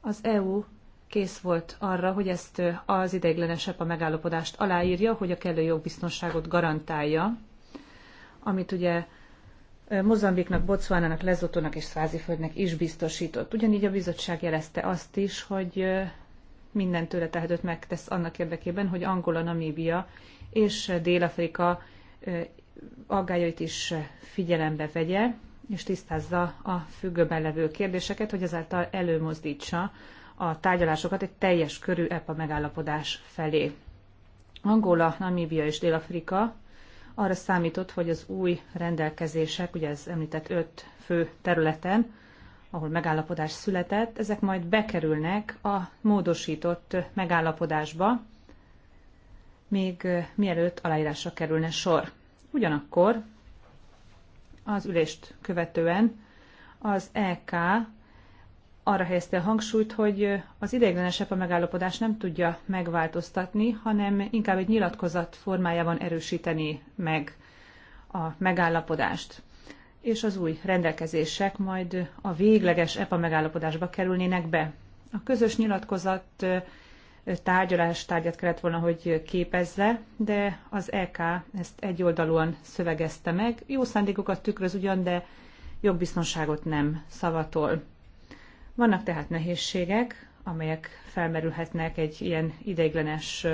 az EU kész volt arra, hogy ezt az ideiglenes e a megállapodást aláírja, hogy a kellő jogbiztonságot garantálja, amit ugye Mozambiknak, Botswanának, Lezotónak és Szváziföldnek is biztosított. Ugyanígy a bizottság jelezte azt is, hogy minden tőle tehetőt megtesz annak érdekében, hogy Angola, Namíbia és Dél-Afrika aggájait is figyelembe vegye, és tisztázza a függőben levő kérdéseket, hogy ezáltal előmozdítsa a tárgyalásokat egy teljes körű EPA megállapodás felé. Angola, Namíbia és Dél-Afrika arra számított, hogy az új rendelkezések, ugye ez említett öt fő területen, ahol megállapodás született, ezek majd bekerülnek a módosított megállapodásba, még mielőtt aláírásra kerülne sor. Ugyanakkor az ülést követően az EK arra helyezte a hangsúlyt, hogy az ideiglenes a megállapodás nem tudja megváltoztatni, hanem inkább egy nyilatkozat formájában erősíteni meg a megállapodást és az új rendelkezések majd a végleges EPA megállapodásba kerülnének be. A közös nyilatkozat tárgyalás tárgyat kellett volna, hogy képezze, de az EK ezt egyoldalúan szövegezte meg. Jó szándékokat tükröz ugyan, de jogbiztonságot nem szavatol. Vannak tehát nehézségek, amelyek felmerülhetnek egy ilyen ideiglenes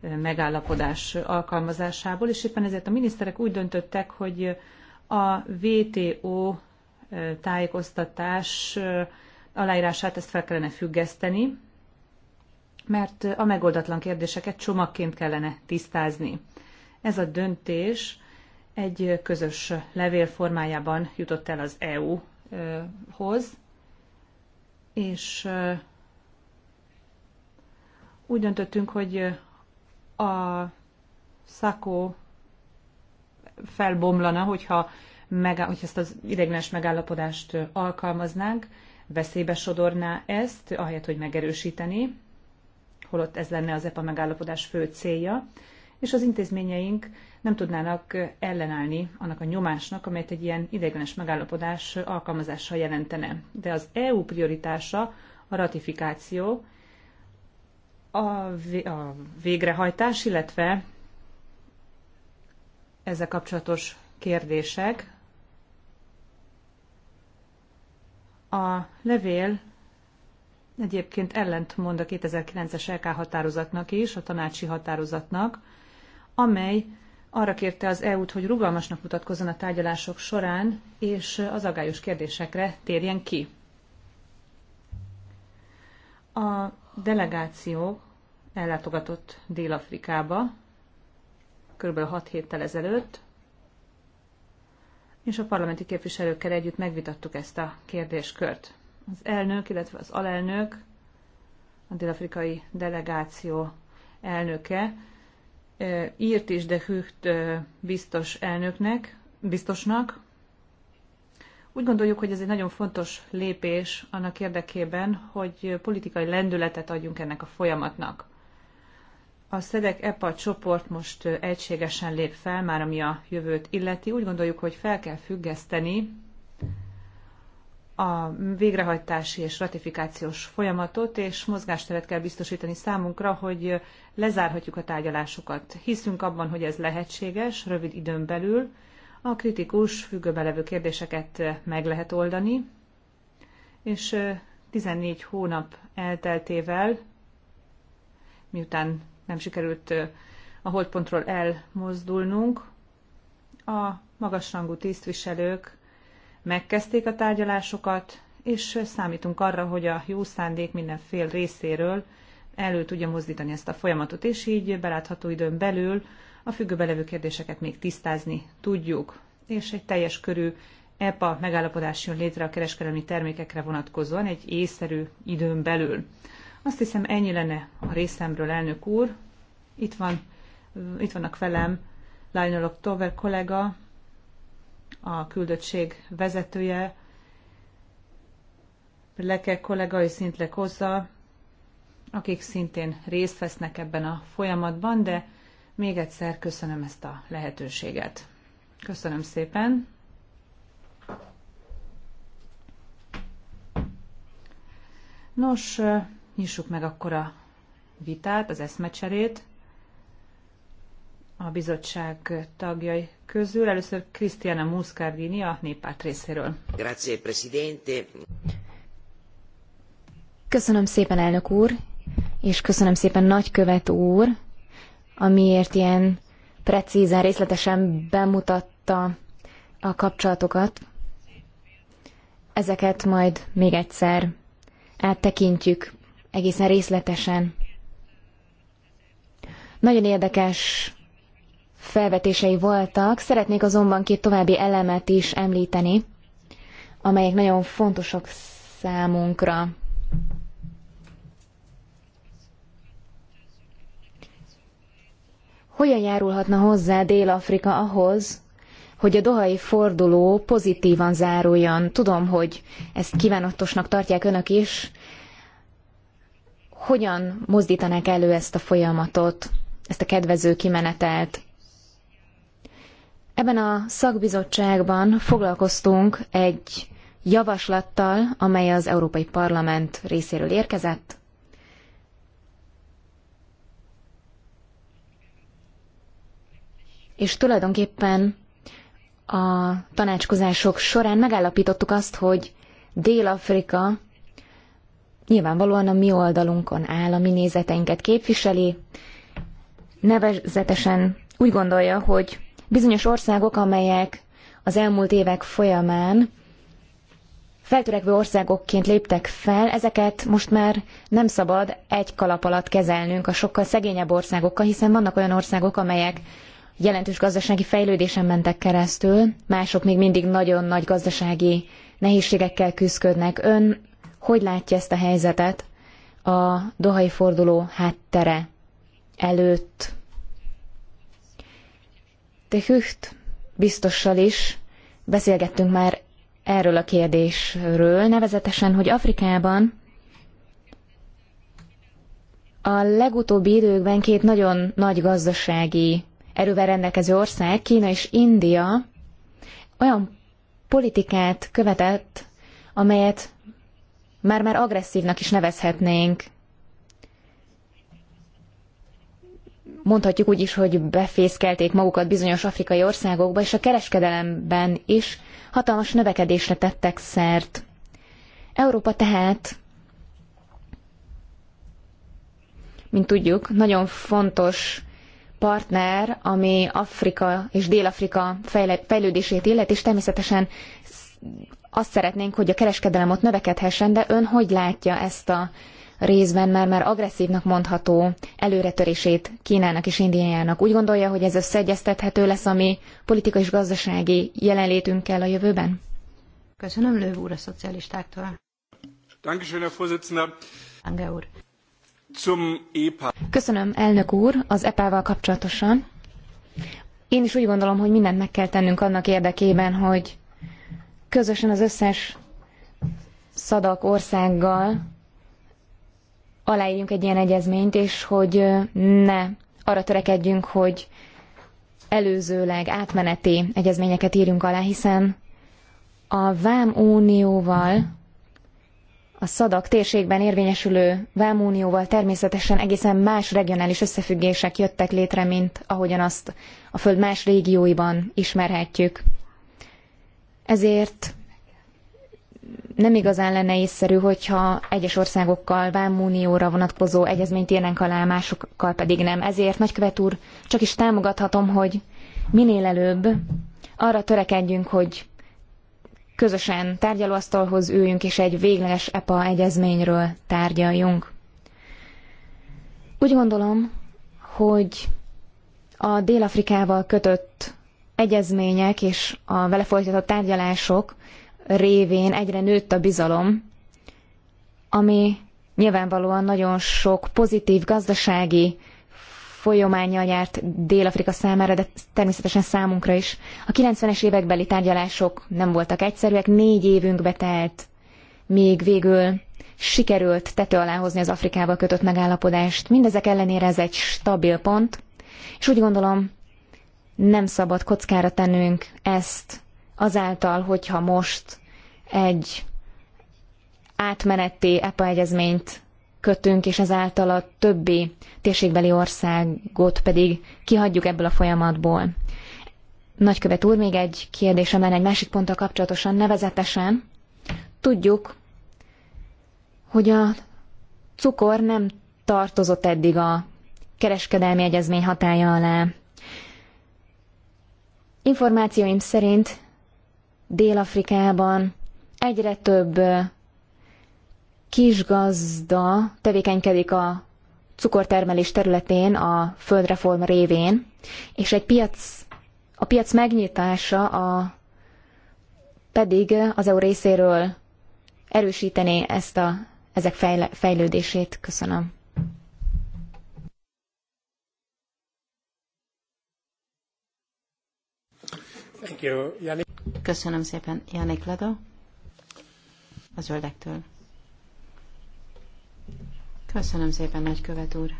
megállapodás alkalmazásából, és éppen ezért a miniszterek úgy döntöttek, hogy a VTO tájékoztatás aláírását ezt fel kellene függeszteni, mert a megoldatlan kérdéseket csomagként kellene tisztázni. Ez a döntés egy közös levél formájában jutott el az EU-hoz, és úgy döntöttünk, hogy a Szakó felbomlana, hogyha, megá- hogyha ezt az ideiglenes megállapodást alkalmaznánk, veszélybe sodorná ezt, ahelyett, hogy megerősíteni, holott ez lenne az EPA megállapodás fő célja, és az intézményeink nem tudnának ellenállni annak a nyomásnak, amelyet egy ilyen ideiglenes megállapodás alkalmazása jelentene. De az EU prioritása a ratifikáció, a, a végrehajtás, illetve ezzel kapcsolatos kérdések. A levél egyébként ellentmond a 2009-es LK határozatnak is, a tanácsi határozatnak, amely arra kérte az EU-t, hogy rugalmasnak mutatkozzon a tárgyalások során, és az agályos kérdésekre térjen ki. A delegáció ellátogatott Dél-Afrikába, kb. 6 héttel ezelőtt, és a parlamenti képviselőkkel együtt megvitattuk ezt a kérdéskört. Az elnök, illetve az alelnök, a dél-afrikai delegáció elnöke írt is de hűt biztos elnöknek, biztosnak. Úgy gondoljuk, hogy ez egy nagyon fontos lépés annak érdekében, hogy politikai lendületet adjunk ennek a folyamatnak. A SZEDEK EPA csoport most egységesen lép fel, már ami a jövőt illeti. Úgy gondoljuk, hogy fel kell függeszteni a végrehajtási és ratifikációs folyamatot, és mozgásteret kell biztosítani számunkra, hogy lezárhatjuk a tárgyalásokat. Hiszünk abban, hogy ez lehetséges, rövid időn belül a kritikus, függőbe levő kérdéseket meg lehet oldani, és 14 hónap elteltével, miután nem sikerült a holdpontról elmozdulnunk. A magasrangú tisztviselők megkezdték a tárgyalásokat, és számítunk arra, hogy a jó szándék minden fél részéről elő tudja mozdítani ezt a folyamatot, és így belátható időn belül a függőbe levő kérdéseket még tisztázni tudjuk, és egy teljes körű EPA megállapodás jön létre a kereskedelmi termékekre vonatkozóan egy észszerű időn belül. Azt hiszem ennyi lenne a részemről, elnök úr. Itt, van, itt vannak velem Lionel October kollega, a küldöttség vezetője, Leke kollega és Szintle Kozza, akik szintén részt vesznek ebben a folyamatban, de még egyszer köszönöm ezt a lehetőséget. Köszönöm szépen. Nos, Nyissuk meg akkor a vitát, az eszmecserét a bizottság tagjai közül. Először Krisztiana Muscardini a néppárt részéről. Grazie, Presidente. Köszönöm szépen, elnök úr, és köszönöm szépen, nagykövet úr, amiért ilyen precízen, részletesen bemutatta a kapcsolatokat. Ezeket majd még egyszer áttekintjük egészen részletesen. Nagyon érdekes felvetései voltak, szeretnék azonban két további elemet is említeni, amelyek nagyon fontosak számunkra. Hogyan járulhatna hozzá Dél-Afrika ahhoz, hogy a dohai forduló pozitívan záruljon? Tudom, hogy ezt kívánatosnak tartják önök is, hogyan mozdítanák elő ezt a folyamatot, ezt a kedvező kimenetelt. Ebben a szakbizottságban foglalkoztunk egy javaslattal, amely az Európai Parlament részéről érkezett. És tulajdonképpen a tanácskozások során megállapítottuk azt, hogy Dél-Afrika nyilvánvalóan a mi oldalunkon áll, a mi nézeteinket képviseli, nevezetesen úgy gondolja, hogy bizonyos országok, amelyek az elmúlt évek folyamán feltörekvő országokként léptek fel, ezeket most már nem szabad egy kalap alatt kezelnünk a sokkal szegényebb országokkal, hiszen vannak olyan országok, amelyek jelentős gazdasági fejlődésen mentek keresztül, mások még mindig nagyon nagy gazdasági nehézségekkel küzdködnek. Ön hogy látja ezt a helyzetet a dohai forduló háttere előtt. Te Hücht biztossal is beszélgettünk már erről a kérdésről, nevezetesen, hogy Afrikában a legutóbbi időkben két nagyon nagy gazdasági erővel rendelkező ország, Kína és India, olyan politikát követett, amelyet már-már agresszívnak is nevezhetnénk. Mondhatjuk úgy is, hogy befészkelték magukat bizonyos afrikai országokba, és a kereskedelemben is hatalmas növekedésre tettek szert. Európa tehát, mint tudjuk, nagyon fontos partner, ami Afrika és Dél-Afrika fejlődését illet, és természetesen azt szeretnénk, hogy a kereskedelem ott növekedhessen, de ön hogy látja ezt a részben már, már agresszívnak mondható előretörését Kínának és Indiának? Úgy gondolja, hogy ez összeegyeztethető lesz a mi politikai és gazdasági jelenlétünkkel a jövőben? Köszönöm, Lőv úr, a szocialistáktól. Dankeschön, Herr Vorsitzender. Ange úr. Zum EPA. Köszönöm, elnök úr, az EPA-val kapcsolatosan. Én is úgy gondolom, hogy mindent meg kell tennünk annak érdekében, hogy közösen az összes szadak országgal aláírjunk egy ilyen egyezményt, és hogy ne arra törekedjünk, hogy előzőleg átmeneti egyezményeket írjunk alá, hiszen a Vámunióval, a szadak térségben érvényesülő Vámunióval természetesen egészen más regionális összefüggések jöttek létre, mint ahogyan azt a Föld más régióiban ismerhetjük. Ezért nem igazán lenne észszerű, hogyha egyes országokkal vámunióra vonatkozó egyezményt írnánk alá, másokkal pedig nem. Ezért, nagykövet úr, csak is támogathatom, hogy minél előbb arra törekedjünk, hogy közösen tárgyalóasztalhoz üljünk, és egy végleges EPA egyezményről tárgyaljunk. Úgy gondolom, hogy a Dél-Afrikával kötött egyezmények és a vele folytatott tárgyalások révén egyre nőtt a bizalom, ami nyilvánvalóan nagyon sok pozitív gazdasági folyamányjal járt Dél-Afrika számára, de természetesen számunkra is. A 90-es évekbeli tárgyalások nem voltak egyszerűek, négy évünk betelt, még végül sikerült tető alá hozni az Afrikával kötött megállapodást. Mindezek ellenére ez egy stabil pont, és úgy gondolom, nem szabad kockára tennünk ezt azáltal, hogyha most egy átmeneti EPA egyezményt kötünk, és ezáltal a többi térségbeli országot pedig kihagyjuk ebből a folyamatból. Nagykövet úr, még egy kérdésem lenne egy másik ponttal kapcsolatosan, nevezetesen. Tudjuk, hogy a cukor nem tartozott eddig a kereskedelmi egyezmény hatája alá. Információim szerint Dél-Afrikában egyre több kisgazda tevékenykedik a cukortermelés területén a földreform révén, és egy piac, a piac megnyitása a, pedig az EU részéről erősítené ezt a, ezek fejle, fejlődését. Köszönöm. Thank you, Janik. Köszönöm szépen, Janik Lado, a zöldektől. Köszönöm szépen, nagykövet úr.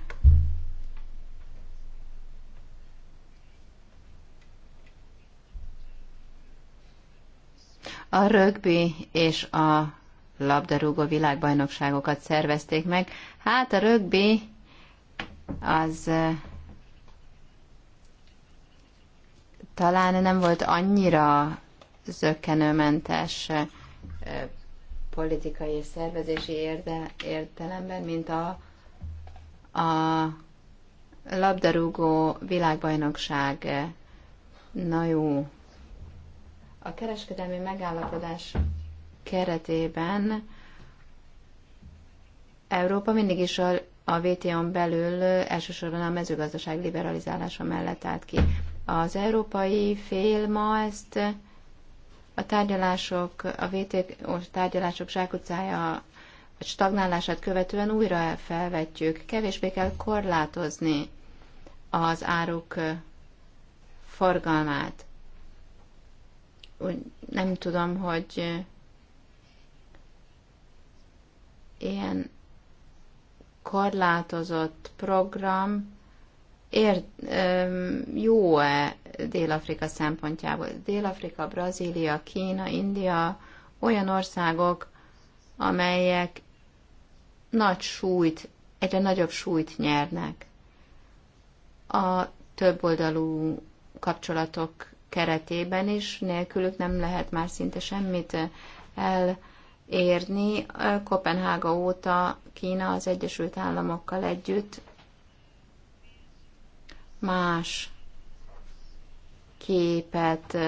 A rögbi és a labdarúgó világbajnokságokat szervezték meg. Hát a rögbi az talán nem volt annyira zökkenőmentes politikai és szervezési érde, értelemben, mint a, a labdarúgó világbajnokság. Na jó. A kereskedelmi megállapodás keretében Európa mindig is a, a vto n belül elsősorban a mezőgazdaság liberalizálása mellett állt ki. Az európai fél ma ezt a tárgyalások, a VTO tárgyalások zsákutcája stagnálását követően újra felvetjük. Kevésbé kell korlátozni az áruk forgalmát. Úgy nem tudom, hogy ilyen korlátozott program ér, jó-e Dél-Afrika szempontjából. Dél-Afrika, Brazília, Kína, India olyan országok, amelyek nagy súlyt, egyre nagyobb súlyt nyernek a többoldalú kapcsolatok keretében is, nélkülük nem lehet már szinte semmit elérni. Kopenhága óta Kína az Egyesült Államokkal együtt más képet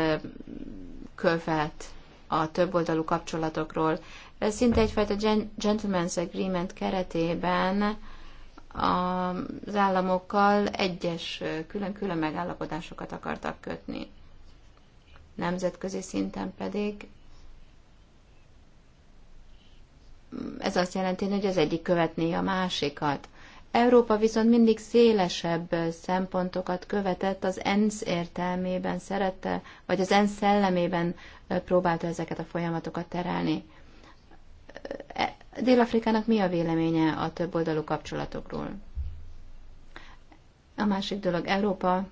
követ a többoldalú kapcsolatokról. Ez szinte egyfajta gentleman's agreement keretében az államokkal egyes külön-külön megállapodásokat akartak kötni. Nemzetközi szinten pedig ez azt jelenti, hogy az egyik követné a másikat. Európa viszont mindig szélesebb szempontokat követett, az ENSZ értelmében szerette, vagy az ENSZ szellemében próbálta ezeket a folyamatokat terelni. E, Dél-Afrikának mi a véleménye a több oldalú kapcsolatokról? A másik dolog, Európa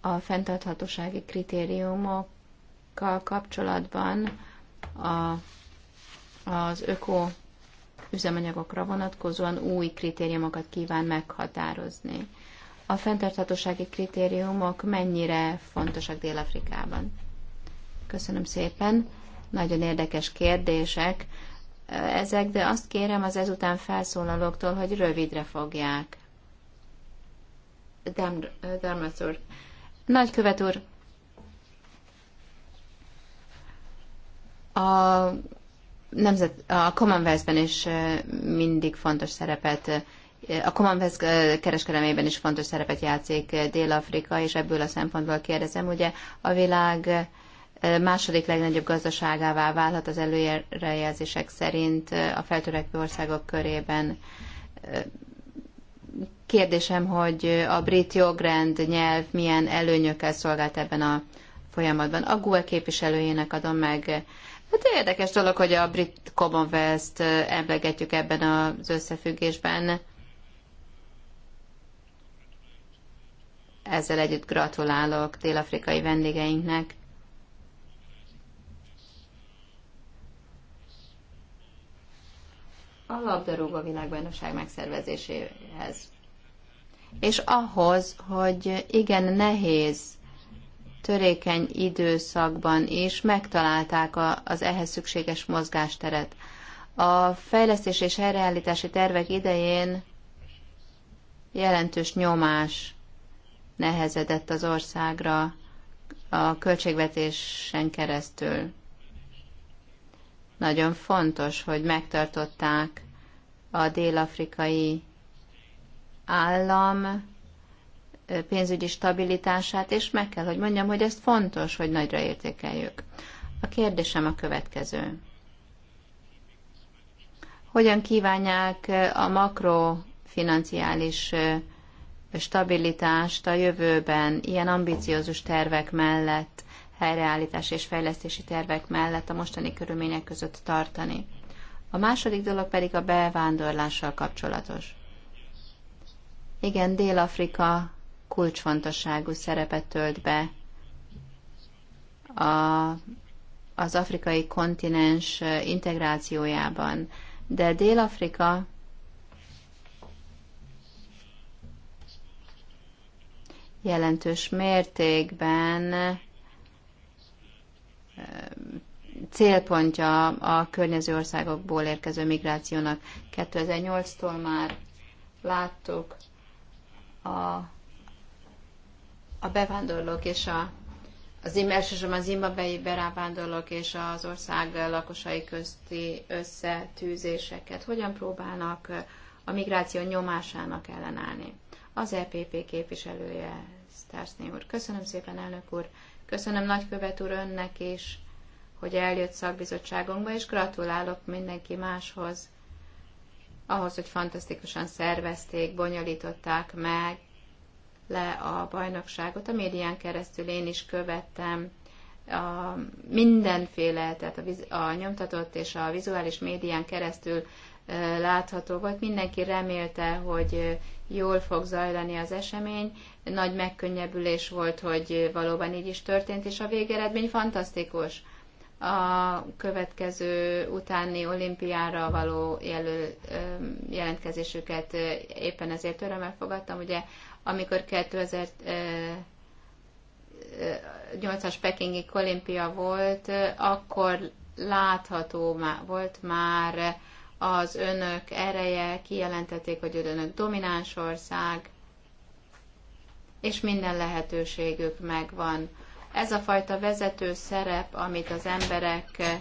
a fenntarthatósági kritériumokkal kapcsolatban a, az öko üzemanyagokra vonatkozóan új kritériumokat kíván meghatározni. A fenntarthatósági kritériumok mennyire fontosak Dél-Afrikában? Köszönöm szépen. Nagyon érdekes kérdések eh, ezek, de azt kérem az ezután felszólalóktól, hogy rövidre fogják. Eh, Dermot úr. Nagykövet úr, a nemzet, a Commonwealth-ben is mindig fontos szerepet, a Commonwealth kereskedelmében is fontos szerepet játszik Dél-Afrika, és ebből a szempontból kérdezem, ugye a világ második legnagyobb gazdaságává válhat az előrejelzések szerint a feltörekvő országok körében. Kérdésem, hogy a brit jogrend, nyelv milyen előnyökkel szolgált ebben a folyamatban. A GUE képviselőjének adom meg Hát érdekes dolog, hogy a brit Commonwealth-t emlegetjük ebben az összefüggésben. Ezzel együtt gratulálok dél-afrikai vendégeinknek. A labdarúgó világbajnokság megszervezéséhez. És ahhoz, hogy igen nehéz törékeny időszakban is megtalálták a, az ehhez szükséges mozgásteret. A fejlesztés és helyreállítási tervek idején jelentős nyomás nehezedett az országra a költségvetésen keresztül. Nagyon fontos, hogy megtartották a dél-afrikai állam pénzügyi stabilitását, és meg kell, hogy mondjam, hogy ezt fontos, hogy nagyra értékeljük. A kérdésem a következő. Hogyan kívánják a makrofinanciális stabilitást a jövőben ilyen ambiciózus tervek mellett, helyreállítás és fejlesztési tervek mellett a mostani körülmények között tartani? A második dolog pedig a bevándorlással kapcsolatos. Igen, Dél-Afrika kulcsfontosságú szerepet tölt be a, az afrikai kontinens integrációjában. De Dél-Afrika jelentős mértékben célpontja a környező országokból érkező migrációnak. 2008-tól már láttuk a a bevándorlók és a, az elsősorban az imabei berávándorlók és az ország lakosai közti összetűzéseket hogyan próbálnak a migráció nyomásának ellenállni. Az EPP képviselője Sztársné úr. Köszönöm szépen, elnök úr. Köszönöm nagykövet úr önnek is, hogy eljött szakbizottságunkba, és gratulálok mindenki máshoz, ahhoz, hogy fantasztikusan szervezték, bonyolították meg, le a bajnokságot. A médián keresztül én is követtem a mindenféle, tehát a, viz, a nyomtatott és a vizuális médián keresztül látható volt. Mindenki remélte, hogy jól fog zajlani az esemény. Nagy megkönnyebbülés volt, hogy valóban így is történt, és a végeredmény fantasztikus. A következő utáni olimpiára való jelöl, jelentkezésüket éppen ezért örömmel fogadtam. Ugye amikor 2008-as Pekingi olimpia volt, akkor látható volt már az önök ereje, kijelentették, hogy önök domináns ország, és minden lehetőségük megvan. Ez a fajta vezető szerep, amit az emberek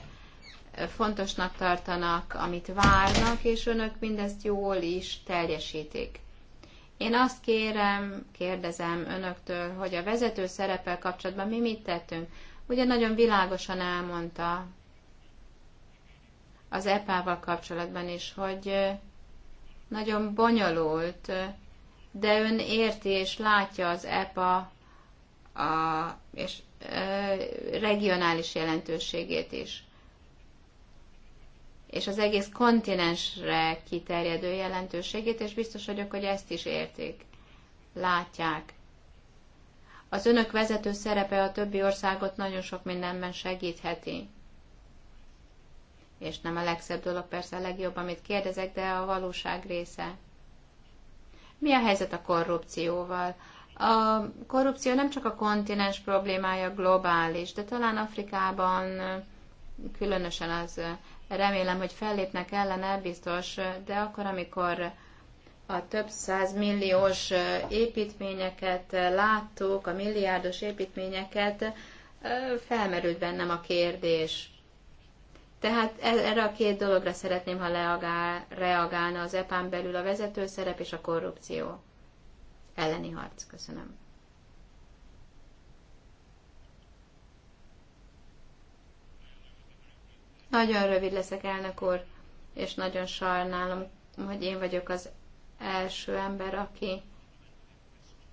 fontosnak tartanak, amit várnak, és önök mindezt jól is teljesítik. Én azt kérem, kérdezem önöktől, hogy a vezető szerepel kapcsolatban mi mit tettünk. Ugye nagyon világosan elmondta az EPA-val kapcsolatban is, hogy nagyon bonyolult, de ön érti és látja az EPA a, és regionális jelentőségét is és az egész kontinensre kiterjedő jelentőségét, és biztos vagyok, hogy ezt is értik, látják. Az önök vezető szerepe a többi országot nagyon sok mindenben segítheti. És nem a legszebb dolog, persze a legjobb, amit kérdezek, de a valóság része. Mi a helyzet a korrupcióval? A korrupció nem csak a kontinens problémája globális, de talán Afrikában különösen az remélem, hogy fellépnek ellene, biztos, de akkor, amikor a több száz milliós építményeket láttuk, a milliárdos építményeket, felmerült bennem a kérdés. Tehát e, erre a két dologra szeretném, ha leagál, reagálna az EPÁN belül a vezető szerep és a korrupció elleni harc. Köszönöm. Nagyon rövid leszek, elnök úr, és nagyon sajnálom, hogy én vagyok az első ember, aki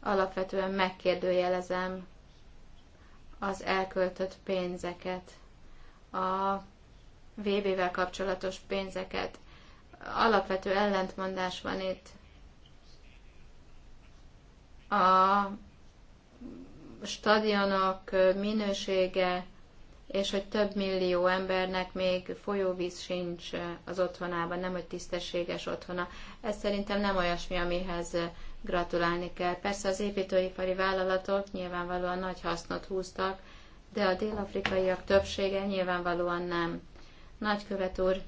alapvetően megkérdőjelezem az elköltött pénzeket, a VB-vel kapcsolatos pénzeket. Alapvető ellentmondás van itt. A stadionok minősége, és hogy több millió embernek még folyóvíz sincs az otthonában, nem hogy tisztességes otthona. Ez szerintem nem olyasmi, amihez gratulálni kell. Persze az építőipari vállalatok nyilvánvalóan nagy hasznot húztak, de a délafrikaiak többsége nyilvánvalóan nem. Nagykövet úr,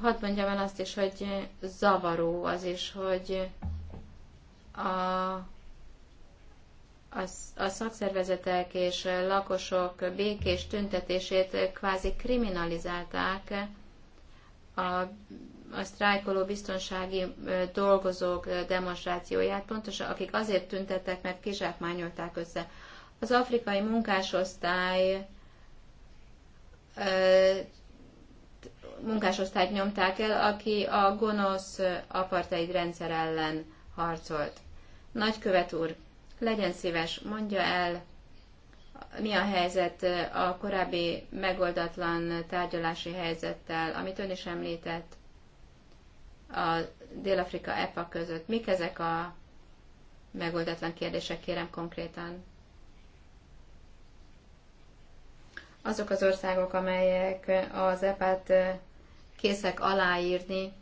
hadd mondjam el azt is, hogy zavaró az is, hogy a a szakszervezetek és lakosok békés tüntetését kvázi kriminalizálták a, a sztrájkoló biztonsági dolgozók demonstrációját, pontosan akik azért tüntettek, mert kizsákmányolták össze. Az afrikai munkásosztály munkásosztályt nyomták el, aki a gonosz apartheid rendszer ellen harcolt. Nagykövet úr, legyen szíves, mondja el, mi a helyzet a korábbi megoldatlan tárgyalási helyzettel, amit ön is említett, a Dél-Afrika EPA között. Mik ezek a megoldatlan kérdések, kérem konkrétan? Azok az országok, amelyek az EPA-t készek aláírni,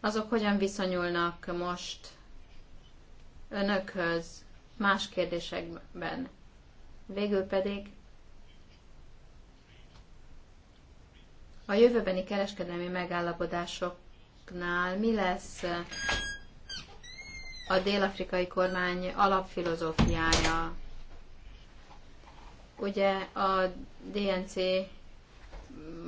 azok hogyan viszonyulnak most önökhöz más kérdésekben. Végül pedig a jövőbeni kereskedelmi megállapodásoknál mi lesz a dél-afrikai kormány alapfilozófiája? Ugye a DNC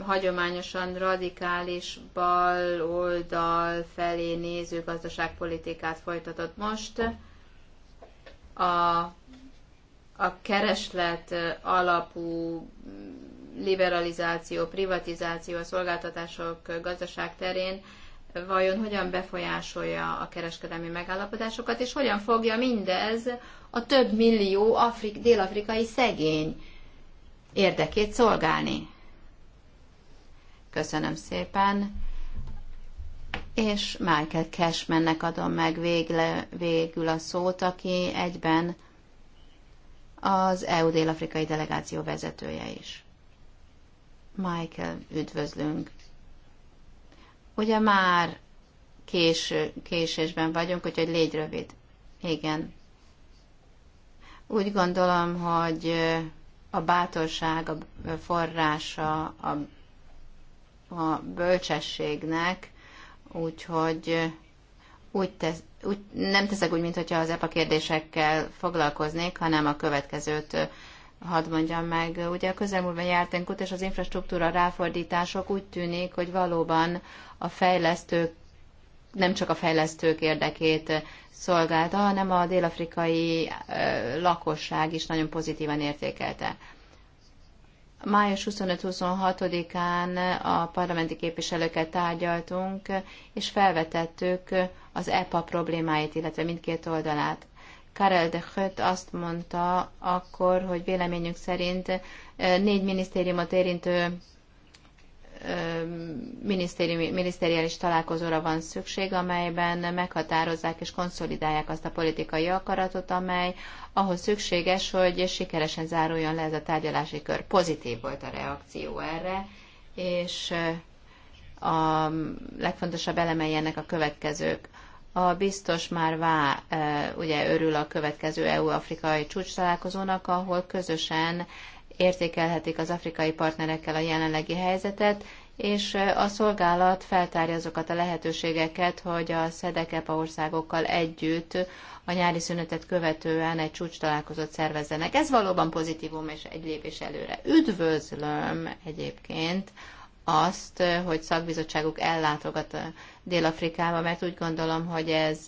hagyományosan radikális bal oldal felé néző gazdaságpolitikát folytatott most a, a kereslet alapú liberalizáció, privatizáció a szolgáltatások gazdaság terén vajon hogyan befolyásolja a kereskedelmi megállapodásokat, és hogyan fogja mindez a több millió Afrik, dél-afrikai szegény érdekét szolgálni. Köszönöm szépen és Michael Cashmannek adom meg végle, végül a szót, aki egyben az EU dél-afrikai delegáció vezetője is. Michael, üdvözlünk. Ugye már késő, késésben vagyunk, úgyhogy légy rövid. Igen. Úgy gondolom, hogy a bátorság a forrása a, a bölcsességnek, Úgyhogy eh, úgy, tesz, úgy nem teszek úgy, mintha az EPA kérdésekkel foglalkoznék, hanem a következőt eh, hadd mondjam meg. Ugye a közelmúltban jártunk ott, és az infrastruktúra ráfordítások úgy tűnik, hogy valóban a fejlesztők nem csak a fejlesztők érdekét eh, szolgálta, hanem a délafrikai lakosság is nagyon pozitívan értékelte. Május 25-26-án a parlamenti képviselőket tárgyaltunk, és felvetettük az EPA problémáit, illetve mindkét oldalát. Karel de Höt azt mondta akkor, hogy véleményünk szerint négy minisztériumot érintő minisztériális találkozóra van szükség, amelyben meghatározzák és konszolidálják azt a politikai akaratot, amely ahhoz szükséges, hogy sikeresen záruljon le ez a tárgyalási kör. Pozitív volt a reakció erre, és a legfontosabb elemei ennek a következők. A biztos már vá, ugye örül a következő EU-afrikai csúcs találkozónak, ahol közösen értékelhetik az afrikai partnerekkel a jelenlegi helyzetet, és a szolgálat feltárja azokat a lehetőségeket, hogy a SZEDEKEPA országokkal együtt a nyári szünetet követően egy csúcs találkozót szervezzenek. Ez valóban pozitívum és egy lépés előre. Üdvözlöm egyébként azt, hogy szakbizottságuk ellátogat Dél-Afrikába, mert úgy gondolom, hogy ez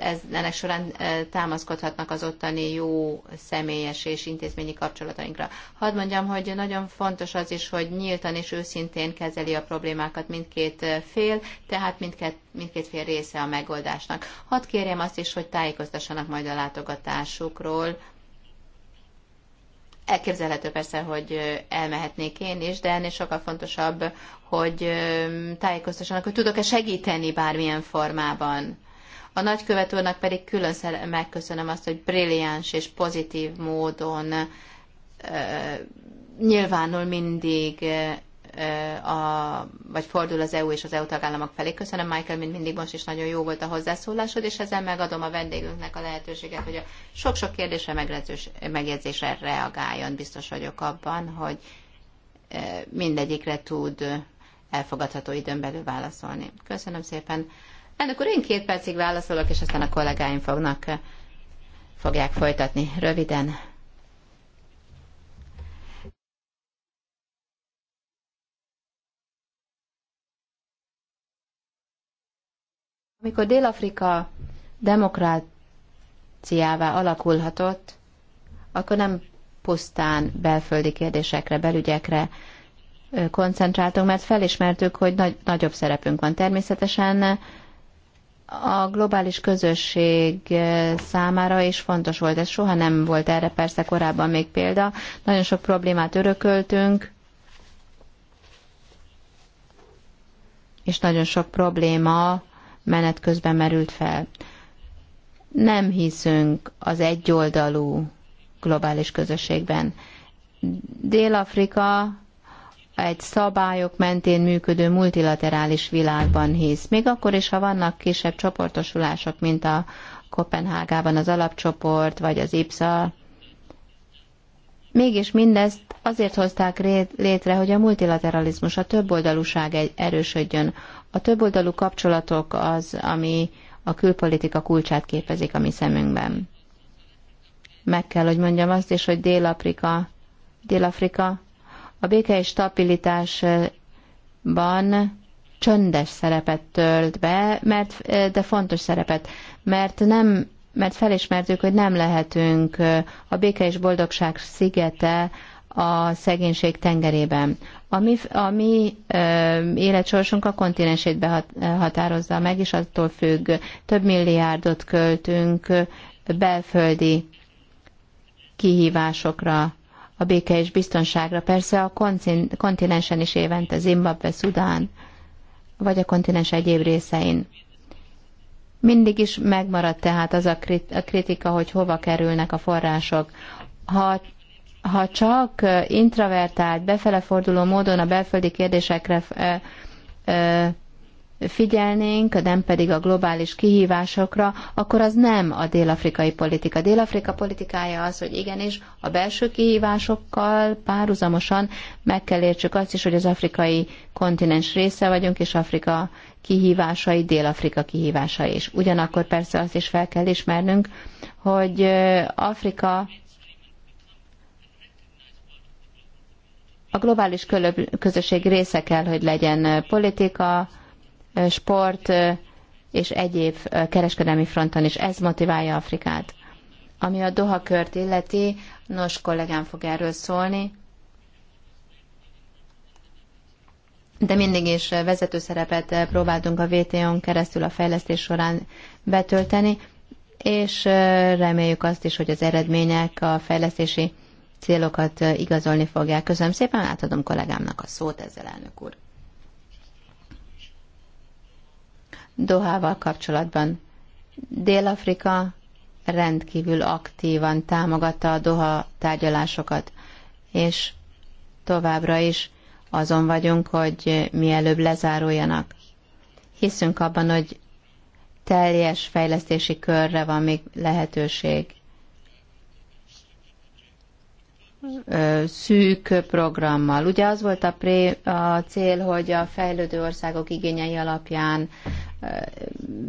ez, ennek során támaszkodhatnak az ottani jó személyes és intézményi kapcsolatainkra. Hadd mondjam, hogy nagyon fontos az is, hogy nyíltan és őszintén kezeli a problémákat mindkét fél, tehát mindkét, mindkét fél része a megoldásnak. Hadd kérjem azt is, hogy tájékoztassanak majd a látogatásukról, Elképzelhető persze, hogy elmehetnék én is, de ennél sokkal fontosabb, hogy tájékoztassanak, hogy tudok-e segíteni bármilyen formában. A nagykövet úrnak pedig külön megköszönöm azt, hogy brilliáns és pozitív módon nyilvánul mindig a, vagy fordul az EU és az EU tagállamok felé. Köszönöm, Michael, mint mindig most is nagyon jó volt a hozzászólásod, és ezzel megadom a vendégünknek a lehetőséget, hogy a sok-sok kérdésre, megjegyzésre reagáljon. Biztos vagyok abban, hogy mindegyikre tud elfogadható időn belül válaszolni. Köszönöm szépen. Elnök úr, én két percig válaszolok, és aztán a kollégáim fognak, eh, fogják folytatni röviden. Amikor Dél-Afrika demokráciává alakulhatott, akkor nem pusztán belföldi kérdésekre, belügyekre eh, koncentráltunk, mert felismertük, hogy nagy, nagyobb szerepünk van. Természetesen eh, a globális közösség eh, számára is fontos volt. Ez soha nem volt erre persze korábban még példa. Nagyon sok problémát örököltünk, és nagyon sok probléma menet közben merült fel. Nem hiszünk az egyoldalú globális közösségben. Dél-Afrika egy szabályok mentén működő multilaterális világban hisz. Még akkor is, ha vannak kisebb csoportosulások, mint a Kopenhágában az alapcsoport, vagy az IPSA, mégis mindezt azért hozták létre, hogy a multilateralizmus, a többoldalúság erősödjön. A többoldalú kapcsolatok az, ami a külpolitika kulcsát képezik a mi szemünkben. Meg kell, hogy mondjam azt is, hogy Dél-Afrika, Dél-Afrika a béke és stabilitásban csöndes szerepet tölt be, mert, de fontos szerepet, mert nem mert felismertük, hogy nem lehetünk a béke és boldogság szigete a szegénység tengerében. A mi, a mi ö, életsorsunk a kontinensét behatározza meg, és attól függ, több milliárdot költünk belföldi kihívásokra, a béke és biztonságra. Persze a kontinensen is évente, Zimbabwe, Szudán, vagy a kontinens egyéb részein. Mindig is megmaradt tehát az a kritika, hogy hova kerülnek a források. Ha, ha csak eh, intravertált, befele forduló módon a belföldi kérdésekre eh, eh, figyelnénk, nem pedig a globális kihívásokra, akkor az nem a dél-afrikai politika. Dél-afrika politikája az, hogy igenis a belső kihívásokkal párhuzamosan meg kell értsük azt is, hogy az afrikai kontinens része vagyunk, és Afrika kihívásai, Dél-Afrika kihívásai is. Ugyanakkor persze azt is fel kell ismernünk, hogy Afrika a globális közösség része kell, hogy legyen politika, sport és egyéb kereskedelmi fronton is. Ez motiválja Afrikát. Ami a Doha kört illeti, nos, kollégám fog erről szólni, de mindig is vezető szerepet próbáltunk a VTO-n keresztül a fejlesztés során betölteni, és reméljük azt is, hogy az eredmények a fejlesztési célokat igazolni fogják. Köszönöm szépen, átadom kollégámnak a szót ezzel, elnök úr. Dohával kapcsolatban. Dél-Afrika rendkívül aktívan támogatta a Doha tárgyalásokat, és továbbra is azon vagyunk, hogy mielőbb lezáruljanak. Hiszünk abban, hogy teljes fejlesztési körre van még lehetőség szűk programmal. Ugye az volt a, pré, a cél, hogy a fejlődő országok igényei alapján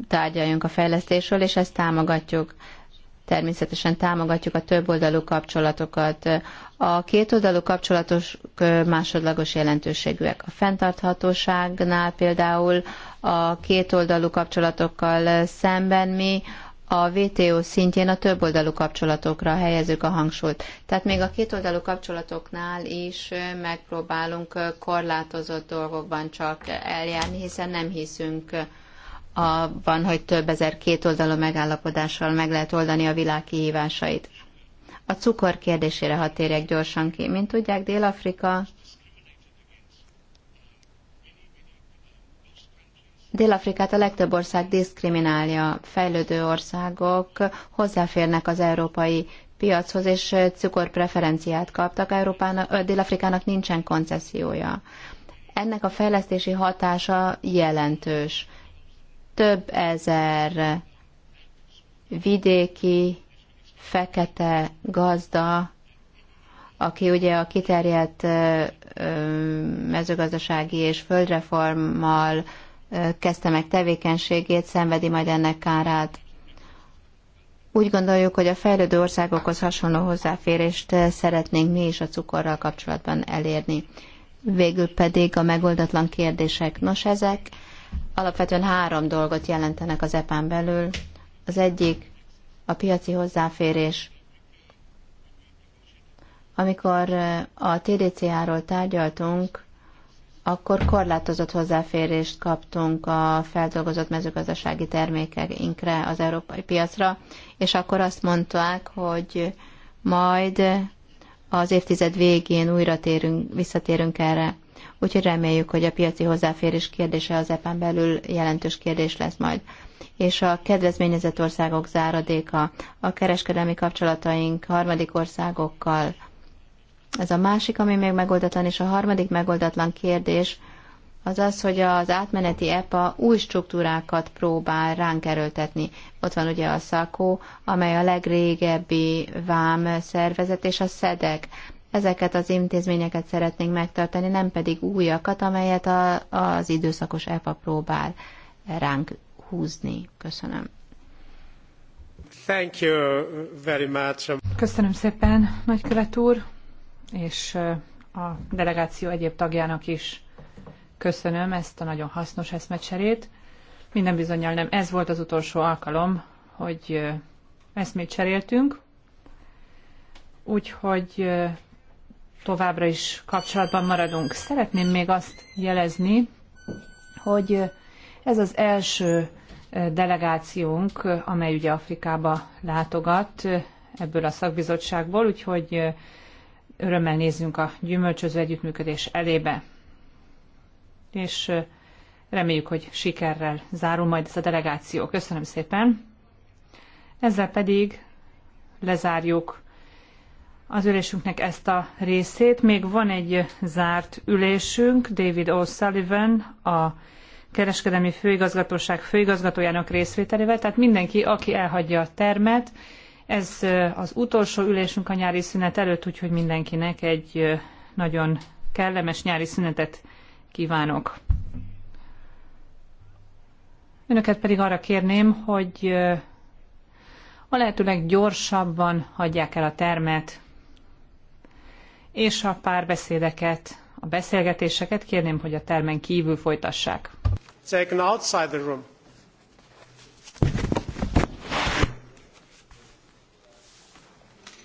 tárgyaljunk a fejlesztésről, és ezt támogatjuk. Természetesen támogatjuk a többoldalú kapcsolatokat. A kétoldalú kapcsolatok másodlagos jelentőségűek. A fenntarthatóságnál például a kétoldalú kapcsolatokkal szemben mi a WTO szintjén a többoldalú kapcsolatokra helyezzük a hangsúlyt. Tehát még a kétoldalú kapcsolatoknál is megpróbálunk korlátozott dolgokban csak eljárni, hiszen nem hiszünk abban, hogy több ezer kétoldalú megállapodással meg lehet oldani a világ kihívásait. A cukor kérdésére, ha térjek gyorsan ki. Mint tudják, Dél-Afrika Dél-Afrikát a legtöbb ország diszkriminálja. Fejlődő országok hozzáférnek az európai piachoz, és cukorpreferenciát kaptak. Európának, Dél-Afrikának nincsen koncesziója. Ennek a fejlesztési hatása jelentős. Több ezer vidéki, fekete gazda, aki ugye a kiterjedt mezőgazdasági és földreformmal kezdte meg tevékenységét, szenvedi majd ennek kárát. Úgy gondoljuk, hogy a fejlődő országokhoz hasonló hozzáférést eh, szeretnénk mi is a cukorral kapcsolatban elérni. Végül pedig a megoldatlan kérdések. Nos, ezek alapvetően három dolgot jelentenek az EPÁN belül. Az egyik a piaci hozzáférés. Amikor eh, a TDCA-ról tárgyaltunk, akkor korlátozott hozzáférést kaptunk a feldolgozott mezőgazdasági termékeinkre az európai piacra, és akkor azt mondták, hogy majd az évtized végén újra térünk, visszatérünk erre. Úgyhogy reméljük, hogy a piaci hozzáférés kérdése az EPEN belül jelentős kérdés lesz majd. És a kedvezményezett országok záradéka, a kereskedelmi kapcsolataink harmadik országokkal, ez a másik, ami még megoldatlan, és a harmadik megoldatlan kérdés az az, hogy az átmeneti EPA új struktúrákat próbál ránk erőltetni. Ott van ugye a SZAKó, amely a legrégebbi vám szervezet, és a SZEDEK. Ezeket az intézményeket szeretnénk megtartani, nem pedig újakat, amelyet a, az időszakos EPA próbál ránk húzni. Köszönöm. Thank you very much. Köszönöm szépen, nagykövet úr és a delegáció egyéb tagjának is köszönöm ezt a nagyon hasznos eszmecserét. Minden bizonyal nem ez volt az utolsó alkalom, hogy eszmét cseréltünk, úgyhogy továbbra is kapcsolatban maradunk. Szeretném még azt jelezni, hogy ez az első delegációnk, amely ugye Afrikába látogat ebből a szakbizottságból, úgyhogy örömmel nézzünk a gyümölcsöző együttműködés elébe. És reméljük, hogy sikerrel zárul majd ez a delegáció. Köszönöm szépen! Ezzel pedig lezárjuk az ülésünknek ezt a részét. Még van egy zárt ülésünk, David O'Sullivan, a kereskedelmi főigazgatóság főigazgatójának részvételével, tehát mindenki, aki elhagyja a termet, ez az utolsó ülésünk a nyári szünet előtt, úgyhogy mindenkinek egy nagyon kellemes nyári szünetet kívánok. Önöket pedig arra kérném, hogy a lehető leggyorsabban hagyják el a termet, és a párbeszédeket, a beszélgetéseket kérném, hogy a termen kívül folytassák. Take an outside the room.